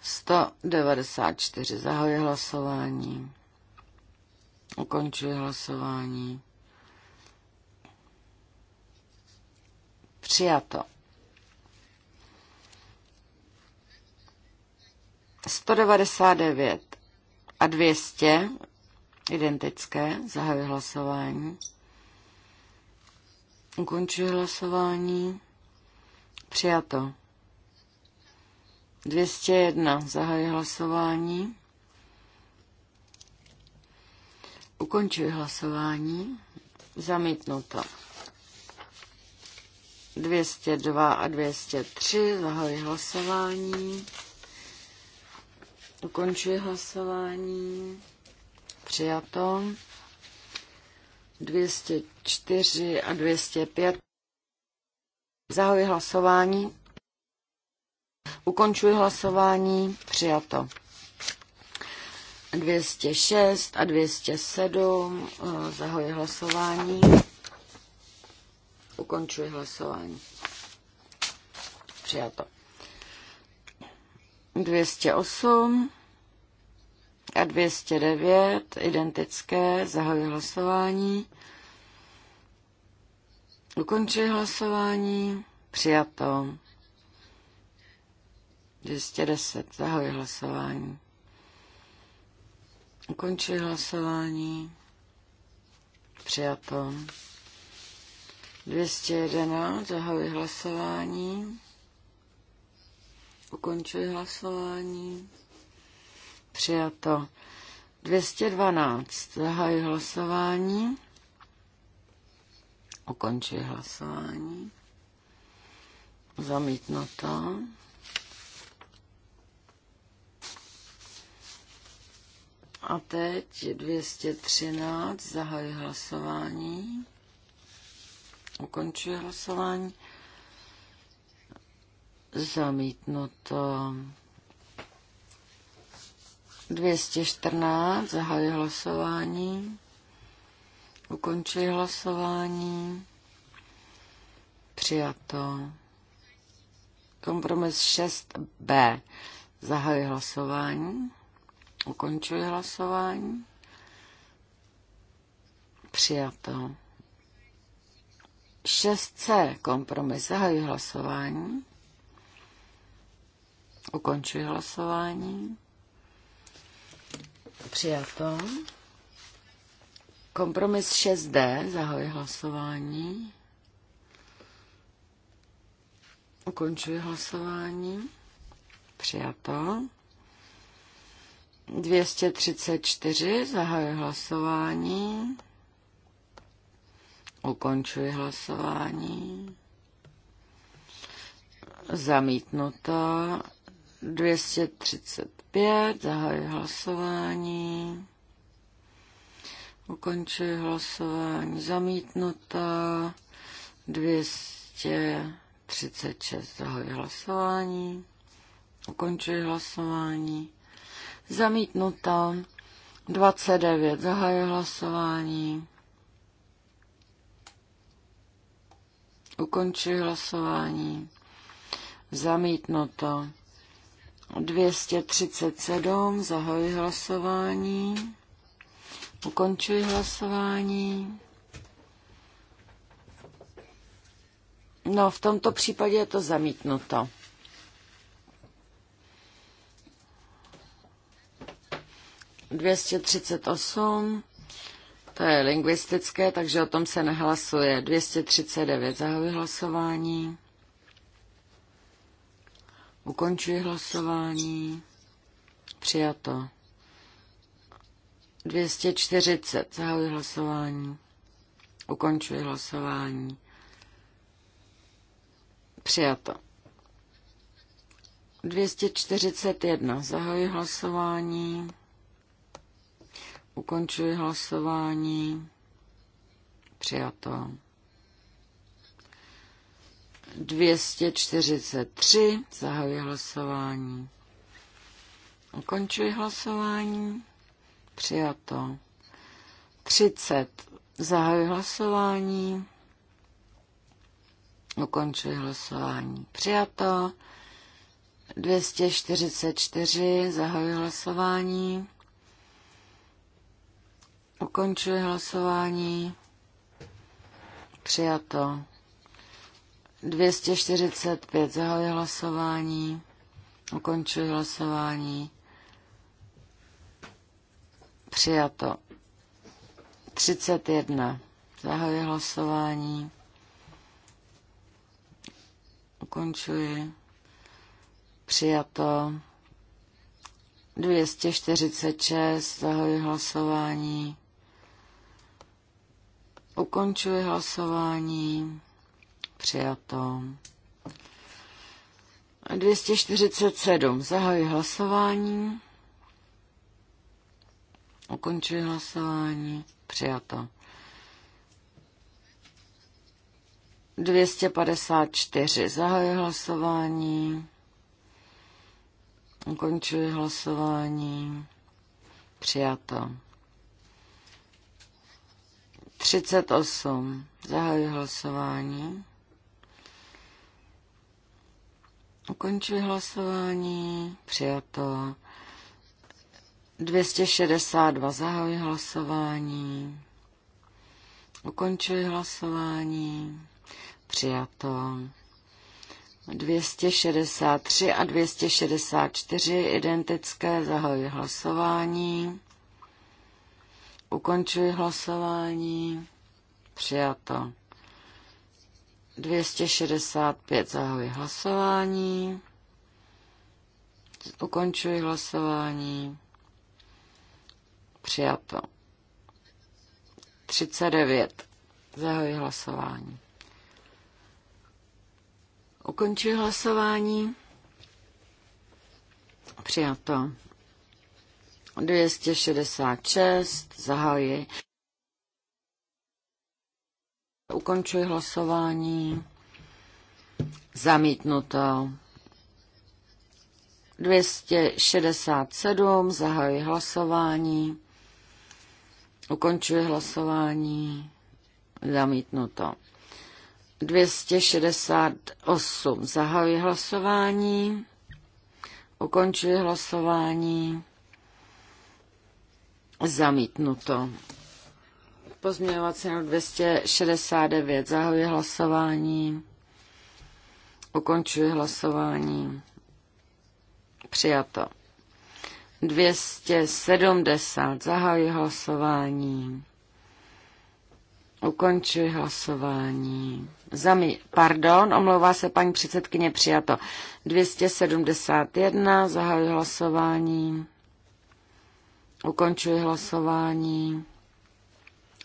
194. Zahajuji hlasování. Ukončuji hlasování. Přijato. 199 a 200 identické. Zahajuji hlasování. Ukončuji hlasování. Přijato. 201. Zahajuji hlasování. Ukončuji hlasování. Zamítnuto. 202 a 203. Zahajuji hlasování. Ukončuji hlasování. Přijato. 204 a 205. Zahoji hlasování. Ukončuji hlasování. Přijato. 206 a 207. Zahoji hlasování. Ukončuji hlasování. Přijato. 208 a 209, identické, zahajuji hlasování. Ukončuji hlasování. Přijato. 210, zahajuji hlasování. Ukončuji hlasování. Přijato. 211, zahajuji hlasování. Ukončuji hlasování. Přijato. 212. Zahajuji hlasování. Ukončí hlasování. Zamítnuto. A teď 213. Zahajuji hlasování. Ukončuje hlasování. Zamítnuto. 214, zahajuji hlasování, ukončuji hlasování, přijato. Kompromis 6b, zahajuji hlasování, ukončuji hlasování, přijato. 6c, kompromis, zahajuji hlasování, ukončuji hlasování, Přijato. Kompromis 6D, zahoj hlasování. Ukončuji hlasování. Přijato. 234, Zahoj hlasování. Ukončuji hlasování. Zamítnuto 235, zahajuji hlasování. Ukončuji hlasování. Zamítnuto 236. Zahajuji hlasování. Ukončuji hlasování. Zamítnuto 29. Zahajuji hlasování. Ukončuji hlasování. Zamítnuto 237, zahajuji hlasování, ukončuji hlasování. No, v tomto případě je to zamítnuto. Dvěstě to je lingvistické, takže o tom se nehlasuje. 239 zahajuji hlasování. Ukončuji hlasování. Přijato. 240. Zahajuji hlasování. Ukončuji hlasování. Přijato. 241. Zahajuji hlasování. Ukončuji hlasování. Přijato. 243. Zahajuji hlasování. Ukončuji hlasování. Přijato. 30. Zahajuji hlasování. Ukončuji hlasování. Přijato. 244. Zahajuji hlasování. Ukončuji hlasování. Přijato. 245 zahájí hlasování, ukončuji hlasování. Přijato. 31 zahajuji hlasování, ukončuji. Přijato. 246 zahajuji hlasování, ukončuji hlasování Přijato. 247. Zahajuji hlasování. Ukončuji hlasování. Přijato. 254. Zahajuji hlasování. Ukončuji hlasování. Přijato. 38. Zahajuji hlasování. Ukončili hlasování. Přijato. 262 zahájí hlasování. Ukončili hlasování. Přijato. 263 a 264 identické zahájí hlasování. Ukončuji hlasování. Přijato. 265 zahoji hlasování. Ukončuji hlasování. Přijato. 39. Zahoji hlasování. Ukončuji hlasování. Přijato. 266. Zahajuji. Ukončuji hlasování. Zamítnuto. 267. Zahajuji hlasování. Ukončuji hlasování. Zamítnuto. 268. Zahajuji hlasování. Ukončuji hlasování. Zamítnuto. Pozměňovací na 269. Zahajuji hlasování. Ukončuji hlasování. Přijato. 270. Zahajuji hlasování. Ukončuji hlasování. Zami, pardon, omlouvá se paní předsedkyně, přijato. 271, zahajuji hlasování. Ukončuji hlasování.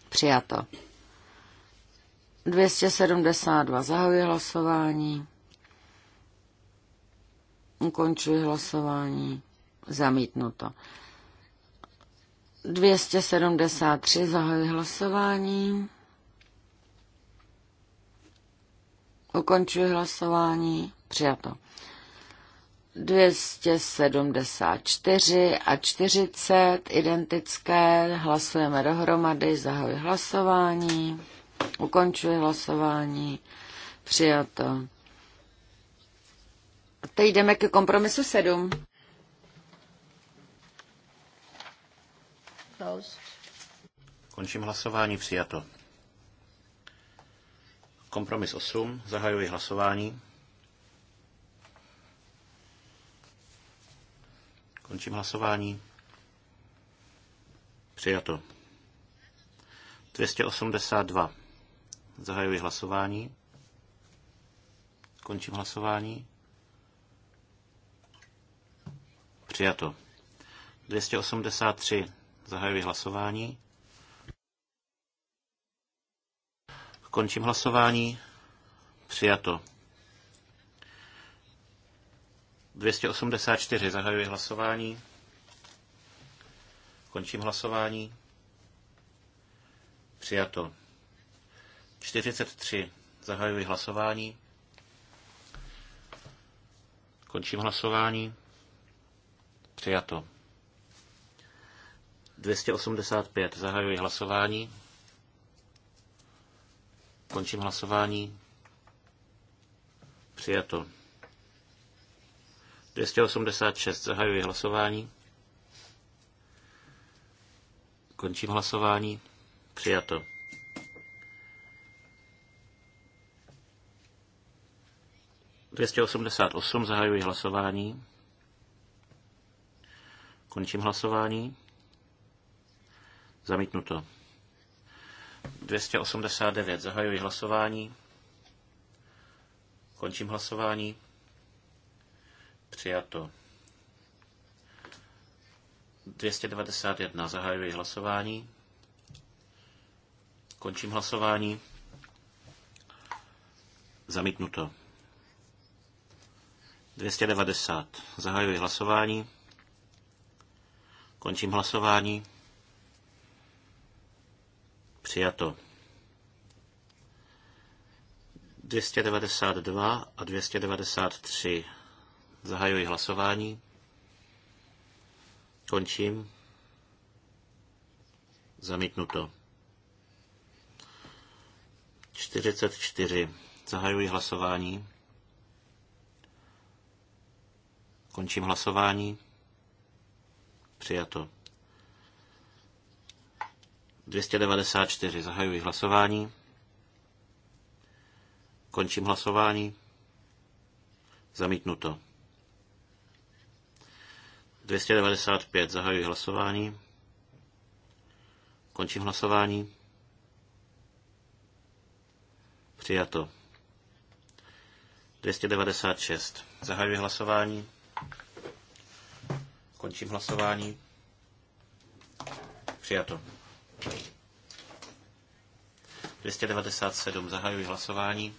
Přijato. 272. Zahajuji hlasování. Ukončuji hlasování. Zamítnuto. 273. Zahajuji hlasování. Ukončuji hlasování. Přijato. 274 a 40 identické. Hlasujeme dohromady. Zahajuji hlasování. Ukončuji hlasování. Přijato. A teď jdeme ke kompromisu 7. Končím hlasování. Přijato. Kompromis 8. Zahajuji hlasování. Končím hlasování. Přijato. 282. Zahajuji hlasování. Končím hlasování. Přijato. 283. Zahajuji hlasování. Končím hlasování. Přijato. 284. Zahajuji hlasování. Končím hlasování. Přijato. 43. Zahajuji hlasování. Končím hlasování. Přijato. 285. Zahajuji hlasování. Končím hlasování. Přijato. 286. Zahajuji hlasování. Končím hlasování. Přijato. Dvěstě osmdesát osm zahajuji hlasování. Končím hlasování. Zamítnuto. 289. Zahajuji hlasování. Končím hlasování. Přijato. 291. Zahajuji hlasování. Končím hlasování. Zamítnuto. 290. Zahajuji hlasování. Končím hlasování. Přijato. 292 a 293 Zahajuji hlasování. Končím. Zamítnuto. 44. Zahajuji hlasování. Končím hlasování. Přijato. 294. Zahajuji hlasování. Končím hlasování. Zamítnuto. 295. Zahajuji hlasování. Končím hlasování. Přijato. 296. Zahajuji hlasování. Končím hlasování. Přijato. 297. Zahajuji hlasování.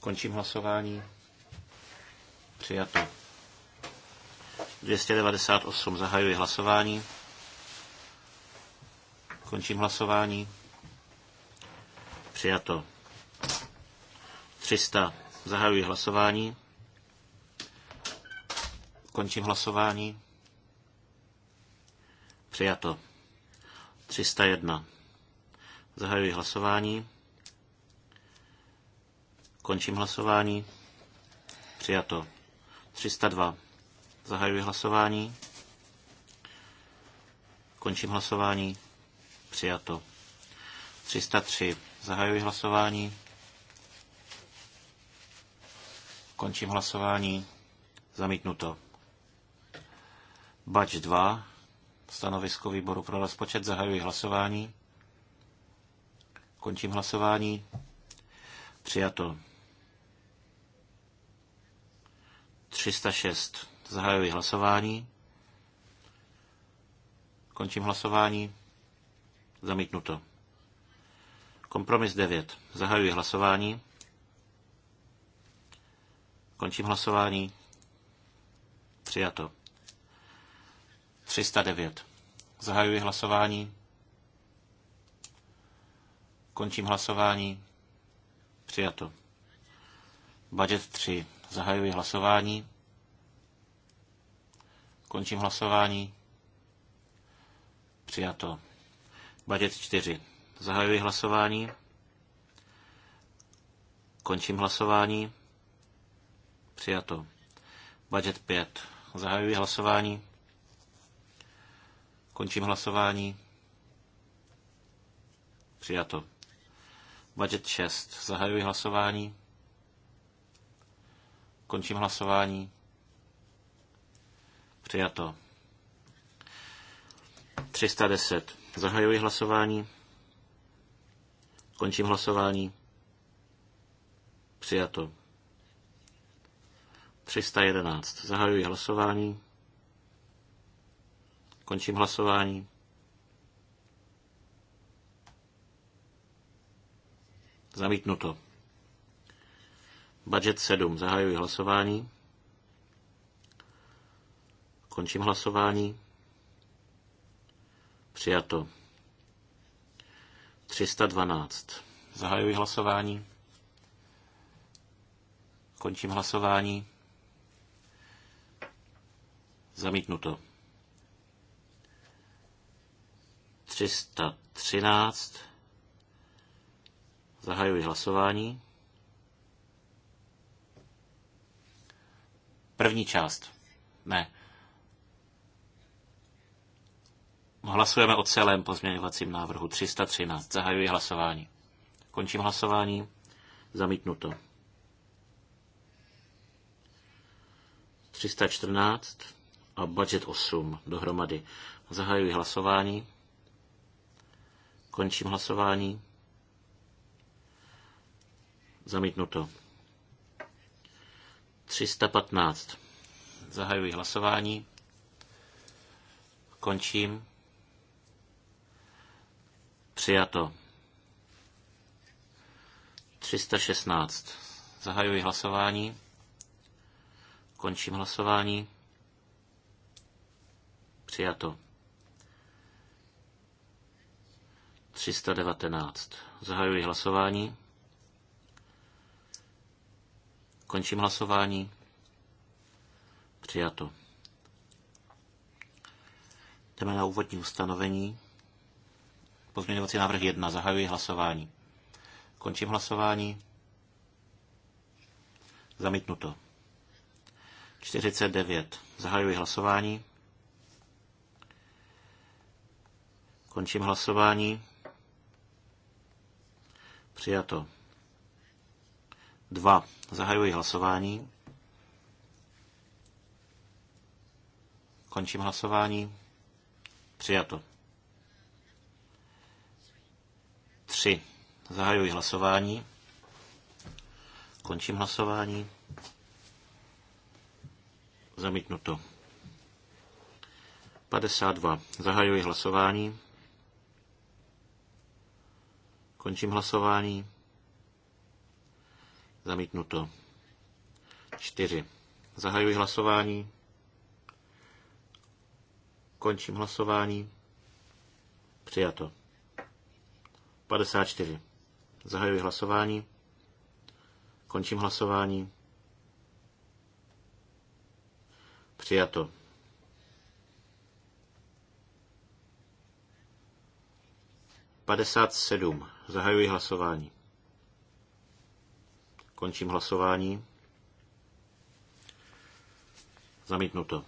Končím hlasování. Přijato. 298 zahajuji hlasování. Končím hlasování. Přijato. 300 zahajuji hlasování. Končím hlasování. Přijato. 301. Zahajuji hlasování. Končím hlasování. Přijato. 302. Zahajuji hlasování. Končím hlasování. Přijato. 303. Zahajuji hlasování. Končím hlasování. Zamítnuto. Bač 2. Stanovisko výboru pro rozpočet. Zahajuji hlasování. Končím hlasování. Přijato. 306. Zahajuji hlasování. Končím hlasování. Zamítnuto. Kompromis 9. Zahajuji hlasování. Končím hlasování. Přijato. 309. Zahajuji hlasování. Končím hlasování. Přijato. Budget 3. Zahajuji hlasování. Končím hlasování. Přijato. Budget 4. Zahajuji hlasování. Končím hlasování. Přijato. Budget 5. Zahajuji hlasování. Končím hlasování. Přijato. Budget 6. Zahajuji hlasování. Končím hlasování. Přijato. 310. Zahajuji hlasování. Končím hlasování. Přijato. 311. Zahajuji hlasování. Končím hlasování. Zamítnuto. Budget 7. Zahajuji hlasování. Končím hlasování. Přijato. 312. Zahajuji hlasování. Končím hlasování. Zamítnuto. 313. Zahajuji hlasování. První část. Ne. Hlasujeme o celém pozměňovacím návrhu 313. Zahajuji hlasování. Končím hlasování. Zamítnuto. 314 a budget 8 dohromady. Zahajuji hlasování. Končím hlasování. Zamítnuto. 315. Zahajuji hlasování. Končím. Přijato. 316. Zahajuji hlasování. Končím hlasování. Přijato. 319. Zahajuji hlasování. Končím hlasování. Přijato. Jdeme na úvodní ustanovení. Pozměňovací návrh 1. Zahajuji hlasování. Končím hlasování. Zamítnuto. 49. Zahajuji hlasování. Končím hlasování. Přijato. 2. Zahajuji hlasování. Končím hlasování. Přijato. 3. Zahajuji hlasování. Končím hlasování. Zamítnuto. 52. Zahajuji hlasování. Končím hlasování. Zamítnuto. 4. Zahajuji hlasování. Končím hlasování. Přijato. 54. Zahajuji hlasování. Končím hlasování. Přijato. Padesát sedm. Zahajuji hlasování. Končím hlasování. Zamítnuto.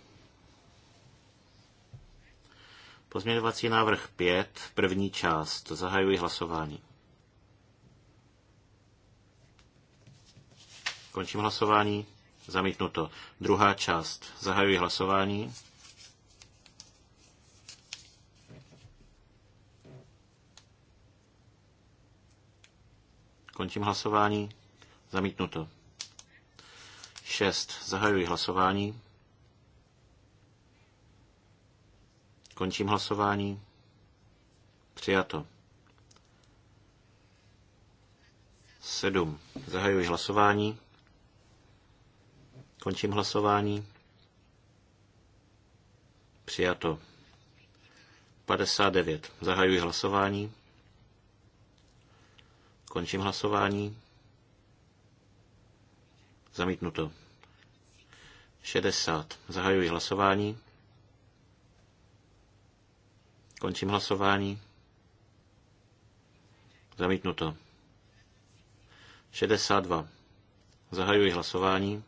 Pozměňovací návrh 5, první část. Zahajuji hlasování. Končím hlasování. Zamítnuto. Druhá část. Zahajuji hlasování. Končím hlasování. Zamítnuto. 6. Zahajuji hlasování. Končím hlasování. Přijato. Sedm. Zahajuji hlasování. Končím hlasování. Přijato. 59. Zahajuji hlasování. Končím hlasování. Zamítnuto. 60. Zahajuji hlasování. Končím hlasování. Zamítnuto. 62. Zahajuji hlasování.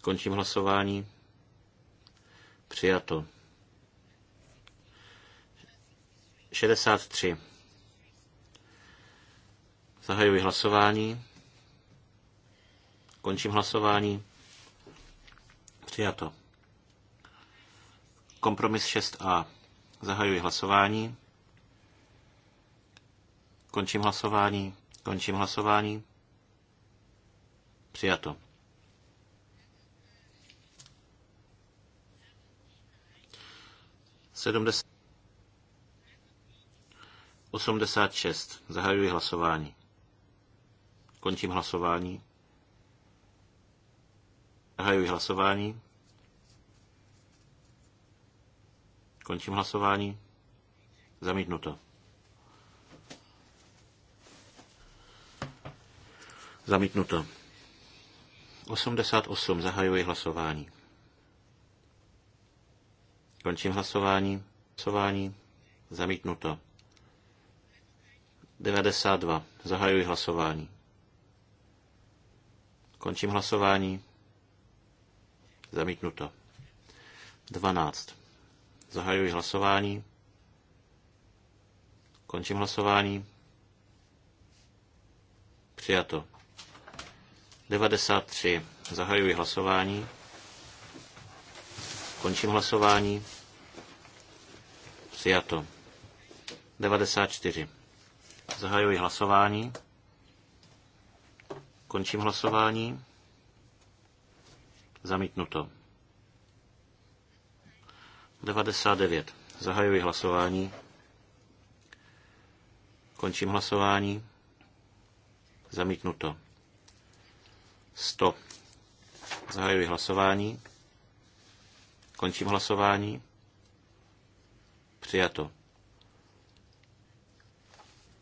Končím hlasování. Přijato. 63. Zahajuji hlasování. Končím hlasování. Přijato. Kompromis 6a. Zahajuji hlasování. Končím hlasování. Končím hlasování. Přijato. Sedmdesát. šest Zahajuji hlasování. Končím hlasování. Zahajuji hlasování. Končím hlasování. Zamítnuto. Zamítnuto. 88. Zahajuji hlasování. Končím hlasování. Hlasování. Zamítnuto. 92. Zahajuji hlasování. Končím hlasování. Zamítnuto. 12. Zahajuji hlasování. Končím hlasování. Přijato. 93. Zahajuji hlasování. Končím hlasování. Přijato. 94. Zahajuji hlasování. Končím hlasování. Zamítnuto. 99. Zahajuji hlasování. Končím hlasování. Zamítnuto. 100. Zahajuji hlasování. Končím hlasování. Přijato.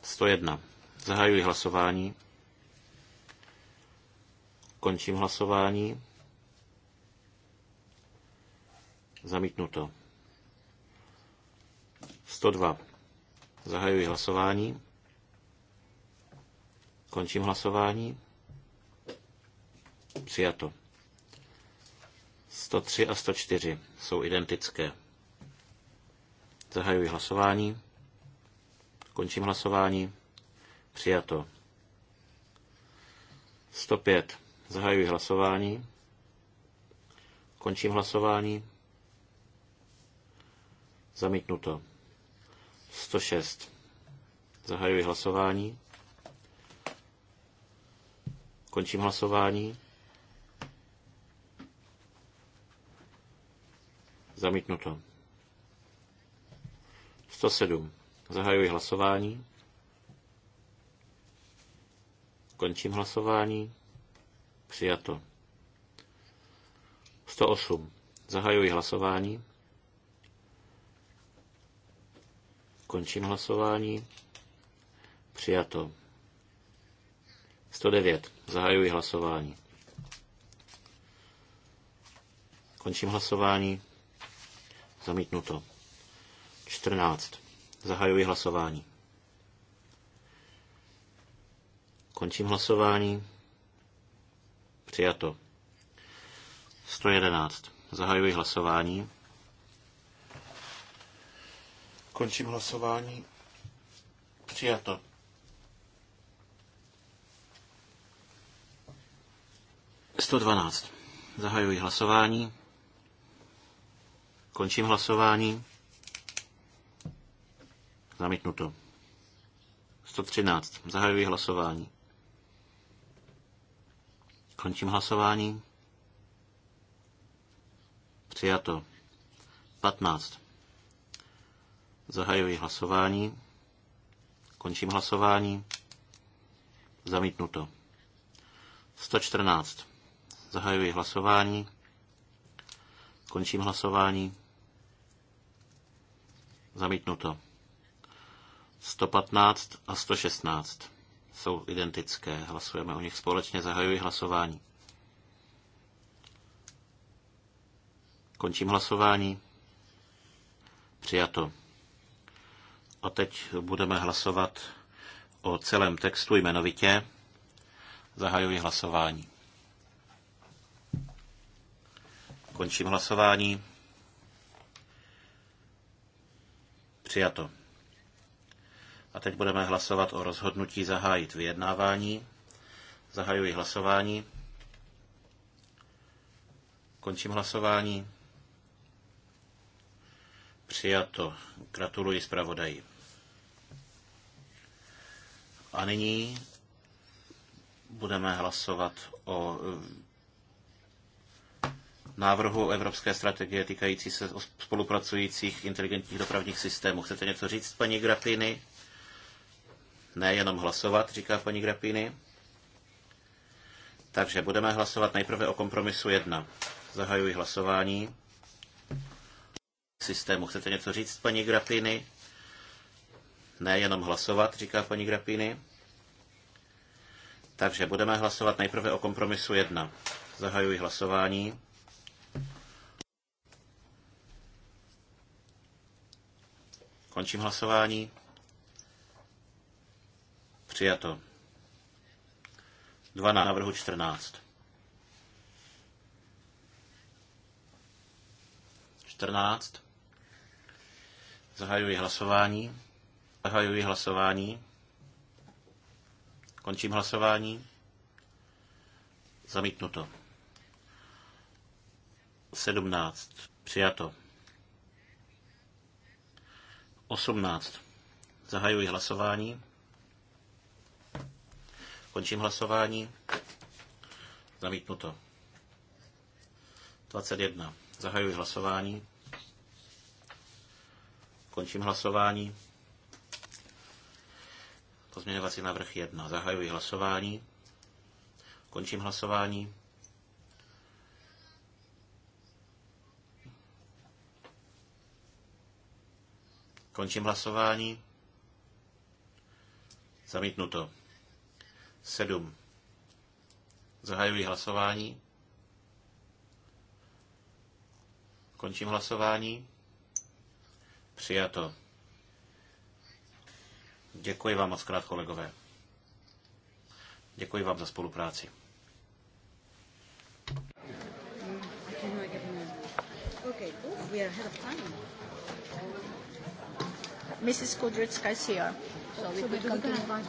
101. Zahajuji hlasování. Končím hlasování. Zamítnuto. 102. Zahajuji hlasování. Končím hlasování. Přijato. 103 a 104 jsou identické. Zahajuji hlasování. Končím hlasování. Přijato. 105. Zahajuji hlasování. Končím hlasování. Zamítnuto. 106. Zahajuji hlasování. Končím hlasování. Zamítnuto. 107. Zahajuji hlasování. Končím hlasování. Přijato. 108. Zahajuji hlasování. Končím hlasování. Přijato. 109. Zahajuji hlasování. Končím hlasování. Zamítnuto. 14. Zahajuji hlasování. Končím hlasování. Přijato. 111. Zahajuji hlasování. Končím hlasování. Přijato. Sto dvanáct. Zahajuji hlasování. Končím hlasování. Zamítnuto. 113. Zahajuji hlasování. Končím hlasování. Přijato. 15. Zahajuji hlasování. Končím hlasování. Zamítnuto. 114. Zahajuji hlasování. Končím hlasování. Zamítnuto. 115 a 116 jsou identické. Hlasujeme o nich společně. Zahajuji hlasování. Končím hlasování. Přijato. A teď budeme hlasovat o celém textu jmenovitě. Zahajuji hlasování. Končím hlasování. Přijato. A teď budeme hlasovat o rozhodnutí zahájit vyjednávání. Zahajuji hlasování. Končím hlasování. Přijato. Gratuluji zpravodaji. A nyní budeme hlasovat o eh, návrhu Evropské strategie týkající se spolupracujících inteligentních dopravních systémů. Chcete něco říct, paní Grapiny? Ne, jenom hlasovat, říká paní Grapiny. Takže budeme hlasovat nejprve o kompromisu 1. Zahajuji hlasování. Systému. Chcete něco říct, paní Grapiny? ne jenom hlasovat, říká paní Grapíny. Takže budeme hlasovat nejprve o kompromisu 1. Zahajuji hlasování. Končím hlasování. Přijato. 2 na návrhu 14. 14. Zahajuji hlasování. Zahajuji hlasování. Končím hlasování. Zamítnuto. 17. Přijato. 18. Zahajuji hlasování. Končím hlasování. Zamítnuto. 21. Zahajuji hlasování. Končím hlasování. Pozměňovací návrh 1. Zahajuji hlasování. Končím hlasování. Končím hlasování. Zamítnuto. 7. Zahajuji hlasování. Končím hlasování. Přijato. Děkuji vám moc krát, kolegové. Děkuji vám za spolupráci. Okay, oof, we are ahead Mrs. Kudrytska is here, so we can continue.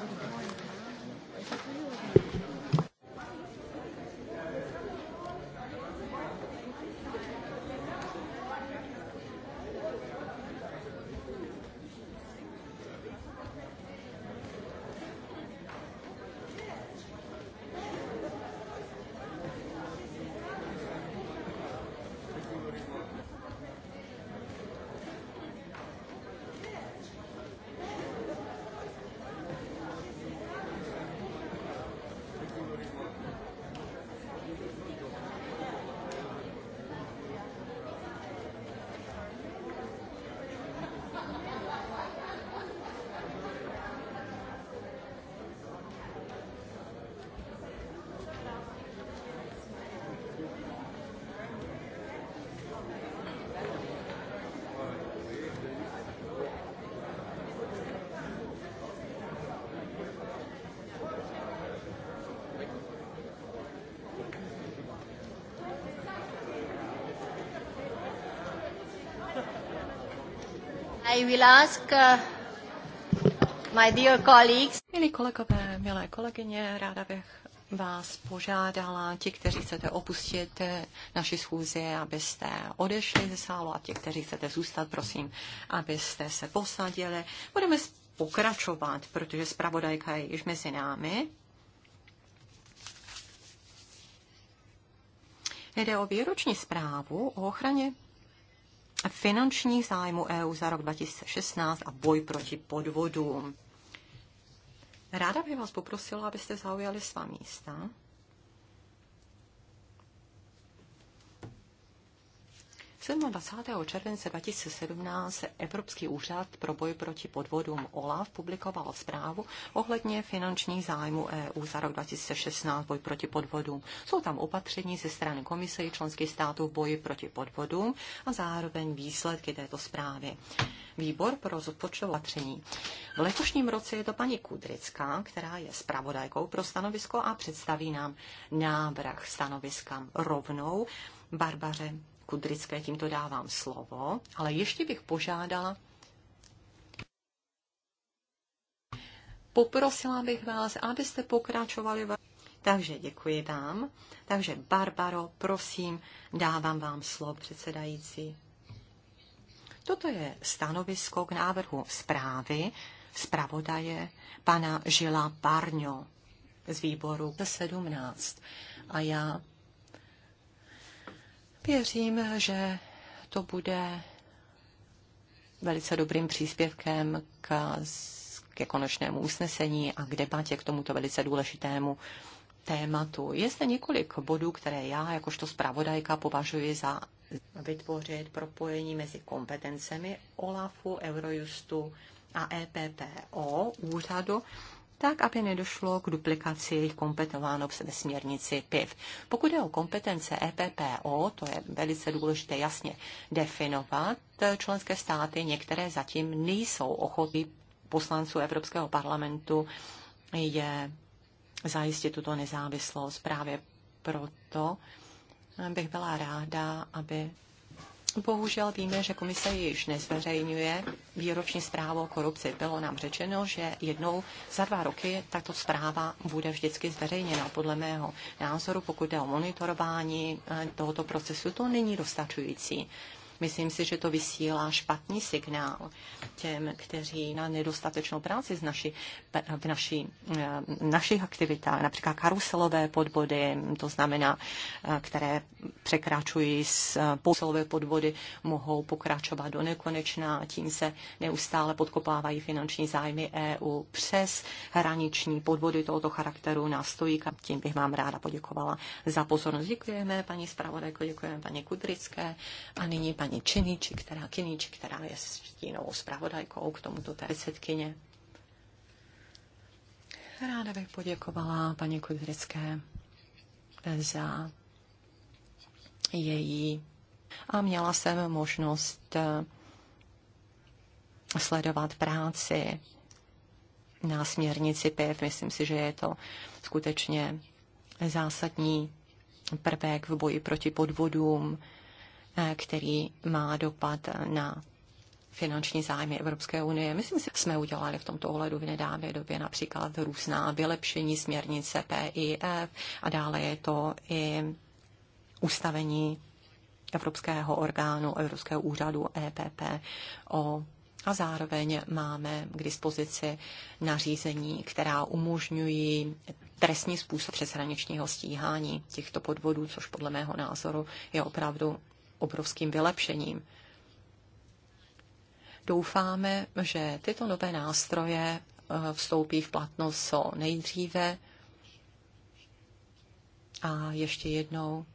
I will ask, uh, my dear colleagues. Milí kolegové, milé kolegyně, ráda bych vás požádala, ti, kteří chcete opustit eh, naši schůzi, abyste odešli ze sálu a ti, kteří chcete zůstat, prosím, abyste se posadili. Budeme pokračovat, protože zpravodajka je již mezi námi. Jde o výroční zprávu o ochraně finančních zájmů EU za rok 2016 a boj proti podvodům. Ráda bych vás poprosila, abyste zaujali svá místa. 27. července 2017 se Evropský úřad pro boj proti podvodům OLAF publikoval zprávu ohledně finančních zájmů EU za rok 2016 boj proti podvodům. Jsou tam opatření ze strany komise i členských států v boji proti podvodům a zároveň výsledky této zprávy. Výbor pro rozpočtové opatření. V letošním roce je to paní Kudrická, která je zpravodajkou pro stanovisko a představí nám návrh stanoviska rovnou Barbaře Kudrické tímto dávám slovo, ale ještě bych požádala, poprosila bych vás, abyste pokračovali. Takže děkuji vám. Takže Barbaro, prosím, dávám vám slovo předsedající. Toto je stanovisko k návrhu zprávy zpravodaje pana Žila Parňo z výboru 17. A já Věřím, že to bude velice dobrým příspěvkem k, ke konečnému usnesení a k debatě k tomuto velice důležitému tématu. Je zde několik bodů, které já jakožto zpravodajka považuji za vytvořit propojení mezi kompetencemi OLAFu, Eurojustu a EPPO úřadu tak, aby nedošlo k duplikaci jejich kompetováno ve směrnici PIV. Pokud je o kompetence EPPO, to je velice důležité jasně definovat, členské státy některé zatím nejsou ochotní poslanců Evropského parlamentu je zajistit tuto nezávislost. Právě proto bych byla ráda, aby Bohužel víme, že komise již nezveřejňuje výroční zprávu o korupci. Bylo nám řečeno, že jednou za dva roky tato zpráva bude vždycky zveřejněna. Podle mého názoru, pokud jde o monitorování eh, tohoto procesu, to není dostačující. Myslím si, že to vysílá špatný signál těm, kteří na nedostatečnou práci z naši, v naši, eh, našich aktivitách, například karuselové podvody, to znamená, eh, které překračují z pouselové eh, podvody, mohou pokračovat do nekonečna, tím se neustále podkopávají finanční zájmy EU přes hraniční podvody tohoto charakteru na stojí. Tím bych vám ráda poděkovala za pozornost. Děkujeme paní zpravodajko, děkujeme paní Kudrické a nyní paní paní či která, či která je stínovou zpravodajkou k tomuto té předsedkyně. Ráda bych poděkovala paní Kudrické za její a měla jsem možnost eh, sledovat práci na směrnici PIV. Myslím si, že je to skutečně zásadní prvek v boji proti podvodům, Eh, který má dopad na finanční zájmy Evropské unie. Myslím si, jsme udělali v tomto ohledu v nedávné době například různá vylepšení směrnice PIF a dále je to i ustavení Evropského orgánu, Evropského úřadu e o a zároveň máme k dispozici nařízení, která umožňují trestní způsob přeshraničního stíhání těchto podvodů, což podle mého názoru je opravdu obrovským vylepšením. Doufáme, že tyto nové nástroje eh, vstoupí v platnost co nejdříve. A ještě jednou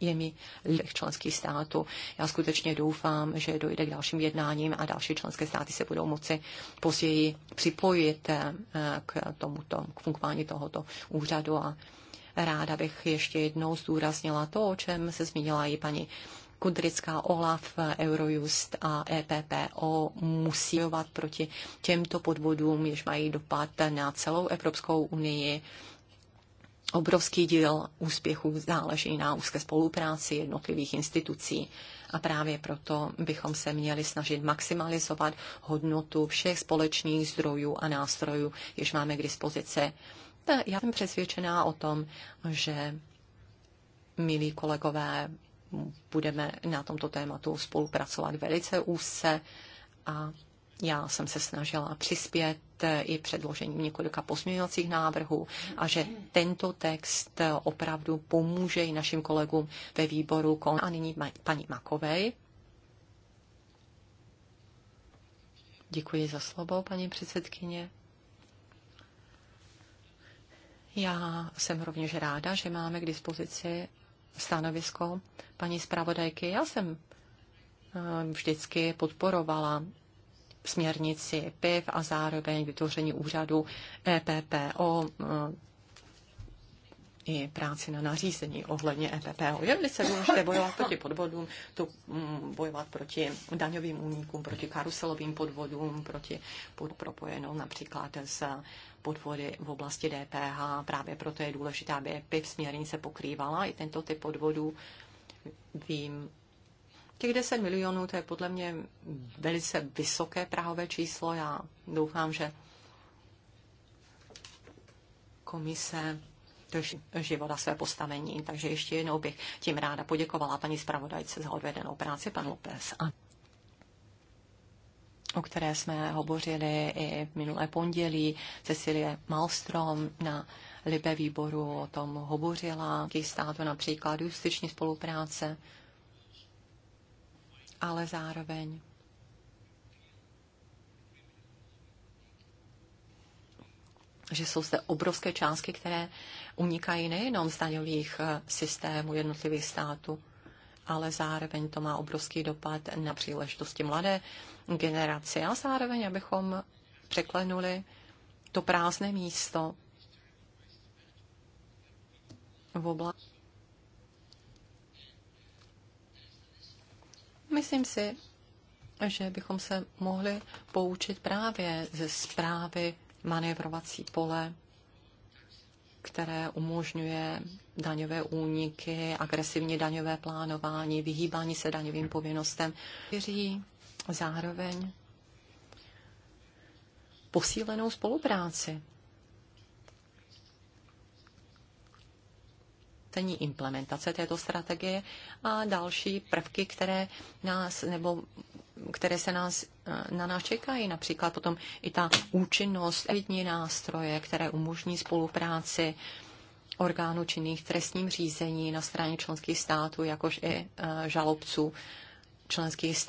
je mi lidech členských států. Já skutečně doufám, že dojde k dalším jednáním a další členské státy se budou moci později připojit eh, k tomuto, k fungování tohoto úřadu a Ráda bych ještě jednou zdůraznila to, o čem se zmínila i paní Kudrická, OLAF, Eurojust a EPPO musí bojovat proti těmto podvodům, jež mají dopad na celou Evropskou unii. Obrovský díl úspěchů záleží na úzké spolupráci jednotlivých institucí a právě proto bychom se měli snažit maximalizovat hodnotu všech společných zdrojů a nástrojů, jež máme k dispozici já jsem přesvědčená o tom, že milí kolegové, budeme na tomto tématu spolupracovat velice úzce a já jsem se snažila přispět i předložením několika pozměňovacích návrhů a že tento text opravdu pomůže i našim kolegům ve výboru KON. A nyní paní Makovej. Děkuji za slovo, paní předsedkyně. Já jsem rovněž ráda, že máme k dispozici stanovisko paní zpravodajky. Já jsem eh, vždycky podporovala směrnici PIV a zároveň vytvoření úřadu EPPO eh, i práci na nařízení ohledně EPPO. Je velice důležité bojovat proti podvodům, to mm, bojovat proti daňovým únikům, proti karuselovým podvodům, proti podpropojenou, například s podvody v oblasti DPH. Právě proto je důležité, aby PIV směrnice pokrývala i tento typ podvodů. Vím, těch 10 milionů, to je podle mě velice vysoké prahové číslo. Já doufám, že komise drží života své postavení. Takže ještě jednou bych tím ráda poděkovala paní zpravodajce za odvedenou práci, pan Lopez. A o které jsme hovořili i minulé pondělí. Cecilie Malstrom na Libe výboru o tom hovořila, těch to například justiční spolupráce, ale zároveň že jsou zde obrovské částky, které unikají nejenom z daňových eh, systémů jednotlivých států, ale zároveň to má obrovský dopad na příležitosti mladé generace a zároveň, abychom překlenuli to prázdné místo v oblasti. Myslím si, že bychom se mohli poučit právě ze zprávy manévrovací pole které umožňuje daňové úniky, agresivní daňové plánování, vyhýbání se daňovým povinnostem, Věří zároveň posílenou spolupráci. Tení implementace této strategie a další prvky, které nás nebo které se nás na nás čekají. Například potom i ta účinnost, evidní nástroje, které umožní spolupráci orgánů činných trestním řízení na straně členských států, jakož i e, žalobců členských států